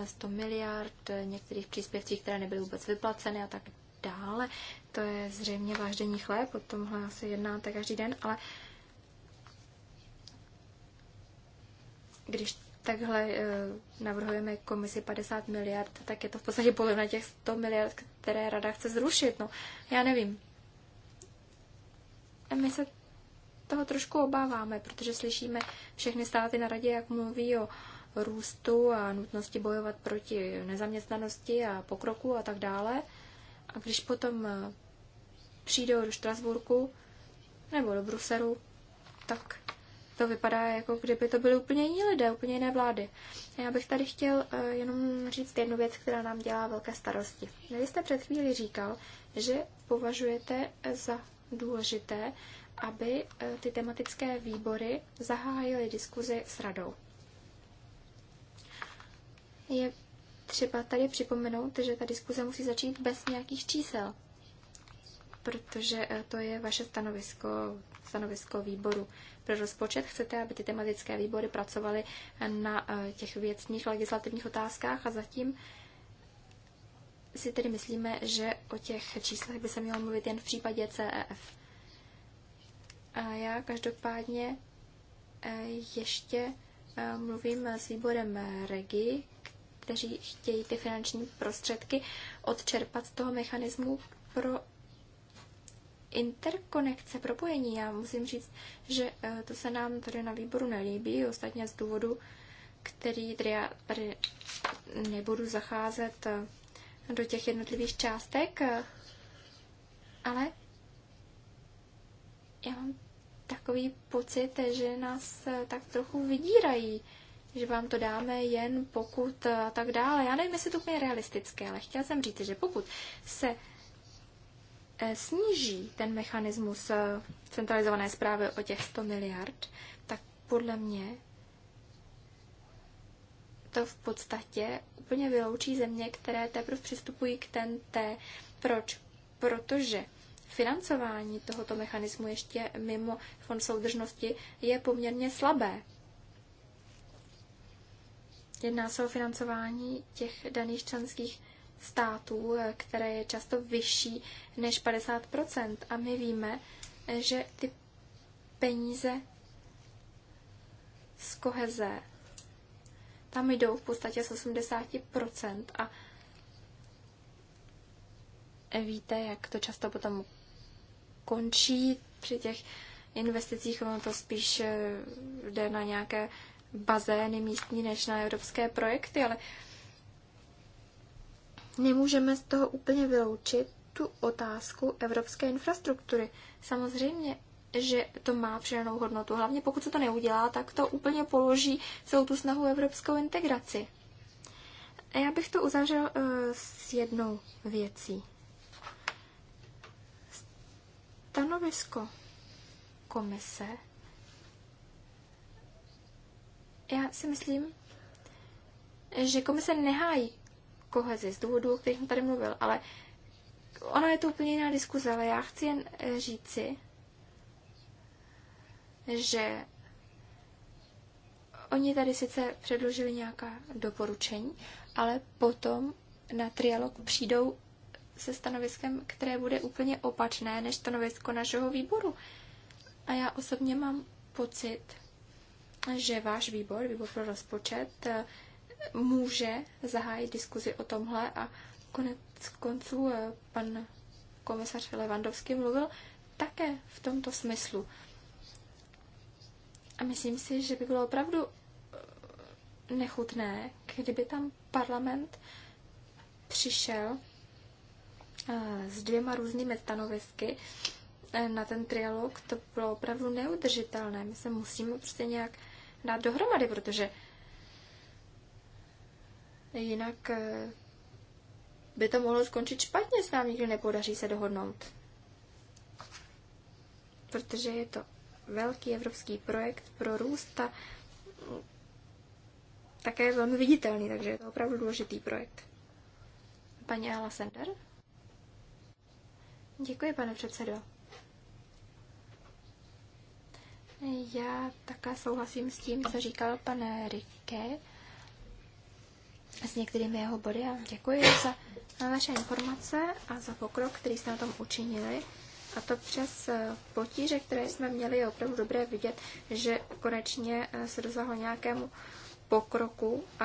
100 eh, miliard, eh, některých příspěvcích, které nebyly vůbec vyplaceny a tak dále. To je zřejmě váš denní chléb, o tomhle se jednáte každý den, ale když takhle eh, navrhujeme komisi 50 miliard, tak je to v podstatě polovina těch 100 miliard, které rada chce zrušit. No, já nevím. My se toho trošku obáváme, protože slyšíme všechny státy na radě, jak mluví o růstu a nutnosti bojovat proti nezaměstnanosti a pokroku a tak dále. A když potom eh, přijdou do Štrasburku nebo do Bruselu, tak to vypadá, jako kdyby to byly úplně jiní lidé, úplně jiné vlády. Já bych tady chtěl eh, jenom říct jednu věc, která nám dělá velké starosti. Vy jste před chvíli říkal, že považujete za důležité, aby eh, ty tematické výbory zahájily diskuzi s radou. Je třeba tady připomenout, že ta diskuze musí začít bez nějakých čísel, protože e, to je vaše stanovisko, stanovisko výboru pro rozpočet. Chcete, aby ty tematické výbory pracovaly na e, těch věcních legislativních otázkách a zatím si tedy myslíme, že o těch číslech by se mělo mluvit jen v případě CEF. A já každopádně e, ještě mluvím s výborem REGI, kteří chtějí ty finanční prostředky odčerpat z toho mechanismu pro interkonekce, propojení. Já musím říct, že eh, to se nám tady na výboru nelíbí, ostatně z důvodu, který tady já tady nebudu zacházet eh, do těch jednotlivých částek, eh, ale já mám takový pocit, že nás tak trochu vydírají že vám to dáme jen pokud a eh, tak dále. Já nevím, jestli to je realistické, ale chtěla jsem říct, že pokud se eh, sníží ten mechanismus eh, centralizované zprávy o těch 100 miliard, tak podle mě to v podstatě úplně vyloučí země, které teprve přistupují k TNT. Proč? Protože financování tohoto mechanismu ještě mimo fond soudržnosti je poměrně slabé. Jedná se o financování těch daných členských států, eh, které je často vyšší než 50 A my víme, eh, že ty peníze z koheze tam jdou v podstatě z 80 a víte, jak to často potom končí při těch investicích, ono to spíš eh, jde na nějaké bazény místní než na evropské projekty, ale nemůžeme z toho úplně vyloučit tu otázku evropské infrastruktury. Samozřejmě, že to má přidanou hodnotu. Hlavně pokud se to neudělá, tak to úplně položí celou tu snahu evropskou integraci. A já bych to uzavřel uh, s jednou věcí. Stanovisko komise já si myslím, že komise nehájí kohezi z důvodu, o kterých jsem tady mluvil, ale ono je to úplně jiná diskuze, ale já chci jen eh, říci, že oni tady sice předložili nějaká doporučení, ale potom na trialog přijdou se stanoviskem, které bude úplně opačné než stanovisko našeho výboru. A já osobně mám pocit, že váš výbor, výbor pro rozpočet, eh, může zahájit diskuzi o tomhle a konec konců eh, pan komisař Levandovský mluvil také v tomto smyslu. A myslím si, že by bylo opravdu eh, nechutné, kdyby tam parlament přišel s dvěma různými stanovisky na ten trialog, to bylo opravdu neudržitelné. My se musíme prostě nějak dát dohromady, protože jinak eh, by to mohlo skončit špatně, s námi, nikdy nepodaří se dohodnout. Protože je to velký evropský projekt pro růst a také je velmi viditelný, takže je to opravdu důležitý projekt. Paní Ala Sender? Děkuji, pane předsedo. Já také souhlasím s tím, co říkal pan Rike s některými jeho body a děkuji za vaše informace a za pokrok, který jste na tom učinili. A to přes eh, potíže, které jsme měli, je opravdu dobré vidět, že konečně eh, se dosáhlo nějakému pokroku a,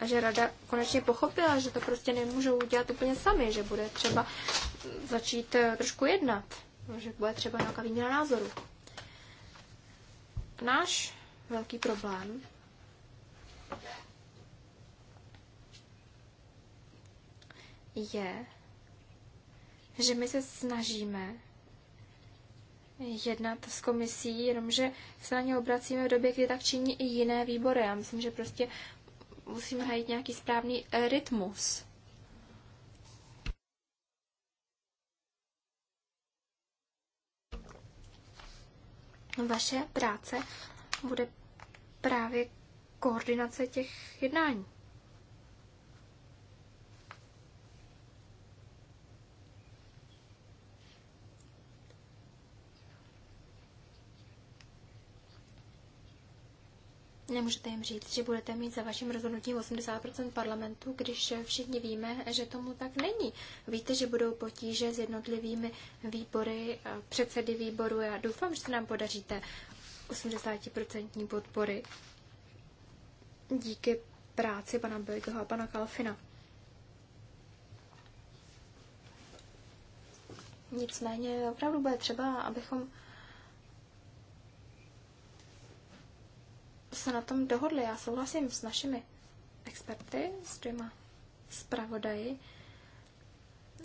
a že rada konečně pochopila, že to prostě nemůžou udělat úplně sami, že bude třeba začít eh, trošku jednat že bude třeba nějaká výměna názoru. Náš velký problém je, že my se snažíme jednat s komisí, jenomže se na ně obracíme v době, kdy tak činí i jiné výbory. Já myslím, že prostě musíme hajit nějaký správný eh, rytmus. Vaše práce bude právě koordinace těch jednání. Nemůžete jim říct, že budete mít za vaším rozhodnutím 80% parlamentu, když všichni víme, že tomu tak není. Víte, že budou potíže s jednotlivými výbory, eh, předsedy výboru. Já doufám, že se nám podaříte 80% podpory díky práci pana Bögeho a pana Kalfina. Nicméně opravdu bude třeba, abychom se na tom dohodli. Já souhlasím s našimi experty, s těma zpravodaji.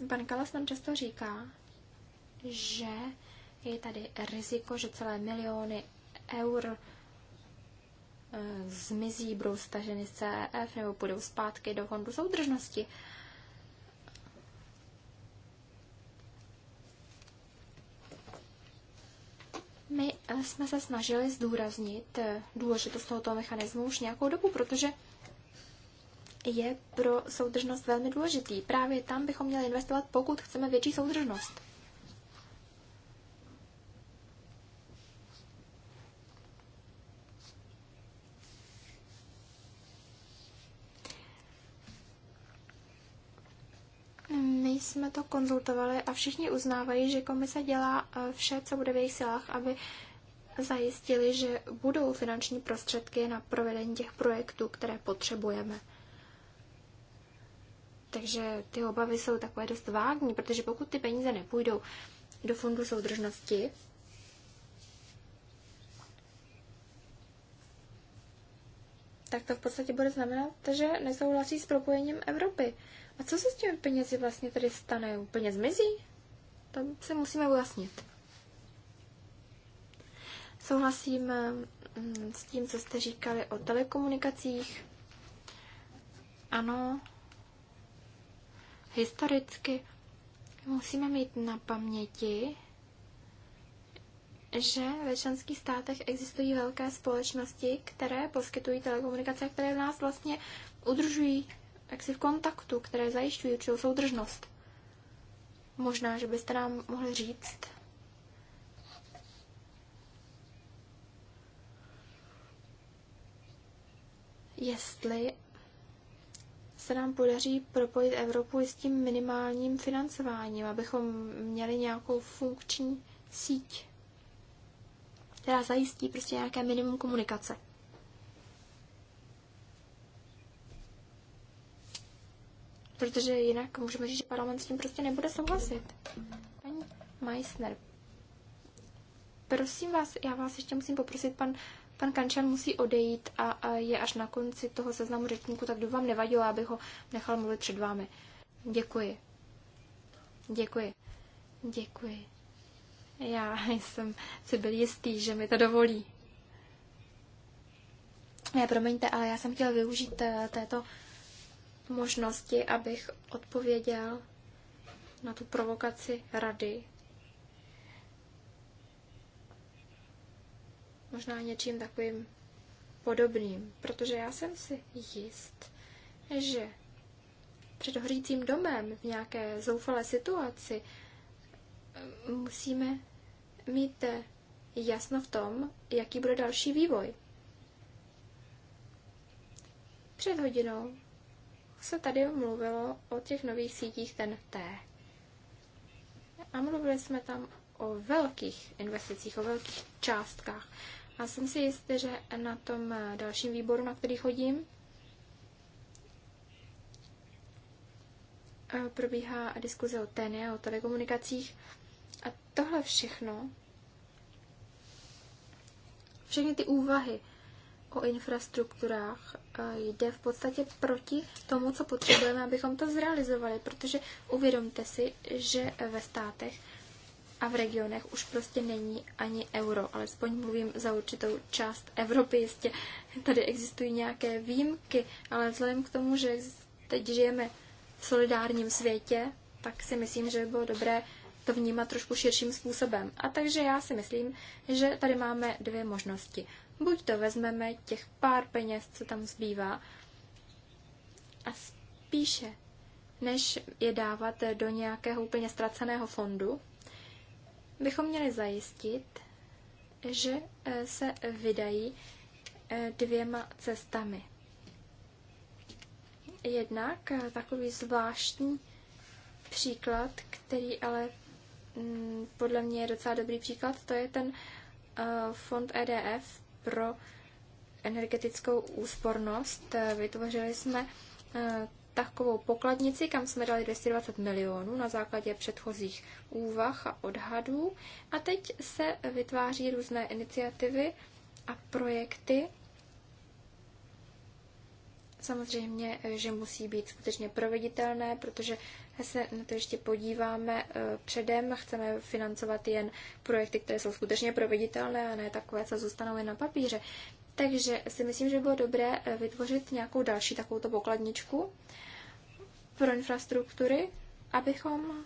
Pan Kalas nám často říká, že je tady riziko, že celé miliony eur e, zmizí, budou staženy z CEF nebo půjdou zpátky do fondu soudržnosti. My eh, jsme se snažili zdůraznit eh, důležitost tohoto mechanismu už nějakou dobu, protože je pro soudržnost velmi důležitý. Právě tam bychom měli investovat, pokud chceme větší soudržnost. jsme to konzultovali a všichni uznávají, že komise dělá eh, vše, co bude v jejich silách, aby zajistili, že budou finanční prostředky na provedení těch projektů, které potřebujeme. Takže ty obavy jsou takové dost vágní, protože pokud ty peníze nepůjdou do fondu soudržnosti, tak to v podstatě bude znamenat, že nesouhlasí s propojením Evropy. A co se s těmi penězi vlastně tady stane? Úplně zmizí? To se musíme ujasnit. Souhlasím mm, s tím, co jste říkali o telekomunikacích. Ano, historicky musíme mít na paměti, že ve členských státech existují velké společnosti, které poskytují telekomunikace, které v nás vlastně udržují jaksi v kontaktu, které zajišťují určitou soudržnost. Možná, že byste nám mohli říct, jestli se nám podaří propojit Evropu i s tím minimálním financováním, abychom měli nějakou funkční síť, která zajistí prostě nějaké minimum komunikace. protože jinak můžeme říct, že parlament s tím prostě nebude souhlasit. Paní Meissner, prosím vás, já vás ještě musím poprosit, pan, pan Kančan musí odejít a, a je až na konci toho seznamu řečníku, tak by vám nevadilo, abych ho nechal mluvit před vámi. Děkuji. Děkuji. Děkuji. Já jsem si byl jistý, že mi to dovolí. Ne, promiňte, ale já jsem chtěla využít eh, této možnosti, abych odpověděl na tu provokaci rady. Možná něčím takovým podobným, protože já jsem si jist, že před hořícím domem v nějaké zoufalé situaci eh, musíme mít eh, jasno v tom, jaký bude další vývoj. Před hodinou se tady mluvilo o těch nových sítích t, A mluvili jsme tam o velkých investicích, o velkých částkách. A jsem si jistý, že na tom dalším výboru, na který chodím, eh, probíhá diskuze o TENě, o telekomunikacích. A tohle všechno, všechny ty úvahy, o infrastrukturách jde v podstatě proti tomu, co potřebujeme, abychom to zrealizovali, protože uvědomte si, že ve státech a v regionech už prostě není ani euro, alespoň mluvím za určitou část Evropy, jistě tady existují nějaké výjimky, ale vzhledem k tomu, že teď žijeme v solidárním světě, tak si myslím, že by bylo dobré to vnímat trošku širším způsobem. A takže já si myslím, že tady máme dvě možnosti. Buď to vezmeme těch pár peněz, co tam zbývá, a spíše, než je dávat do nějakého úplně ztraceného fondu, bychom měli zajistit, že eh, se vydají eh, dvěma cestami. Jednak eh, takový zvláštní příklad, který ale Mm, podle mě je docela dobrý příklad, to je ten eh, fond EDF pro energetickou úspornost. Eh, vytvořili jsme eh, takovou pokladnici, kam jsme dali 220 milionů na základě předchozích úvah a odhadů. A teď se vytváří různé iniciativy a projekty, Samozřejmě, eh, že musí být skutečně proveditelné, protože se na to ještě podíváme eh, předem. Chceme financovat jen projekty, které jsou skutečně proveditelné a ne takové, co zůstanou jen na papíře. Takže si myslím, že bylo dobré eh, vytvořit nějakou další takovouto pokladničku pro infrastruktury, abychom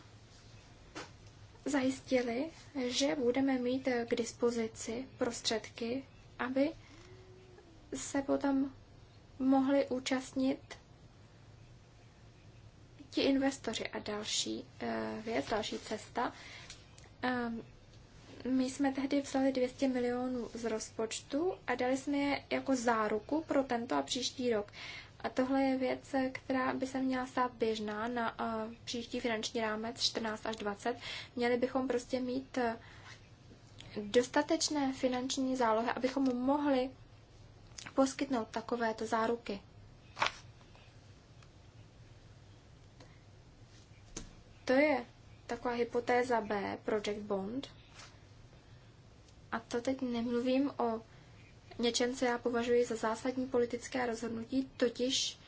zajistili, že budeme mít k dispozici prostředky, aby se potom mohli účastnit ti investoři. A další eh, věc, další cesta. Eh, my jsme tehdy vzali 200 milionů z rozpočtu a dali jsme je jako záruku pro tento a příští rok. A tohle je věc, eh, která by se měla stát běžná na příští finanční rámec 14 až 20. Měli bychom prostě mít dostatečné finanční zálohy, abychom mohli poskytnout takovéto záruky. To je taková hypotéza B, Project Bond. A to teď nemluvím o něčem, co já považuji za zásadní politické rozhodnutí, totiž,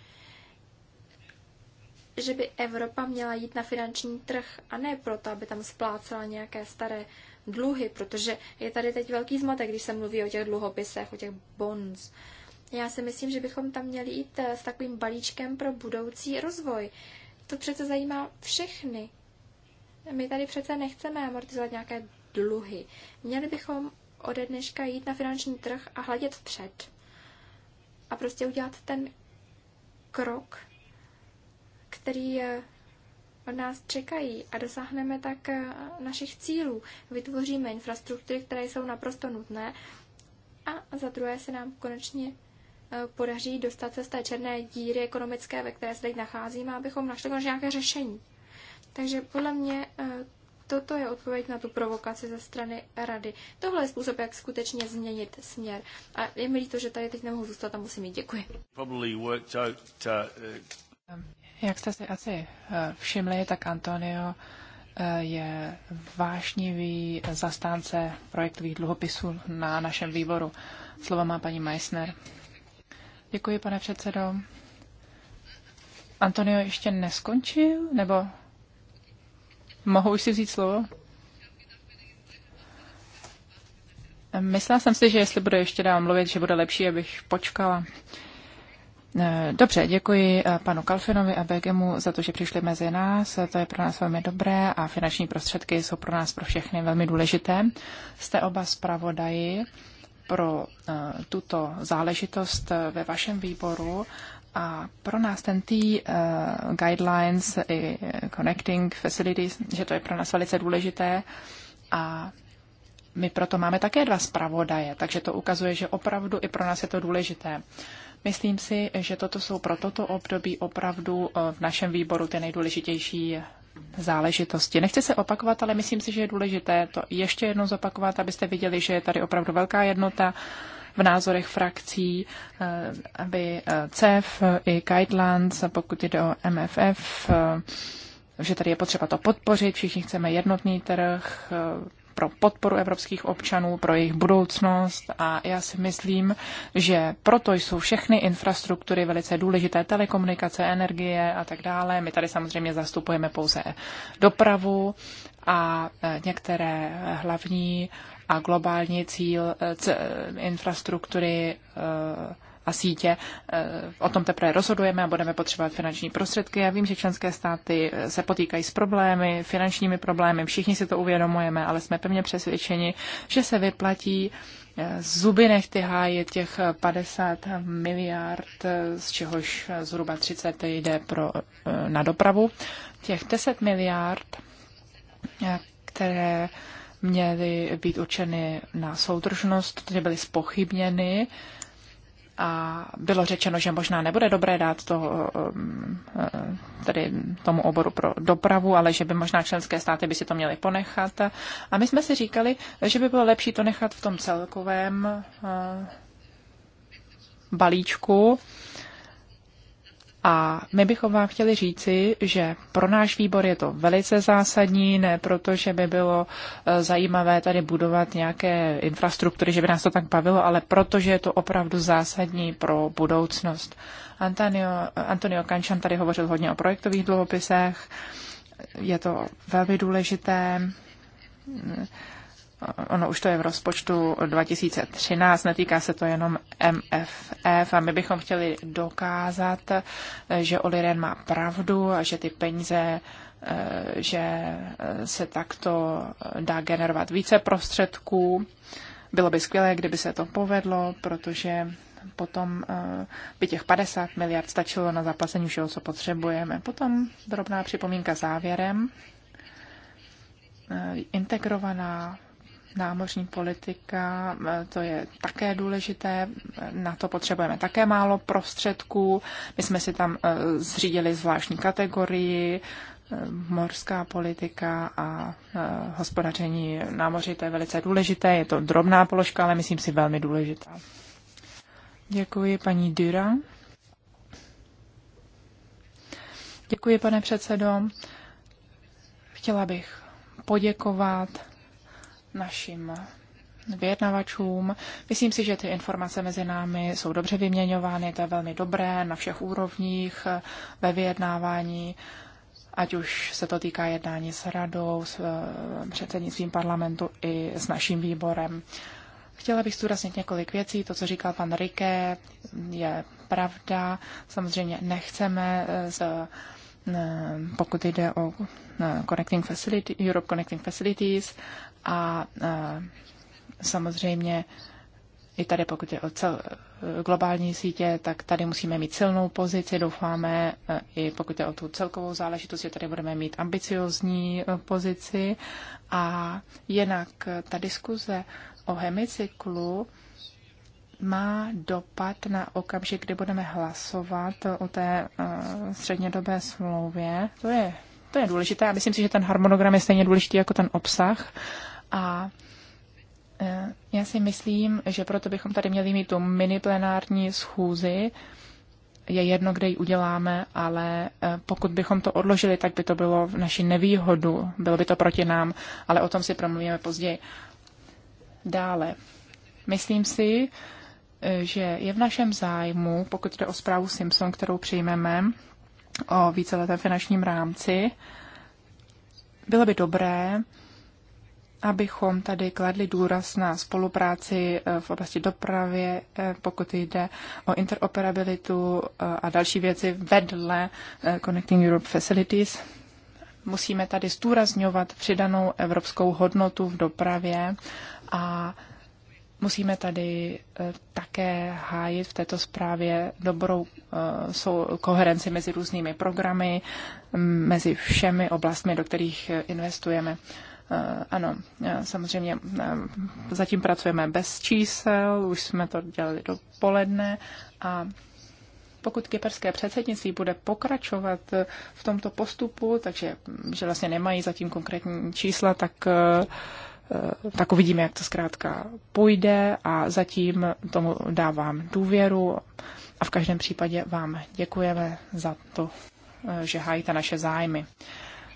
že by Evropa měla jít na finanční trh a ne proto, aby tam splácela nějaké staré dluhy, protože je tady teď velký zmatek, když se mluví o těch dluhopisech, o těch bonds. Já si myslím, že bychom tam měli jít eh, s takovým balíčkem pro budoucí rozvoj. To přece zajímá všechny. My tady přece nechceme amortizovat nějaké dluhy. Měli bychom ode dneška jít na finanční trh a hledět vpřed. A prostě udělat ten krok, který eh, od nás čekají a dosáhneme tak eh, našich cílů. Vytvoříme infrastruktury, které jsou naprosto nutné a za druhé se nám konečně eh, podaří dostat se z té černé díry ekonomické, ve které se teď nacházíme, abychom našli konečně nějaké řešení. Takže podle mě eh, toto je odpověď na tu provokaci ze strany rady. Tohle je způsob, jak skutečně změnit směr. A je mi líto, že tady teď nemohu zůstat a musím jít. Děkuji. Jak jste si asi eh, všimli, tak Antonio eh, je vášnivý zastánce projektových dluhopisů na našem výboru. Slovo má paní Meissner. Děkuji, pane předsedo. Antonio ještě neskončil, nebo mohu už si vzít slovo? Myslela jsem si, že jestli bude ještě dál mluvit, že bude lepší, abych počkala. Eh, dobře, děkuji eh, panu Kalfinovi a Begemu za to, že přišli mezi nás. Eh, to je pro nás velmi dobré a finanční prostředky jsou pro nás pro všechny velmi důležité. Jste oba zpravodaji pro tuto záležitost ve vašem výboru a pro nás ten T uh, guidelines i connecting facilities, že to je pro nás velice důležité a my proto máme také dva zpravodaje, takže to ukazuje, že opravdu i pro nás je to důležité. Uh, Myslím si, že toto jsou pro toto období opravdu eh, v našem výboru ty nejdůležitější záležitosti. Nechci se opakovat, ale myslím si, že je důležité to ještě jednou zopakovat, abyste viděli, že je tady opravdu velká jednota v názorech frakcí, eh, aby eh, CEF i Guidelines, pokud jde o MFF, že tady je potřeba to podpořit, všichni chceme jednotný trh, pro podporu evropských občanů, pro jejich budoucnost a já si myslím, že proto jsou všechny infrastruktury velice důležité, telekomunikace, energie a tak dále. My tady samozřejmě zastupujeme pouze dopravu a e, některé hlavní a globální cíl e, e, infrastruktury a sítě. E, o tom teprve rozhodujeme a budeme potřebovat finanční prostředky. Já vím, že členské státy e, se potýkají s problémy, finančními problémy, všichni si to uvědomujeme, ale jsme pevně přesvědčeni, že se vyplatí e, zuby nechty hájit těch 50 miliard, z čehož zhruba 30 jde pro, na dopravu. Těch 10 miliard, které měly být určeny na soudržnost, které byly spochybněny, a bylo řečeno, že možná nebude dobré dát to eh, eh, tedy tomu oboru pro dopravu, ale že by možná členské státy by si to měly ponechat. A my jsme si říkali, že by bylo lepší to nechat v tom celkovém eh, balíčku a my bychom vám chtěli říci, že pro náš výbor je to velice zásadní, ne proto, že by bylo e, zajímavé tady budovat nějaké infrastruktury, že by nás to tak bavilo, ale protože je to opravdu zásadní pro budoucnost. Antonio, Antonio Kančan tady hovořil hodně o projektových dluhopisech, je to velmi důležité ono už to je v rozpočtu 2013, netýká se to jenom MFF a my bychom chtěli dokázat, že Oliren má pravdu a že ty peníze eh, že eh, se takto eh, dá generovat více prostředků. Bylo by skvělé, kdyby se to povedlo, protože potom by těch 50 miliard stačilo na zaplacení všeho, co potřebujeme. Potom drobná připomínka závěrem. Integrovaná námořní politika, eh, to je také důležité, na to potřebujeme také málo prostředků. My jsme si tam eh, zřídili zvláštní kategorii, eh, morská politika a hospodaření námoři, to je velice důležité, je to drobná položka, ale myslím si velmi důležitá. Děkuji paní Dura. Děkuji, pane předsedo. Chtěla bych poděkovat našim vyjednavačům. Myslím si, že ty informace mezi námi jsou dobře vyměňovány, to je velmi dobré na všech úrovních ve vyjednávání, ať už se to týká jednání s radou, s eh, předsednictvím parlamentu i s naším výborem. Chtěla bych zdůraznit několik věcí. To, co říkal pan Rike, je pravda. Samozřejmě nechceme z eh, eh, pokud jde o Connecting Facility, Europe Connecting Facilities, a e, samozřejmě i tady, pokud je o cel, e, globální sítě, tak tady musíme mít silnou pozici. Doufáme, e, i pokud je o tu celkovou záležitost, že tady budeme mít ambiciozní pozici. A jinak ta diskuze o hemicyklu má dopad na okamžik, kdy budeme hlasovat o té střednědobé smlouvě. To je to je důležité Já myslím si, že ten harmonogram je stejně důležitý jako ten obsah. A e, já si myslím, že proto bychom tady měli mít tu mini plenární schůzi. Je jedno, kde ji uděláme, ale e, pokud bychom to odložili, tak by to bylo v naší nevýhodu. Bylo by to proti nám, ale o tom si promluvíme později. Dále. Myslím si, e, že je v našem zájmu, pokud jde o zprávu Simpson, kterou přijmeme, o víceletém finančním rámci, bylo by dobré, abychom tady kladli důraz na spolupráci eh, v oblasti dopravy, eh, pokud jde o interoperabilitu eh, a další věci vedle Connecting Europe Facilities. Musíme tady zdůrazňovat přidanou evropskou hodnotu v dopravě a Musíme tady eh, také hájit v této zprávě dobrou eh, koherenci mezi různými programy, mezi všemi oblastmi, do kterých eh, investujeme. Ano, samozřejmě zatím pracujeme bez čísel, už jsme to dělali dopoledne a pokud kyperské předsednictví bude pokračovat v tomto postupu, takže mm, že vlastně nemají zatím konkrétní čísla, tak Eh, tak uvidíme, jak to zkrátka půjde a zatím tomu dávám důvěru a v každém případě vám děkujeme za to, eh, že hájíte naše zájmy.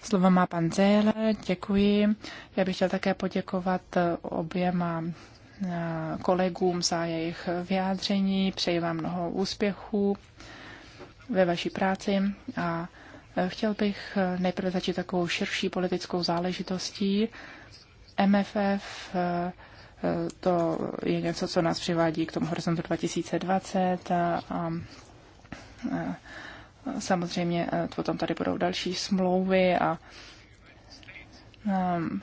Slovo má pan Zéle, děkuji. Já bych chtěl také poděkovat eh, oběma kolegům za jejich vyjádření. Přeji vám mnoho úspěchů ve vaší práci a chtěl bych nejprve začít takovou širší politickou záležitostí. MFF eh, to je něco, co nás přivádí k tomu horizontu 2020 a, a samozřejmě eh, potom tady budou další smlouvy a, a ehm,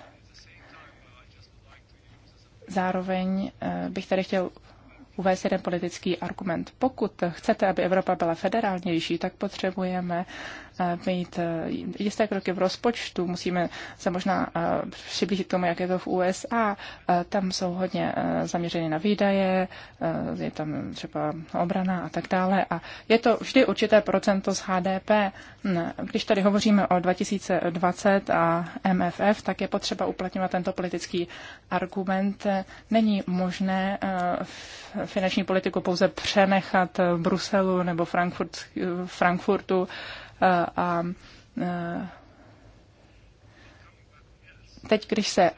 zároveň eh, bych tady chtěl uvést jeden politický argument. Pokud chcete, aby Evropa byla federálnější, tak potřebujeme Eh, mít eh, jisté kroky v rozpočtu, musíme se možná eh, přiblížit tomu, jak je to v USA. Tam jsou hodně zaměřeny na výdaje, je tam třeba obrana a tak dále. A je to vždy určité procento z HDP. Hm, když tady hovoříme o 2020 a MFF, tak je potřeba uplatňovat tento politický argument. Není možné finanční politiku pouze přenechat Bruselu nebo Frankfurt, Frankfurtu a teď, když se e,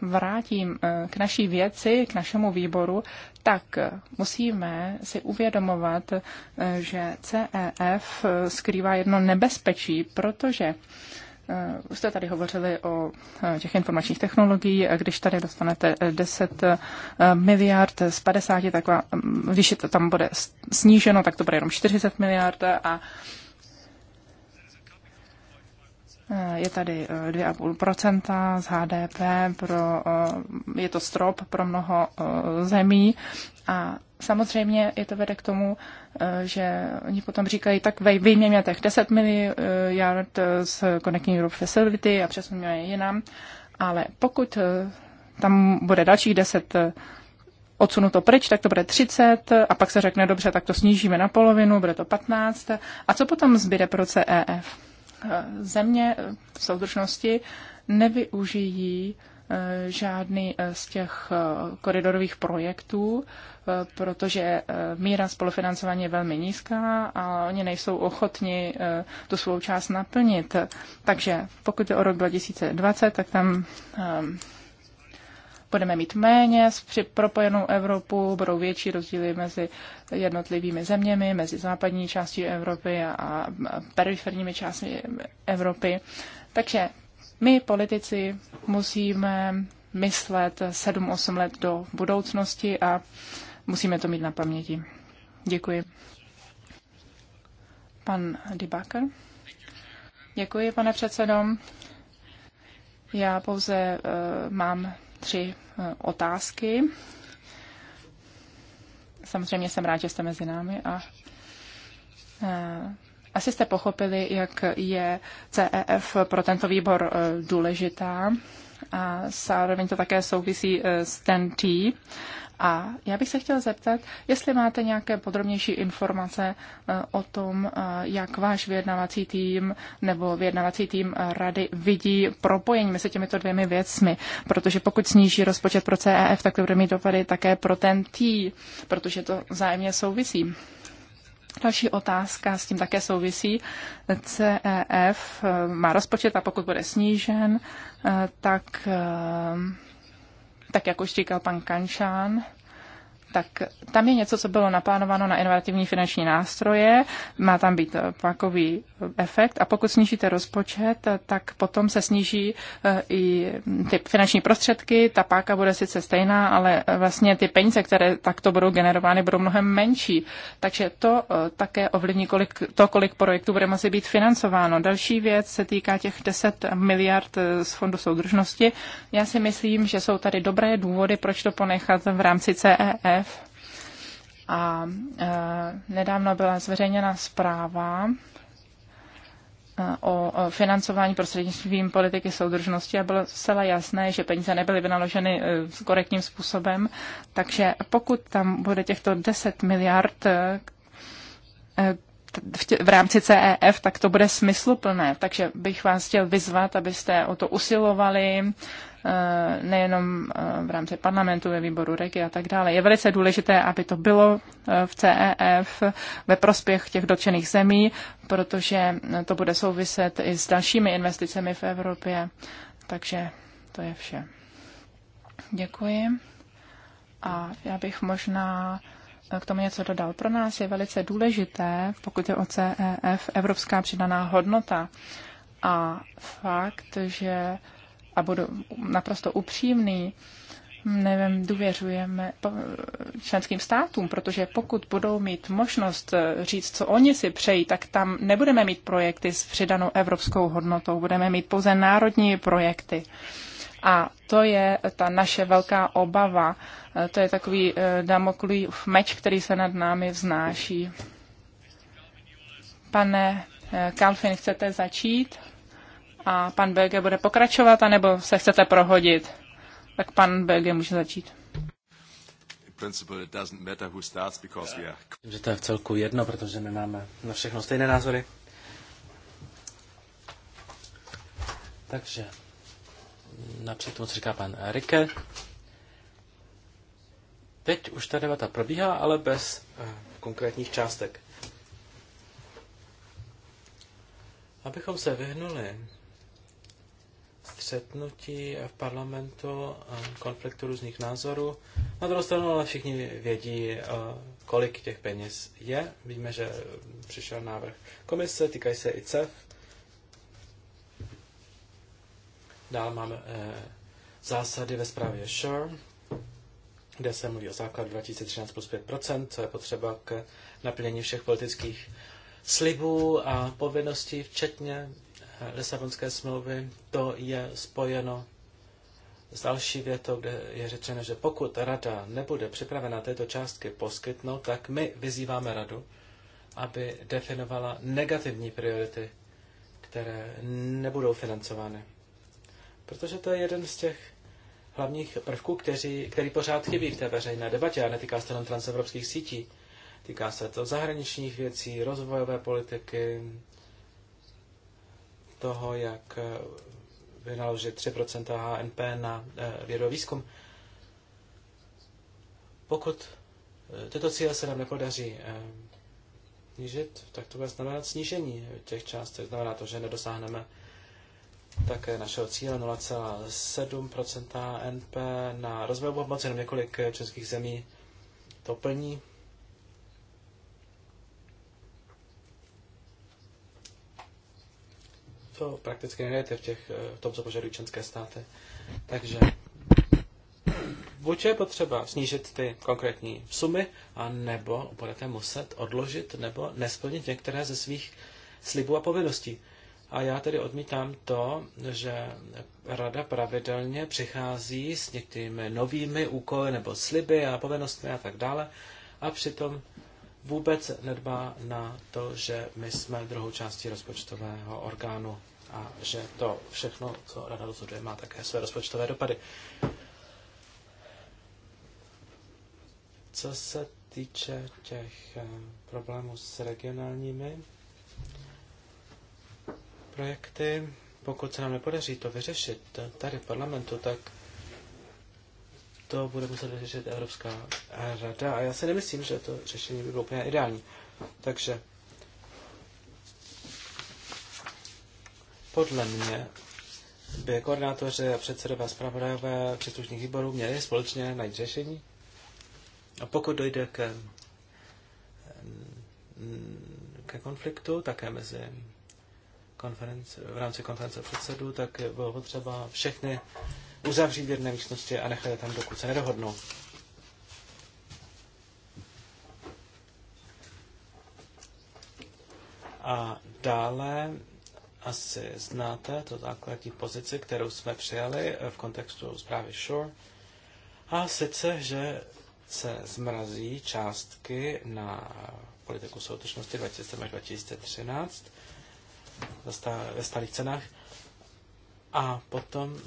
vrátím e, k naší věci, k našemu výboru, tak e, musíme si uvědomovat, že CEF skrývá jedno nebezpečí, protože už jste tady hovořili o těch informačních technologií. Když tady dostanete 10 miliard z 50, tak když to tam bude sníženo, tak to bude jenom 40 miliard a Eh, je tady 2,5 eh, z HDP, pro, eh, je to strop pro mnoho zemí a samozřejmě je to vede k tomu, že oni potom říkají, tak vy, vyměňme těch 10 miliard z Connecting Europe Facility a přesuníme je jinam, ale pokud tam bude dalších 10 odsunuto pryč, tak to bude 30 a pak se řekne, dobře, tak to snížíme na polovinu, bude to 15. A co potom zbyde pro CEF? země eh, v soudržnosti nevyužijí eh, žádný eh, z těch koridorových projektů, protože míra spolufinancování je velmi nízká a oni nejsou ochotni tu svou část naplnit. Takže pokud je o rok 2020, tak tam budeme mít méně při propojenou Evropu, budou větší rozdíly mezi jednotlivými zeměmi, mezi západní částí Evropy a periferními části Evropy. Takže my, politici, musíme myslet 7-8 let do budoucnosti a musíme to mít na paměti. Děkuji. Pan Dibáker. Děkuji, pane předsedo. Já pouze uh, mám tři eh, otázky. Samozřejmě jsem rád, že jste mezi námi a eh, asi jste pochopili, jak je CEF pro tento výbor eh, důležitá a zároveň to také souvisí s TNT a já bych se chtěla zeptat, jestli máte nějaké podrobnější informace eh, o tom, eh, jak váš vyjednavací tým nebo vyjednavací tým rady vidí propojení mezi těmito dvěmi věcmi, protože pokud sníží rozpočet pro CEF, tak to bude mít dopady také pro ten T, protože to vzájemně souvisí. Další otázka s tím také souvisí. CEF eh, má rozpočet a pokud bude snížen, tak tak jak už říkal pan Kanšán, tak tam je něco, co bylo naplánováno na inovativní finanční nástroje, má tam být eh, pakový eh, efekt a pokud snížíte rozpočet, eh, tak potom se sníží i hm, ty finanční prostředky, ta páka bude sice stejná, ale vlastně ty peníze, které takto budou generovány, budou mnohem menší. Takže to také ovlivní kolik, to, kolik projektů bude moci být financováno. Další věc se týká těch 10 miliard z Fondu soudržnosti. Já si myslím, že jsou tady dobré důvody, proč to ponechat v rámci CEF krev. A e, nedávno byla zveřejněna zpráva e, o financování prostřednictvím politiky soudržnosti a bylo zcela jasné, že peníze nebyly vynaloženy e, korektním způsobem. Takže pokud tam bude těchto 10 miliard, v, tě, v rámci CEF, tak to bude smysluplné. Takže bych vás chtěl vyzvat, abyste o to usilovali, eh, nejenom eh, v rámci parlamentu, ve výboru regi a tak dále. Je velice důležité, aby to bylo eh, v CEF ve prospěch těch dotčených zemí, protože to bude souviset i s dalšími investicemi v Evropě. Takže to je vše. Děkuji. A já bych možná k tomu něco dodal. Pro nás je velice důležité, pokud je o CEF, evropská přidaná hodnota a fakt, že, a budu naprosto upřímný, nevím, důvěřujeme členským státům, protože pokud budou mít možnost eh, říct, co oni si přejí, tak tam nebudeme mít projekty s přidanou evropskou hodnotou, budeme mít pouze národní projekty. Uh, a to je ta naše velká obava. E, to je takový e, damoklův meč, který se nad námi vznáší. Pane e, Kalfin, chcete začít? A pan Bege bude pokračovat, anebo se chcete prohodit? Tak pan Bege může začít. Že to je v celku jedno, protože my máme na všechno stejné názory. Takže Například tomu, co říká pan Rike. Teď už ta debata probíhá, ale bez eh, konkrétních částek. Abychom se vyhnuli střetnutí v parlamentu, konfliktu různých názorů. Na druhou stranu ale všichni vědí, eh, kolik těch peněz je. Víme, že přišel návrh komise, týkají se i CEF, Dál máme eh, zásady ve zprávě SHARE, kde se mluví o základu 2013 plus 5%, co je potřeba k naplnění všech politických slibů a povinností, včetně eh, Lisabonské smlouvy. To je spojeno s další větou, kde je řečeno, že pokud rada nebude připravena této částky poskytnout, tak my vyzýváme radu, aby definovala negativní priority, které nebudou financovány. Protože to je jeden z těch hlavních prvků, kteří, který pořád chybí v té veřejné debatě a netýká se jenom transevropských sítí. Týká se to zahraničních věcí, rozvojové politiky, toho, jak eh, vynaložit 3% HNP na eh, vědu výzkum. Pokud eh, tyto cíle se nám nepodaří snížit, tak to bude znamenat snížení těch částek. Znamená to, že nedosáhneme také našeho cíle 0,7 NP na rozvojovou pomoc. Jenom několik eh, českých zemí to plní. To prakticky nejde v, těch, eh, v tom, co požadují členské státy. Takže buď je potřeba snížit ty konkrétní sumy, a nebo budete muset odložit nebo nesplnit některé ze svých slibů a povinností. A já tedy odmítám to, že rada pravidelně přichází s některými novými úkoly nebo sliby a povinnostmi a tak dále a přitom vůbec nedbá na to, že my jsme druhou částí rozpočtového orgánu a že to všechno, co rada rozhoduje, má také své rozpočtové dopady. Co se týče těch eh, problémů s regionálními projekty, pokud se nám nepodaří to vyřešit tady v parlamentu, tak to bude muset vyřešit Evropská rada. A já si nemyslím, že to řešení by bylo úplně ideální. Takže podle mě by koordinátoři a předsedové a zpravodajové příslušných výborů měli společně najít řešení. A pokud dojde ke, ke konfliktu, také mezi konference, v rámci konference předsedů, tak bylo potřeba všechny uzavřít v jedné místnosti a nechat je tam, dokud se nedohodnou. A dále asi znáte to základní pozici, kterou jsme přijali v kontextu zprávy Shore. A sice, že se zmrazí částky na politiku soutečnosti 2007 až 2013 ve starých cenách. A potom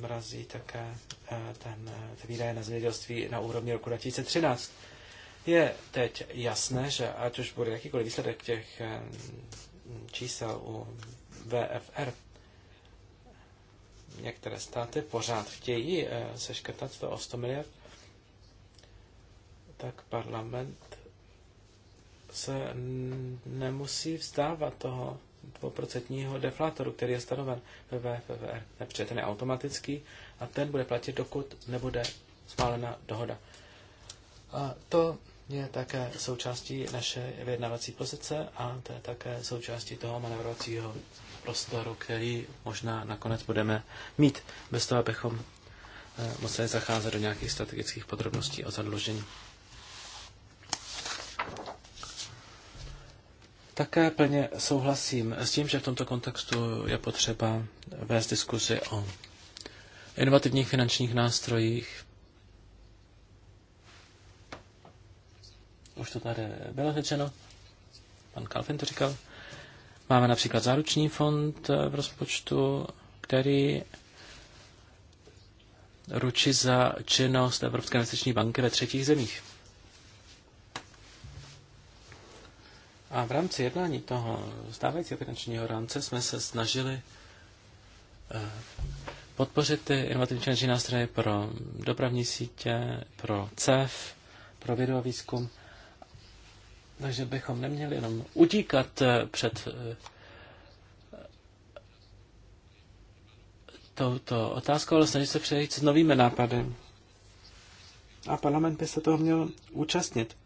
mrazí také eh, ten, eh, ty výdaje na zemědělství na úrovni roku 2013. Je teď jasné, že ať už bude jakýkoliv výsledek těch eh, čísel u VFR, některé státy pořád chtějí seškrtat to o 100 miliard, tak parlament se nemusí vzdávat toho 2% deflátoru, který je stanoven ve VFR. Nepřijde ten je automatický a ten bude platit, dokud nebude schválena dohoda. A to je také součástí naše vyjednávací pozice a to je také součástí toho manevrovacího prostoru, který možná nakonec budeme mít, bez toho, abychom eh, museli zacházet do nějakých strategických podrobností o zadlužení. Také plně souhlasím s tím, že v tomto kontextu je potřeba vést diskuzi o inovativních finančních nástrojích. Už to tady bylo řečeno, pan Kalfin to říkal. Máme například záruční fond v rozpočtu, který ručí za činnost Evropské investiční banky ve třetích zemích. A v rámci jednání toho stávajícího finančního rámce jsme se snažili eh, podpořit ty inovativní finanční nástroje pro dopravní sítě, pro CEF, pro vědu a výzkum. Takže bychom neměli jenom utíkat eh, před eh, touto otázkou, ale snažit se přejít s novými nápady. A parlament by se toho měl účastnit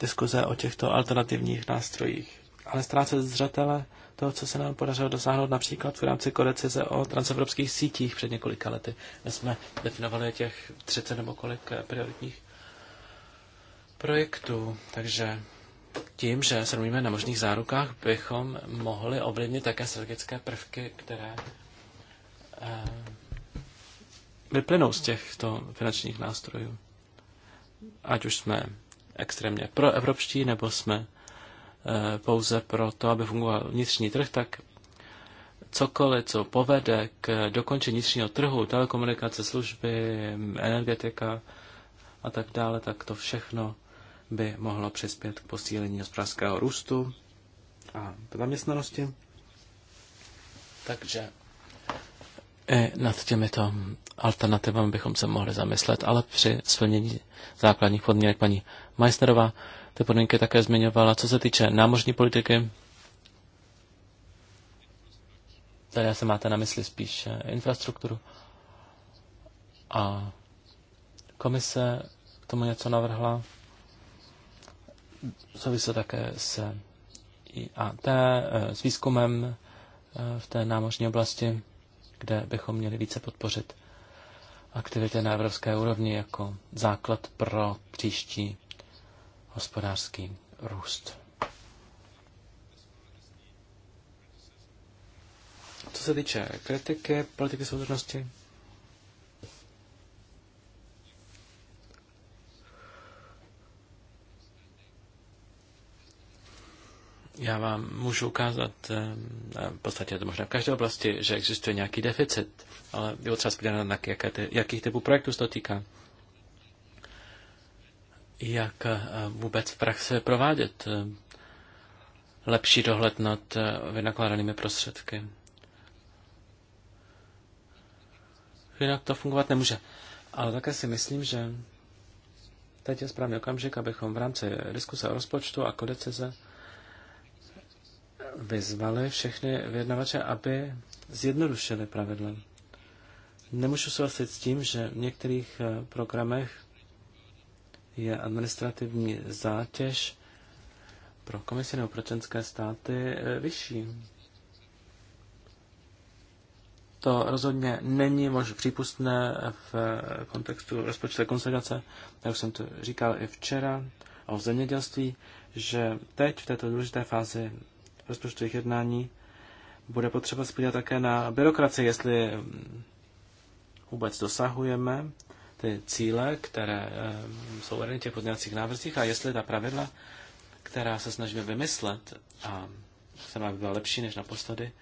diskuze o těchto alternativních nástrojích. Ale ztrácet zřetele toho, co se nám podařilo dosáhnout například v rámci kodecize o transevropských sítích před několika lety. My jsme definovali těch 30 nebo kolik eh, prioritních projektů, takže tím, že se mluvíme na možných zárukách, bychom mohli ovlivnit také strategické prvky, které eh, vyplynou z těchto finančních nástrojů. Ať už jsme extrémně proevropští, nebo jsme eh, pouze pro to, aby fungoval vnitřní trh, tak cokoliv, co povede k dokončení vnitřního trhu, telekomunikace, služby, energetika a tak dále, tak to všechno by mohlo přispět k posílení hospodářského růstu a zaměstnanosti. Takže i e, nad těmito alternativami bychom se mohli zamyslet, ale při splnění základních podmínek paní Majsterová ty podmínky také zmiňovala. Co se týče námořní politiky, tady se máte na mysli spíš e, infrastrukturu. A komise k tomu něco navrhla. Souvisí také s IAT, e, s výzkumem v té námořní oblasti kde bychom měli více podpořit aktivity na evropské úrovni jako základ pro příští hospodářský růst. Co se týče kritiky politiky soudržnosti, Já vám můžu ukázat, eh, v podstatě je to možná v každé oblasti, že existuje nějaký deficit, ale je třeba spodívat na jaké jakých typů projektů se to týká. Jak eh, vůbec v praxi provádět eh, lepší dohled nad vynakládanými prostředky. Jinak to fungovat nemůže. Ale také si myslím, že teď je správný okamžik, abychom v rámci diskuse o rozpočtu a kodecize vyzvali všechny vyjednavače, aby zjednodušili pravidla. Nemůžu souhlasit s tím, že v některých eh, programech je administrativní zátěž pro komisi nebo pro členské státy eh, vyšší. To rozhodně není možná přípustné v eh, kontextu rozpočtové konsolidace, jak jsem to říkal i včera, o zemědělství, že teď v této důležité fázi rozpočtových jednání bude potřeba spírat také na byrokracii, jestli mm, vůbec dosahujeme ty cíle, které mm, jsou uvedeny v těch pozměňovacích návrzích a jestli ta pravidla, která se snažíme vymyslet a se má by byla lepší než naposledy,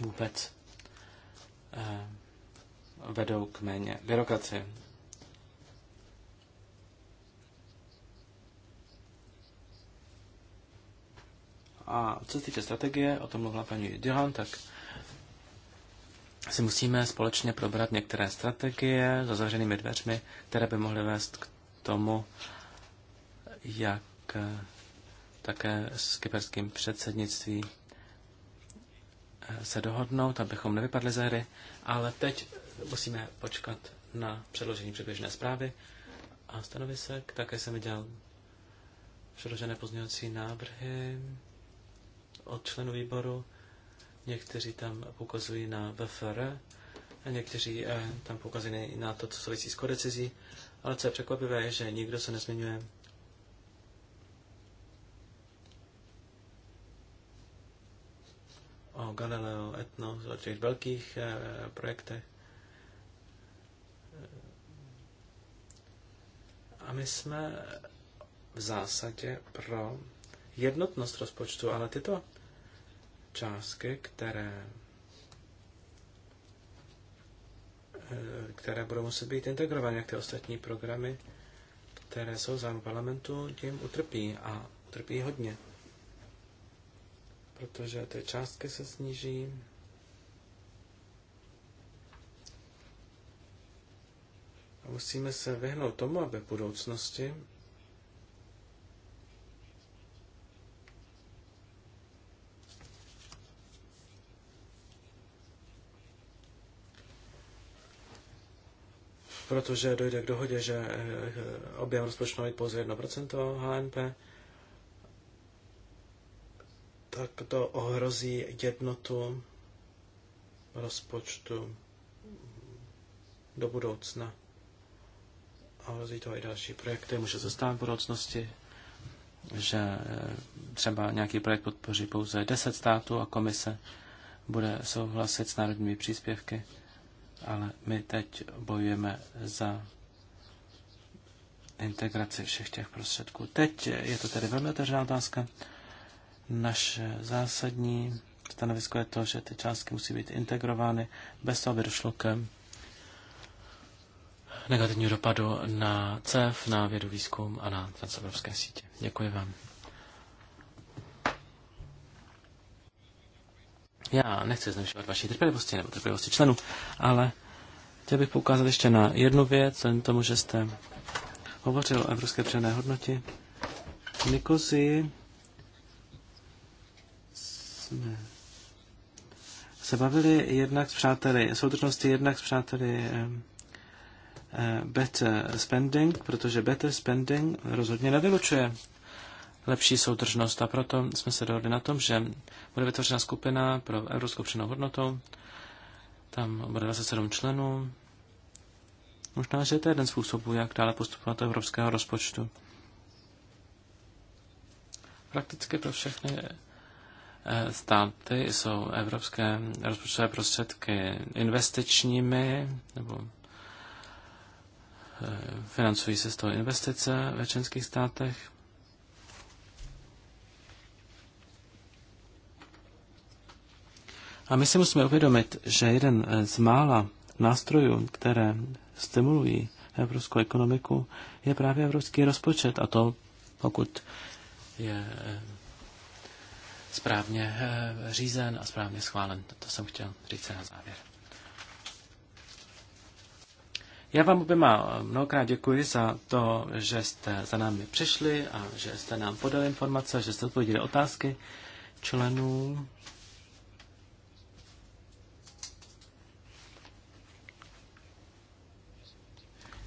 vůbec eh, vedou k méně byrokracie. a co se týče strategie, o tom mluvila paní Duhan, tak si musíme společně probrat některé strategie za zavřenými dveřmi, které by mohly vést k tomu, jak eh, také s kyperským předsednictví eh, se dohodnout, abychom nevypadli ze hry, ale teď musíme počkat na předložení předběžné zprávy a stanovisek. Také jsem viděl předložené pozměňovací návrhy od členů výboru. Někteří tam poukazují na VFR a někteří eh, tam poukazují na to, co souvisí s kodecizí. Ale co je překvapivé, je, že nikdo se nezmiňuje o Galileo Etno, o těch velkých e, projektech. Eh, a my jsme v zásadě pro jednotnost rozpočtu, ale tyto částky, které, eh, které budou muset být integrovány, jak ty ostatní programy, které jsou zájem parlamentu, tím utrpí a utrpí hodně. Protože ty částky se sníží, A musíme se vyhnout tomu, aby v budoucnosti protože dojde k dohodě, že eh, objem rozpočtu má být pouze 1% HNP, tak to ohrozí jednotu rozpočtu do budoucna. A ohrozí to i další projekty. Může se stát v budoucnosti, že eh, třeba nějaký projekt podpoří pouze 10 států a komise bude souhlasit s národními příspěvky ale my teď bojujeme za integraci všech těch prostředků. Teď je to tedy velmi otevřená otázka. Naše zásadní stanovisko je to, že ty částky musí být integrovány bez toho, aby došlo k negativního dopadu na CEF, na vědu výzkum a na transevropské sítě. Děkuji vám. Já nechci znevyšovat vaší trpělivosti nebo trpělivosti členů, ale chtěl bych poukázat ještě na jednu věc, jen tomu, že jste hovořil o evropské přidané hodnotě. V jsme se bavili jednak s přáteli soudržnosti, jednak s přáteli better spending, protože better spending rozhodně nevylučuje lepší soudržnost. A proto jsme se dohodli na tom, že bude vytvořena skupina pro evropskou přidanou hodnotu. Tam bude 27 členů. Možná, že to je jeden způsobů, jak dále postupovat evropského rozpočtu. Prakticky pro všechny eh, státy jsou evropské rozpočtové prostředky investičními, nebo eh, financují se z toho investice ve členských státech. A my si musíme uvědomit, že jeden eh, z mála nástrojů, které stimulují evropskou ekonomiku, je právě evropský rozpočet. A to, pokud je eh, správně eh, řízen a správně schválen. To jsem chtěl říct na závěr. Já vám oběma mnohokrát děkuji za to, že jste za námi přišli a že jste nám podali informace, že jste odpověděli otázky členů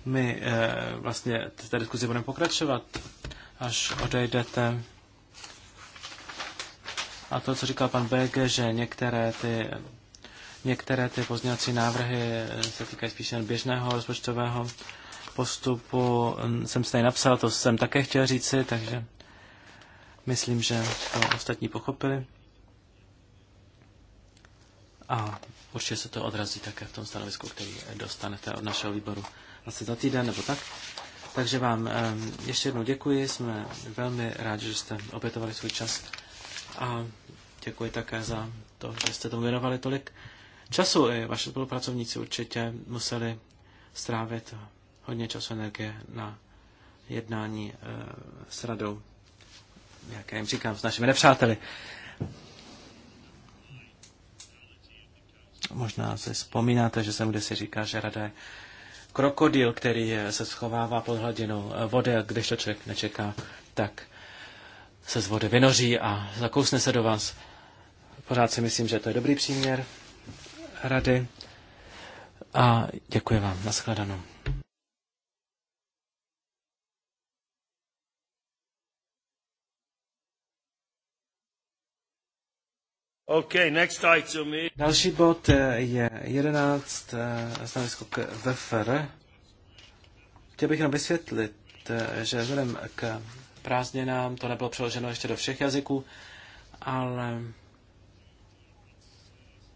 My eh, vlastně v té diskuzi budeme pokračovat, až odejdete. A to, co říkal pan BG, že některé ty, některé ty pozměňovací návrhy eh, se týkají spíše běžného rozpočtového postupu, mm, jsem si tady napsal, to jsem také chtěl říci, takže myslím, že to ostatní pochopili. A určitě se to odrazí také v tom stanovisku, který dostanete od našeho výboru asi za týden nebo tak. Takže vám ještě jednou děkuji, jsme velmi rádi, že jste obětovali svůj čas a děkuji také za to, že jste tomu věnovali tolik času. I vaši spolupracovníci určitě museli strávit hodně času energie na jednání eh, s radou, jak já jim říkám, s našimi nepřáteli. Možná se vzpomínáte, že jsem kdysi říkal, že rada je Krokodil, který se schovává pod hladinou eh, vody a když to člověk nečeká, tak se z vody vynoří a zakousne se do vás. Pořád si myslím, že to je dobrý příměr rady a děkuji vám. Naschledanou. Okay, next item is... Další bod eh, je 11 eh, stanovisko k VFR. Chtěl bych jenom vysvětlit, eh, že vzhledem k prázdninám to nebylo přeloženo ještě do všech jazyků, ale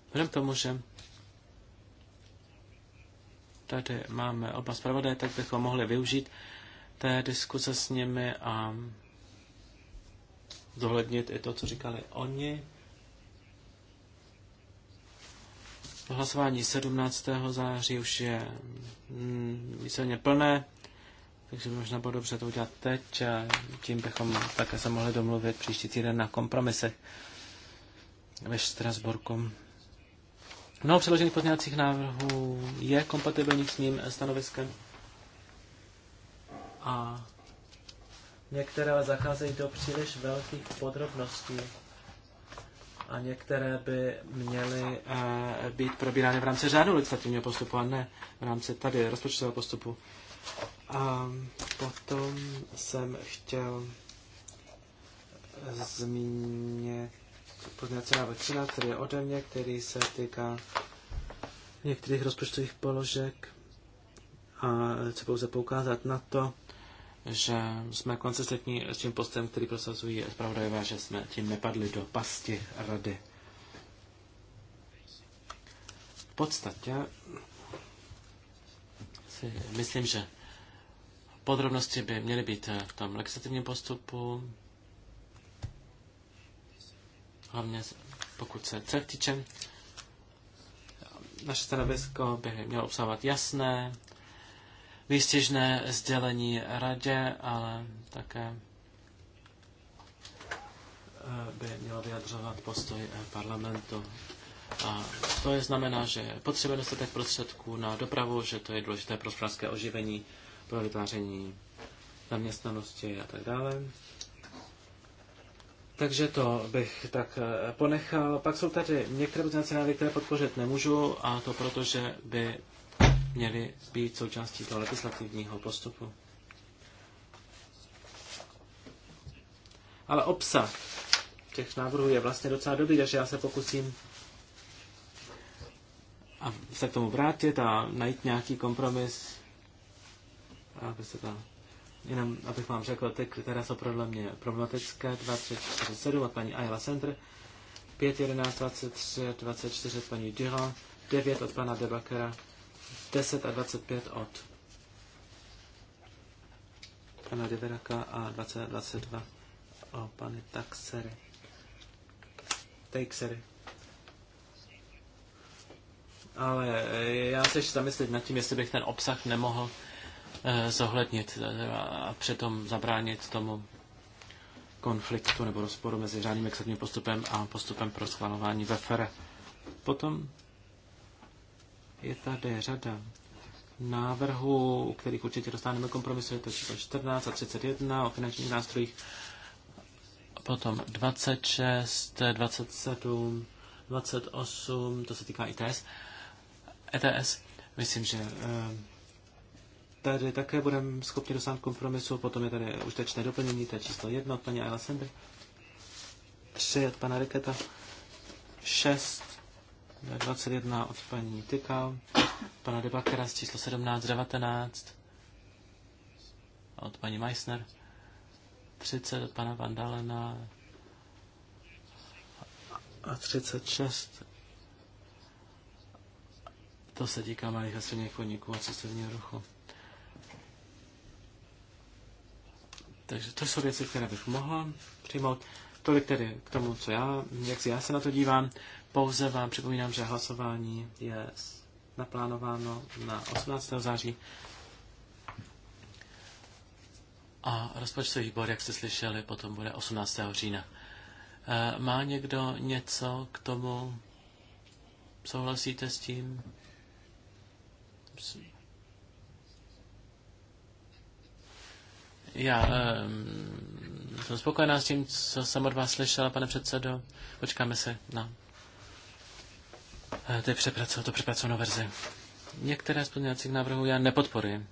vzhledem k tomu, že tady máme oba zpravodaje, tak bychom mohli využít té diskuse s nimi a zohlednit i to, co říkali oni. hlasování 17. září už je mm, víceméně plné, takže možná bylo dobře to udělat teď a tím bychom také se mohli domluvit příští týden na kompromisech ve Štrasburku. Mnoho předložených pozměňovacích návrhů je kompatibilních s mým stanoviskem a některé zacházejí do příliš velkých podrobností a některé by měly eh, být probírány v rámci řádu legislativního postupu a ne v rámci tady rozpočtového postupu. A potom jsem chtěl zmínit pozměňovací návrh 13, který je ode mě, který se týká některých rozpočtových položek a chci pouze poukázat na to, že jsme konzistentní s tím postem, který prosazují zpravodajové, že jsme tím nepadli do pasti rady. V podstatě si myslím, že podrobnosti by měly být v tom legislativním postupu, hlavně pokud se cel týče. Naše stanovisko by mělo obsahovat jasné výstěžné sdělení radě, ale také eh, by měla vyjadřovat postoj eh, parlamentu. A to je znamená, že potřebuje dostatek prostředků na dopravu, že to je důležité pro hospodářské oživení, pro vytváření zaměstnanosti a tak dále. Takže to bych tak eh, ponechal. Pak jsou tady některé pozměňovací návrhy, které podpořit nemůžu, a to proto, že by měly být součástí toho legislativního postupu. Ale obsah těch návrhů je vlastně docela dobrý, takže já se pokusím a se k tomu vrátit a najít nějaký kompromis, aby se to, jenom abych vám řekl, ty, které jsou pro mě problematické, 2347 od paní Ayla Center, 511, 23, 24 od paní Durand, 9 od pana Debakera, 10 a 25 od pana Deveraka a 20 a 22 o pany Taxery. Taxery. Ale já se ještě zamyslet nad tím, jestli bych ten obsah nemohl eh, zohlednit eh, a přitom zabránit tomu konfliktu nebo rozporu mezi řádným exaktním postupem a postupem pro schvalování fere. E. Potom je tady řada návrhů, u kterých určitě dostaneme kompromisy, je to číslo 14 a 31 o finančních nástrojích, potom 26, 27, 28, to se týká ITS, ETS, myslím, že eh, tady také budeme schopni dosáhnout kompromisu, potom je tady užitečné doplnění, to je číslo 1 od paní Ayla Sender, 3 od pana Riketa, 6 21 od paní Tykal, pana Debakera z číslo 17, 19 od paní Meissner, 30 od pana Vandalena a 36 to se týká malých a středních podniků a cestovního ruchu. Takže to jsou věci, které bych mohl přijmout. Tolik tedy k tomu, co já, jak si já se na to dívám. Pouze vám připomínám, že hlasování je naplánováno na 18. září. A rozpočtový výbor, jak jste slyšeli, potom bude 18. října. E, má někdo něco k tomu? Souhlasíte s tím? Já um, jsem spokojená s tím, co jsem od vás slyšela, pane předsedo. Počkáme se na ty přepracovat, to přepracovanou verzi. Některé z pozměňovacích návrhů já nepodporuji.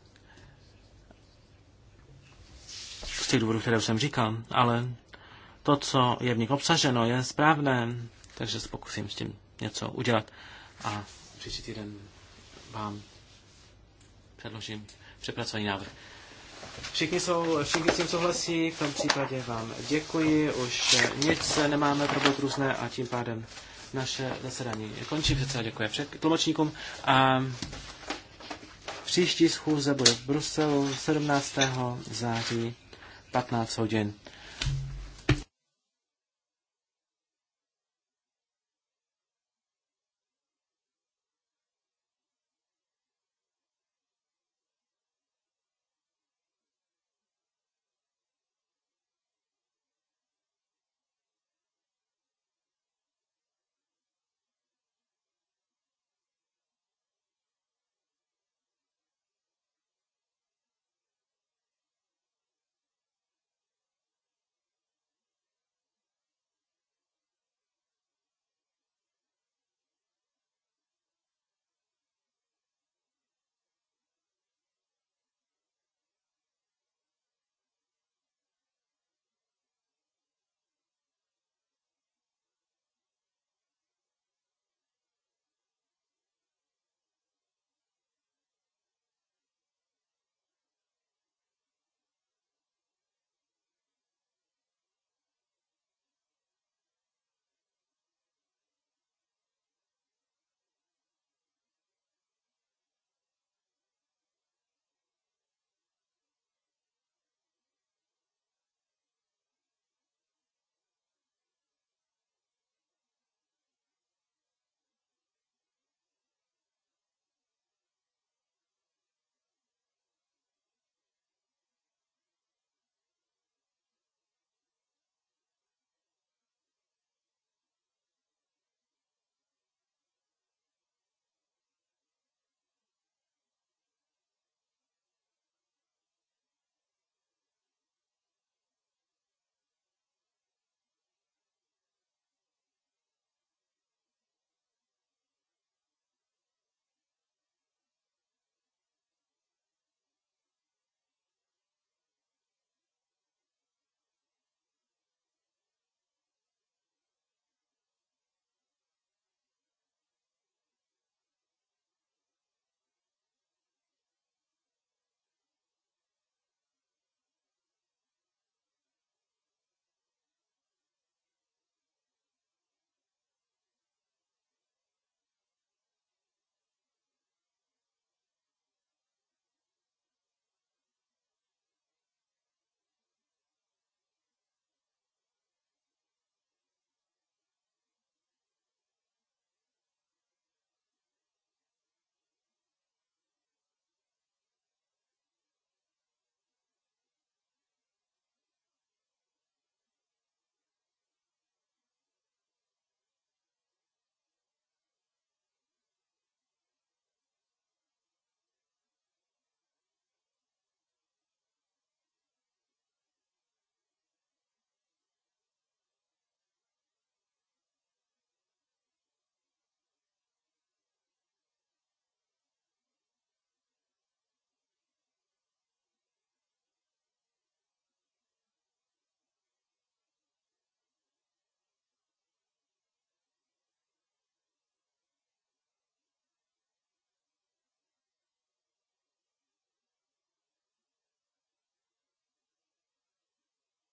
Z těch důvodů, které už jsem říkal, ale to, co je v nich obsaženo, je správné, takže se pokusím s tím něco udělat a příští týden vám předložím přepracovaný návrh. Všichni, jsou, všichni s tím souhlasí, v tom případě vám děkuji, už nic nemáme pro různé a tím pádem naše zasedání se celé Děkuji před tlumočníkům a příští schůze bude v Bruselu 17. září 15 hodin.